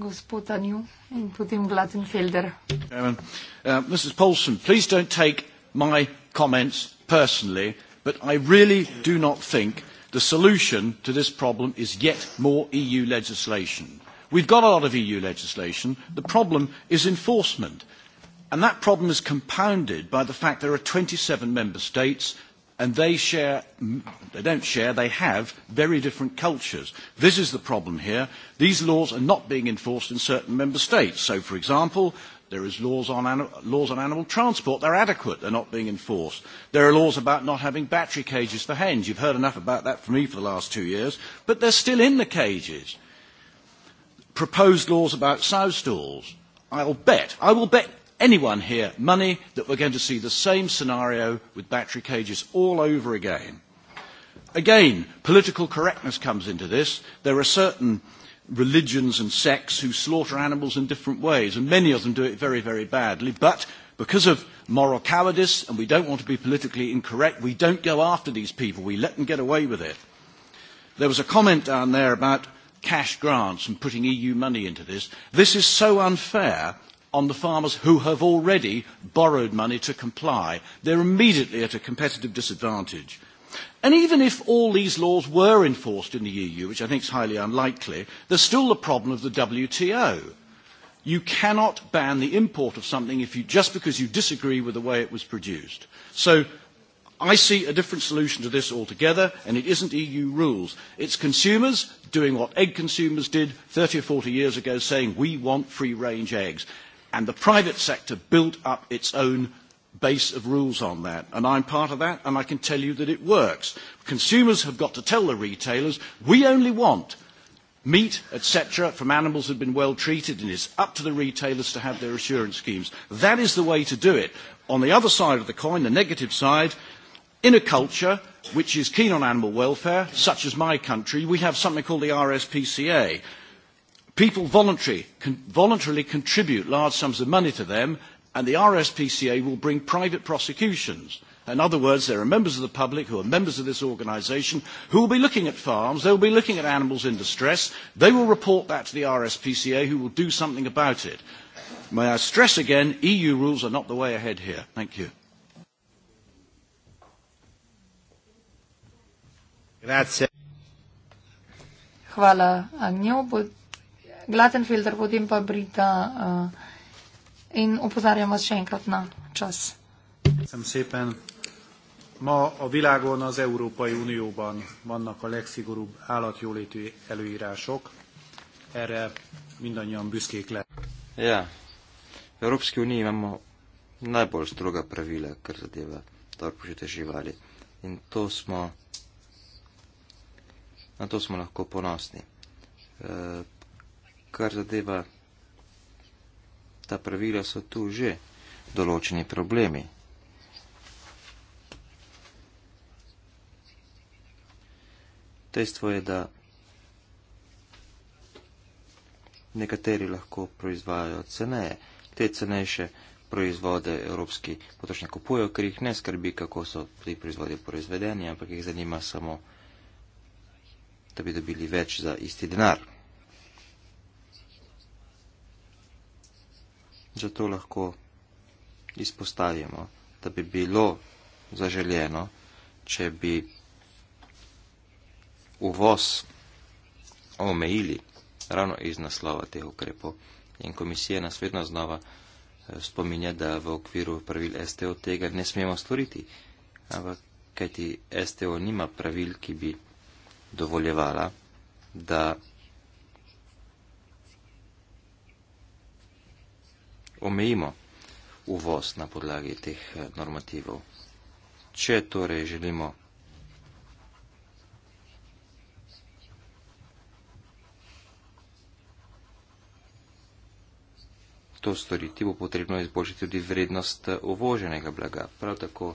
gospod Anju in potem Glatenfelder. Uh, Mrs. Paulson, please don't take my comments personally, but I really do not think the solution to this problem is yet more EU legislation. We've got a lot of EU legislation. The problem is enforcement. And that problem is compounded by the fact there are 27 member states and they share, they don't share, they have very different cultures. This is the problem here. These laws are not being enforced in certain member states. So, for example, there is laws on, laws on animal transport. They're adequate. They're not being enforced. There are laws about not having battery cages for hens. You've heard enough about that from me for the last two years. But they're still in the cages. Proposed laws about sow stalls. I'll bet. I will bet anyone here money that we're going to see the same scenario with battery cages all over again. Again, political correctness comes into this. There are certain religions and sects who slaughter animals in different ways, and many of them do it very, very badly. But because of moral cowardice, and we don't want to be politically incorrect, we don't go after these people. We let them get away with it. There was a comment down there about cash grants and putting EU money into this. This is so unfair on the farmers who have already borrowed money to comply. They're immediately at a competitive disadvantage. And even if all these laws were enforced in the EU, which I think is highly unlikely, there's still the problem of the WTO. You cannot ban the import of something if you, just because you disagree with the way it was produced. So I see a different solution to this altogether, and it isn't EU rules. It's consumers doing what egg consumers did 30 or 40 years ago, saying, we want free-range eggs and the private sector built up its own base of rules on that. And I'm part of that, and I can tell you that it works. Consumers have got to tell the retailers, we only want meat, etc., from animals that have been well treated, and it's up to the retailers to have their assurance schemes. That is the way to do it. On the other side of the coin, the negative side, in a culture which is keen on animal welfare, such as my country, we have something called the RSPCA, People voluntary, con- voluntarily contribute large sums of money to them, and the RSPCA will bring private prosecutions. In other words, there are members of the public who are members of this organisation who will be looking at farms, they will be looking at animals in distress, they will report that to the RSPCA who will do something about it. May I stress again, EU rules are not the way ahead here. Thank you. Grazie. Hvala. A njo bo glaten filter, potem pa brita uh, in opozarjam vas še enkrat na čas. Sem szépen. Ma a világon, az Európai Unióban vannak a legszigorúbb állatjóléti előírások. Erre mindannyian büszkék le. Ja, Európai Unió ma a najbol stroga pravila, kar zadeva tarpusite živali. In to smo, na to smo lahko ponosni. Uh, kar zadeva ta pravila, so tu že določeni problemi. Dejstvo je, da nekateri lahko proizvajajo ceneje. Te cenejše proizvode evropski potrošniki kupujejo, ker jih ne skrbi, kako so ti proizvodi proizvedeni, ampak jih zanima samo, da bi dobili več za isti denar. že to lahko izpostavimo, da bi bilo zaželjeno, če bi uvoz omejili ravno iz naslova teh ukrepov. In komisija nas vedno znova eh, spominja, da v okviru pravil STO tega ne smemo storiti, ampak kajti STO nima pravil, ki bi dovoljevala, da omejimo uvoz na podlagi teh eh, normativov. Če torej želimo to storiti, bo potrebno izboljšati tudi vrednost eh, uvoženega blaga. Prav tako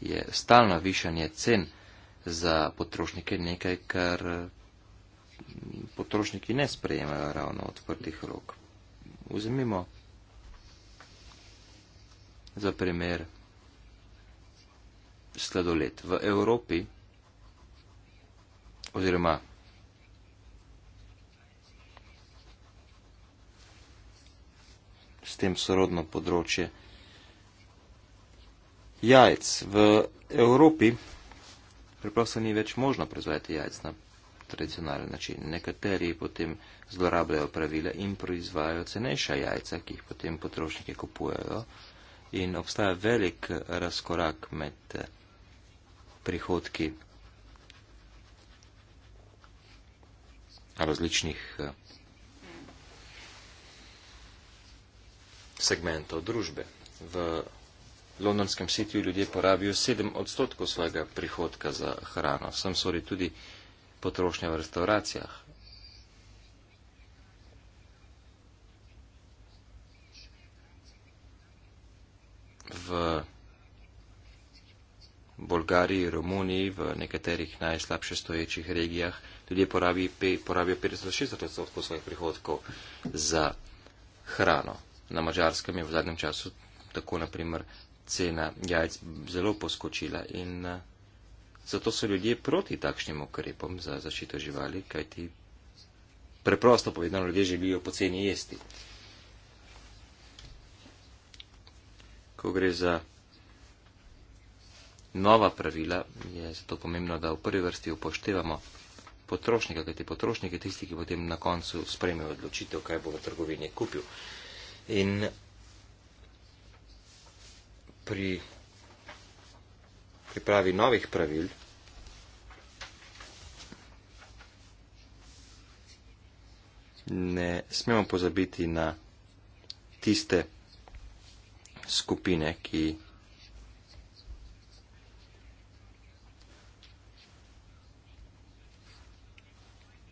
je stalno višanje cen za potrošnike nekaj, kar eh, potrošniki ne sprejemajo ravno odprtih rok. Vzemimo za primer sladoled. V Evropi oziroma s tem sorodno področje jajc. V Evropi preprosto ni več možno proizvajati jajc na tradicionalen način. Nekateri potem zlorabljajo pravila in proizvajajo cenejša jajca, ki jih potem potrošniki kupujejo in obstaja velik razkorak med eh, prihodki različnih eh, segmentov družbe. V londonskem sitju ljudje porabijo 7 odstotkov svojega prihodka za hrano. Sem sori tudi potrošnja v restauracijah. Bolgariji, Romuniji, v nekaterih najslabše stoječih regijah, ljudje porabijo 50-60 odstotkov svojih prihodkov za hrano. Na Mačarskem je v zadnjem času tako, na primer, cena jajc zelo poskočila in eh, zato so ljudje proti takšnim ukrepom za zaščito živali, kajti preprosto povedano, ljudje želijo poceni jesti. Ko gre za nova pravila, je zato pomembno, da v prvi vrsti upoštevamo potrošnika, kajti potrošnik je tisti, ki potem na koncu spremi odločitev, kaj bo v trgovini kupil. In pri pripravi novih pravil ne smemo pozabiti na tiste skupine, ki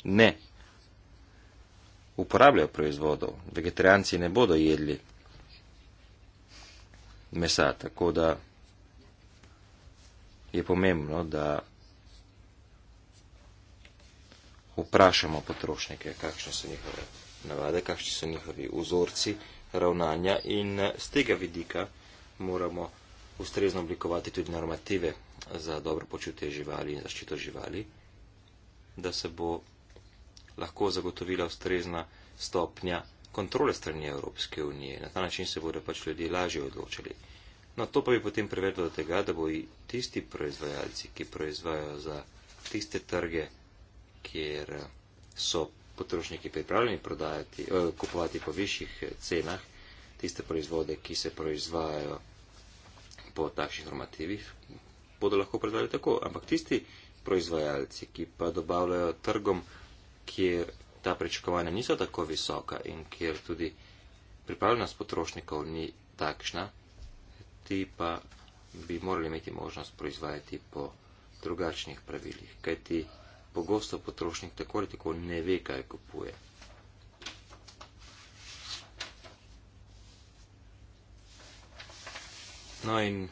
ne uporabljajo proizvodov. Vegetarijanci ne bodo jedli mesa, tako da je pomembno, da vprašamo potrošnike, kakšne so njihove navade, kakšni so njihovi vzorci ravnanja in z eh, tega vidika moramo ustrezno oblikovati tudi normative za dobro počutje živali in zaščito živali, da se bo lahko zagotovila ustrezna stopnja kontrole strani Evropske unije. Na ta način se bodo pač ljudje lažje odločili. No, to pa bi potem privedlo do tega, da bo i tisti proizvajalci, ki proizvajajo za tiste trge, kjer eh, so potrošniki pripravljeni prodajati, eh, kupovati po višjih eh, cenah tiste proizvode, ki se proizvajajo po takšnih normativih, bodo lahko prodali tako. Ampak tisti proizvajalci, ki pa dobavljajo trgom kjer ta prečakovanja niso tako visoka in kjer tudi pripravljenost potrošnikov ni takšna, ti pa bi morali imeti možnost proizvajati po drugačnih pravilih, kajti pogosto potrošnik tako ali tako ne ve, kaj kupuje. No in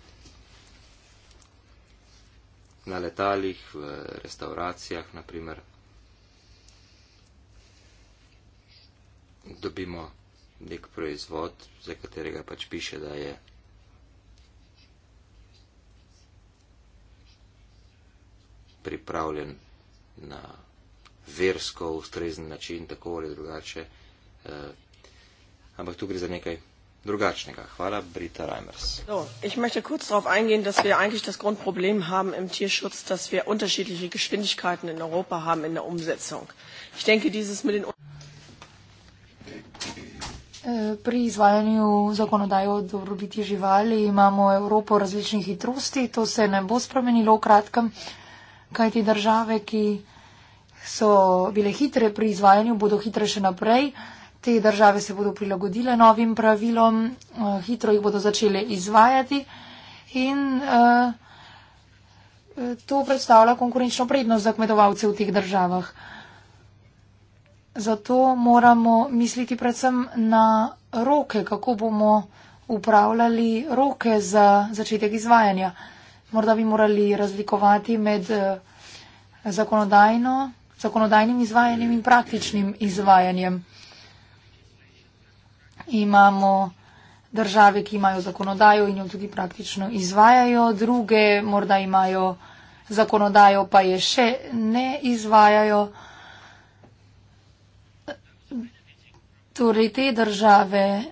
na letalih, v restauracijah, na primer, dobimo nek proizvod, za katerega pač piše, da je. Pripravljen na versko ustrezen način, tako ali drugače. Eh, ampak tu gre za nekaj drugačnega. Hvala, Brita Reimers. So, ich möchte kurz darauf eingehen, dass wir eigentlich das Grundproblem haben im Tierschutz, dass wir unterschiedliche Geschwindigkeiten in Europa haben in der Umsetzung. Ich denke, dieses mit den. E, pri izvajanju zakonodajo o dobrobiti živali imamo Evropo različnih hitrosti, to se ne bo spremenilo v kratkem, kajti države, ki so bile hitre pri izvajanju, bodo hitre še naprej. Te države se bodo prilagodile novim pravilom, e, hitro jih bodo začele izvajati in uh, to predstavlja konkurenčno prednost za kmetovalce v teh državah. Uh, zato moramo misliti predvsem na roke, kako bomo upravljali roke za začetek izvajanja. Morda bi morali razlikovati med eh, zakonodajnim izvajanjem in praktičnim izvajanjem. Imamo države, ki imajo zakonodajo in jo tudi praktično izvajajo, druge morda imajo zakonodajo, pa je še ne izvajajo. Torej, te države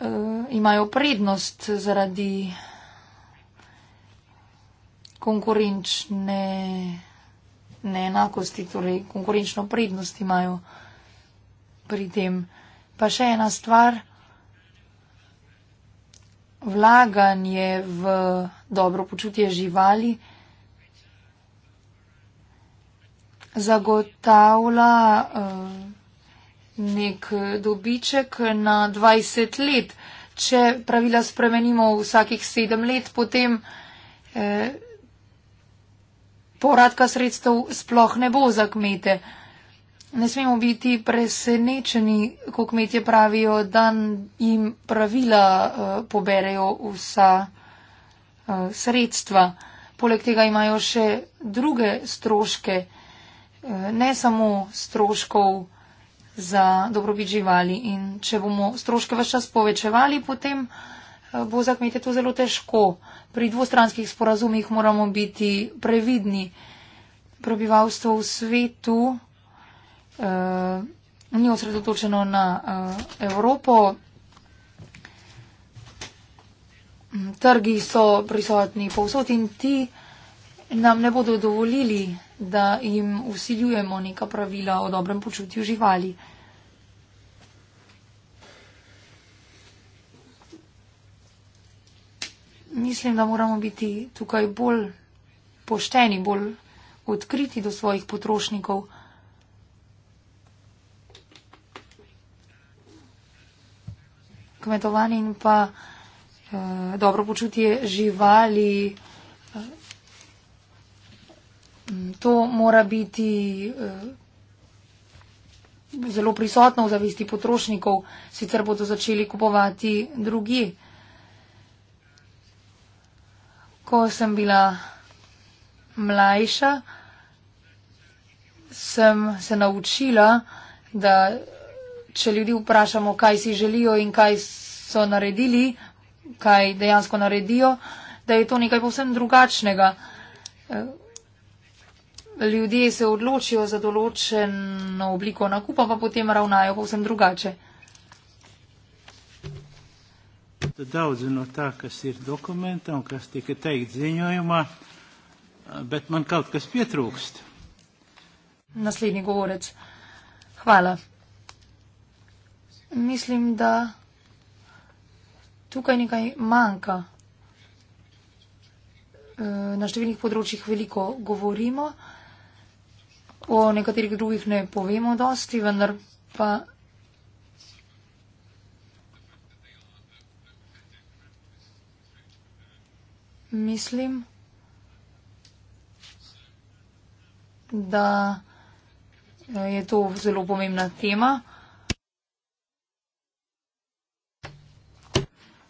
uh, imajo prednost zaradi konkurenčne neenakosti, torej konkurenčno prednost imajo pri tem. Pa še ena stvar, vlaganje v dobro počutje živali zagotavlja. Uh, nek eh, dobiček na 20 let. Če pravila spremenimo vsakih 7 let, potem eh, poradka sredstev sploh ne bo za kmete. Ne smemo biti presenečeni, ko kmetje pravijo, da jim pravila eh, poberejo vsa eh, sredstva. Poleg tega imajo še druge stroške, eh, ne samo stroškov, za dobrobit živali. In če bomo stroške vse čas povečevali, potem eh, bo za kmete to zelo težko. Pri dvostranskih sporazumih moramo biti previdni. Prebivalstvo v svetu eh, ni osredotočeno na eh, Evropo. Mm, trgi so prisotni povsod in ti nam ne bodo dovolili da jim usiljujemo neka pravila o dobrem počutju živali. Mislim, da moramo biti tukaj bolj pošteni, bolj odkriti do svojih potrošnikov. Kmetovanje in pa eh, dobro počutje živali. Mm, to mora biti eh, zelo prisotno v zavesti potrošnikov, sicer bodo začeli kupovati drugi. Ko sem bila mlajša, sem se naučila, da če ljudi vprašamo, kaj si želijo in kaj so naredili, kaj dejansko naredijo, da je to nekaj povsem drugačnega. Eh, ljudje se odločijo za določeno obliko nakupa, pa potem ravnajo povsem drugače. Tādēļ zinu no tā, kas ir dokumenta un kas tika teikt ziņojumā, bet man kaut kas pietrūkst. Naslīdni govorec. Hvala. Mislim, da tukaj nekaj manjka. Eh, na številnih področjih veliko govorimo. O nekaterih drugih ne povemo dosti, vendar pa. Mislim, da je to zelo pomembna tema.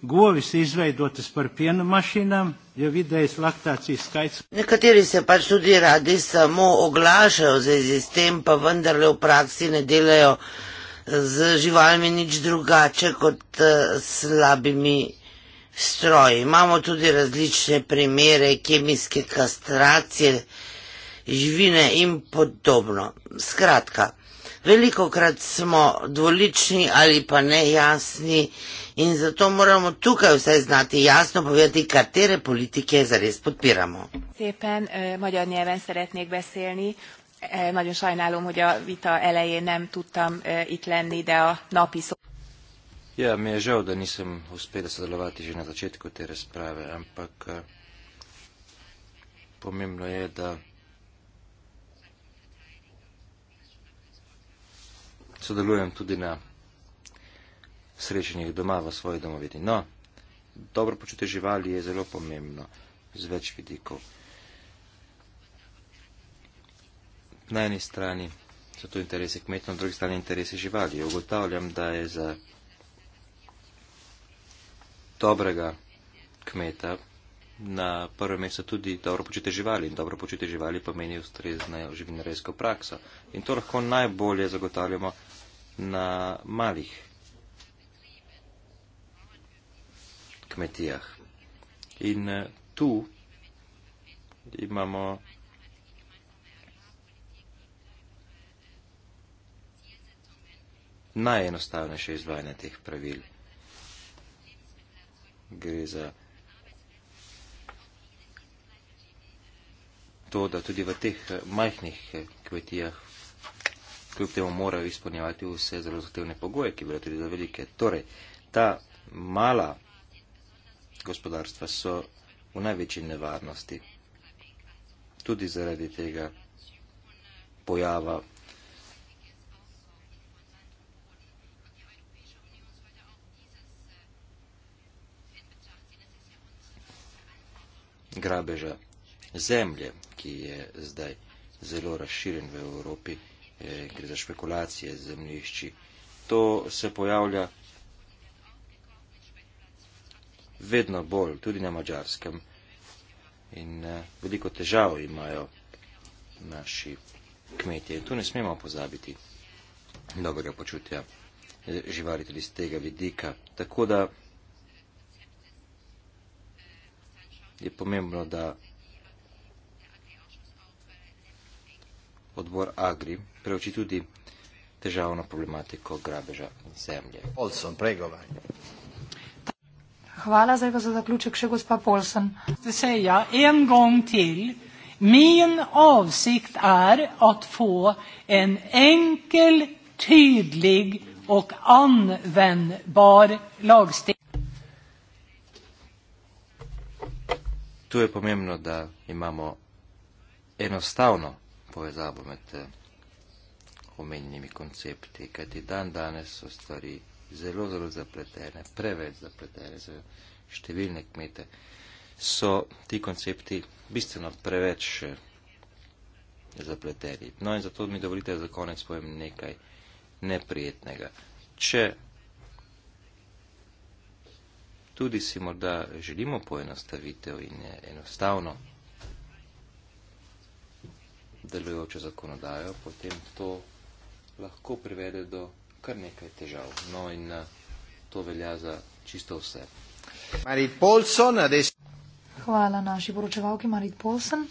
govis izveidotas par pienu mašīnām, jo vidējas laktācijas skaits. Nekateri se pač tudi radi samo oglašajo z izistem, pa vendarle v praksi ne delajo z živalmi nič drugače kot eh, slabimi stroji. Imamo tudi različne primere kemijske kastracije, živine in podobno. Skratka, veliko krat smo dvolični ali pa nejasni, in zato moramo tukaj vse znati jasno povedati, katere politike zares podpiramo. Szépen, magyar nyelven szeretnék beszélni. Nagyon sajnálom, hogy a vita elején nem tudtam itt lenni, de a napi szó... Ja, mi je žal, da nisem uspela sodelovati že na začetku te razprave, ampak pomembno je, da sodelujem tudi na srečenih doma v svoji domovini. No, dobro počutje živali je zelo pomembno z več vidikov. Na eni strani so tu interese kmetov, na drugi strani interese živali. Ugotavljam, da je za dobrega kmeta na prvem mestu tudi dobro počutje živali in dobro počutje živali pomeni ustrezno živinorejsko prakso. In to lahko najbolje zagotavljamo na malih kmetijah. In eh, tu imamo najenostavnejše izvajanje teh pravil. Gre za to, da tudi v teh eh, majhnih eh, kmetijah, kljub temu morajo izpolnjevati vse zelo zahtevne pogoje, ki bodo tudi za velike. Torej, ta mala gospodarstva so v največji nevarnosti. Tudi zaradi tega pojava grabeža zemlje, ki je zdaj zelo razširjen v Evropi, eh, gre za špekulacije z zemljišči. To se pojavlja vedno bolj, tudi na mačarskem. In eh, veliko težav imajo naši kmetje. In tu ne smemo pozabiti dobrega počutja eh, živali tudi z tega vidika. Tako da je pomembno, da odbor Agri preuči tudi težavno problematiko grabeža zemlje. Olson, pregovaj. Hvala, zdaj pa za zaključek še gospa Polsen. Min avsikt är att få en enkel, tydlig och användbar lagstiftning. Tu je pomembno, da imamo enostavno povezavo med eh, omenjenimi koncepti, kajti dan danes so stvari zelo, zelo zapletene, preveč zapletene za številne kmete, so ti koncepti bistveno preveč eh, zapleteni. No in zato mi dovolite za konec povem nekaj neprijetnega. Če tudi si morda želimo poenostavitev in je enostavno delujočo zakonodajo, potem to lahko privede do kar nekaj težav. No in eh, to velja za čisto vse. Marit Polson, res. Hvala naši poročevalki Marit Polson.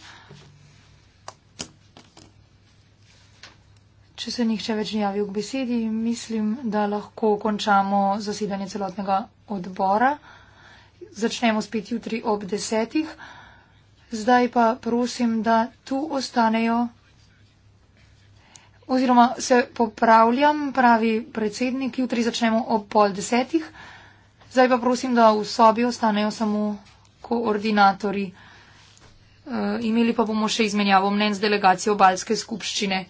Če se nihče več ne javi v besedi, mislim, da lahko končamo zasedanje celotnega odbora. Začnemo spet jutri ob desetih. Zdaj pa prosim, da tu ostanejo oziroma se popravljam, pravi predsednik, jutri začnemo ob pol desetih. Zdaj pa prosim, da v sobi ostanejo samo koordinatori. E, eh, imeli pa bomo še izmenjavo mnen z delegacijo Balske skupščine.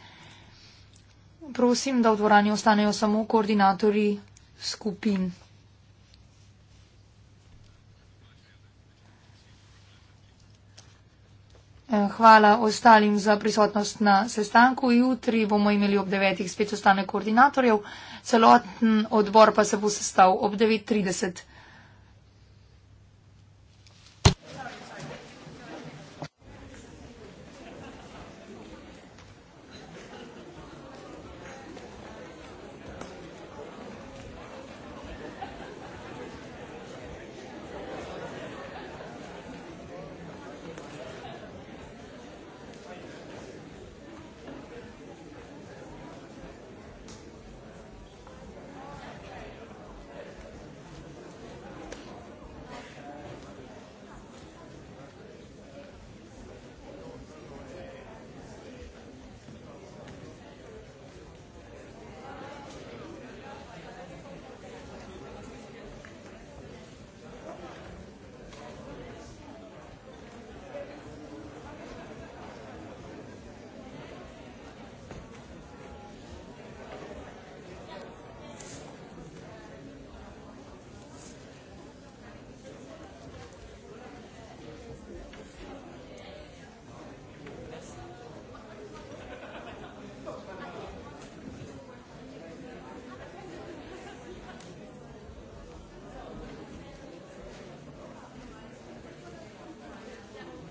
Prosim, da v dvorani ostanejo samo koordinatori skupin. Eh, hvala ostalim za prisotnost na sestanku. Jutri bomo imeli ob 9. spet sestanek koordinatorjev, celoten odbor pa se bo sestal ob 9.30.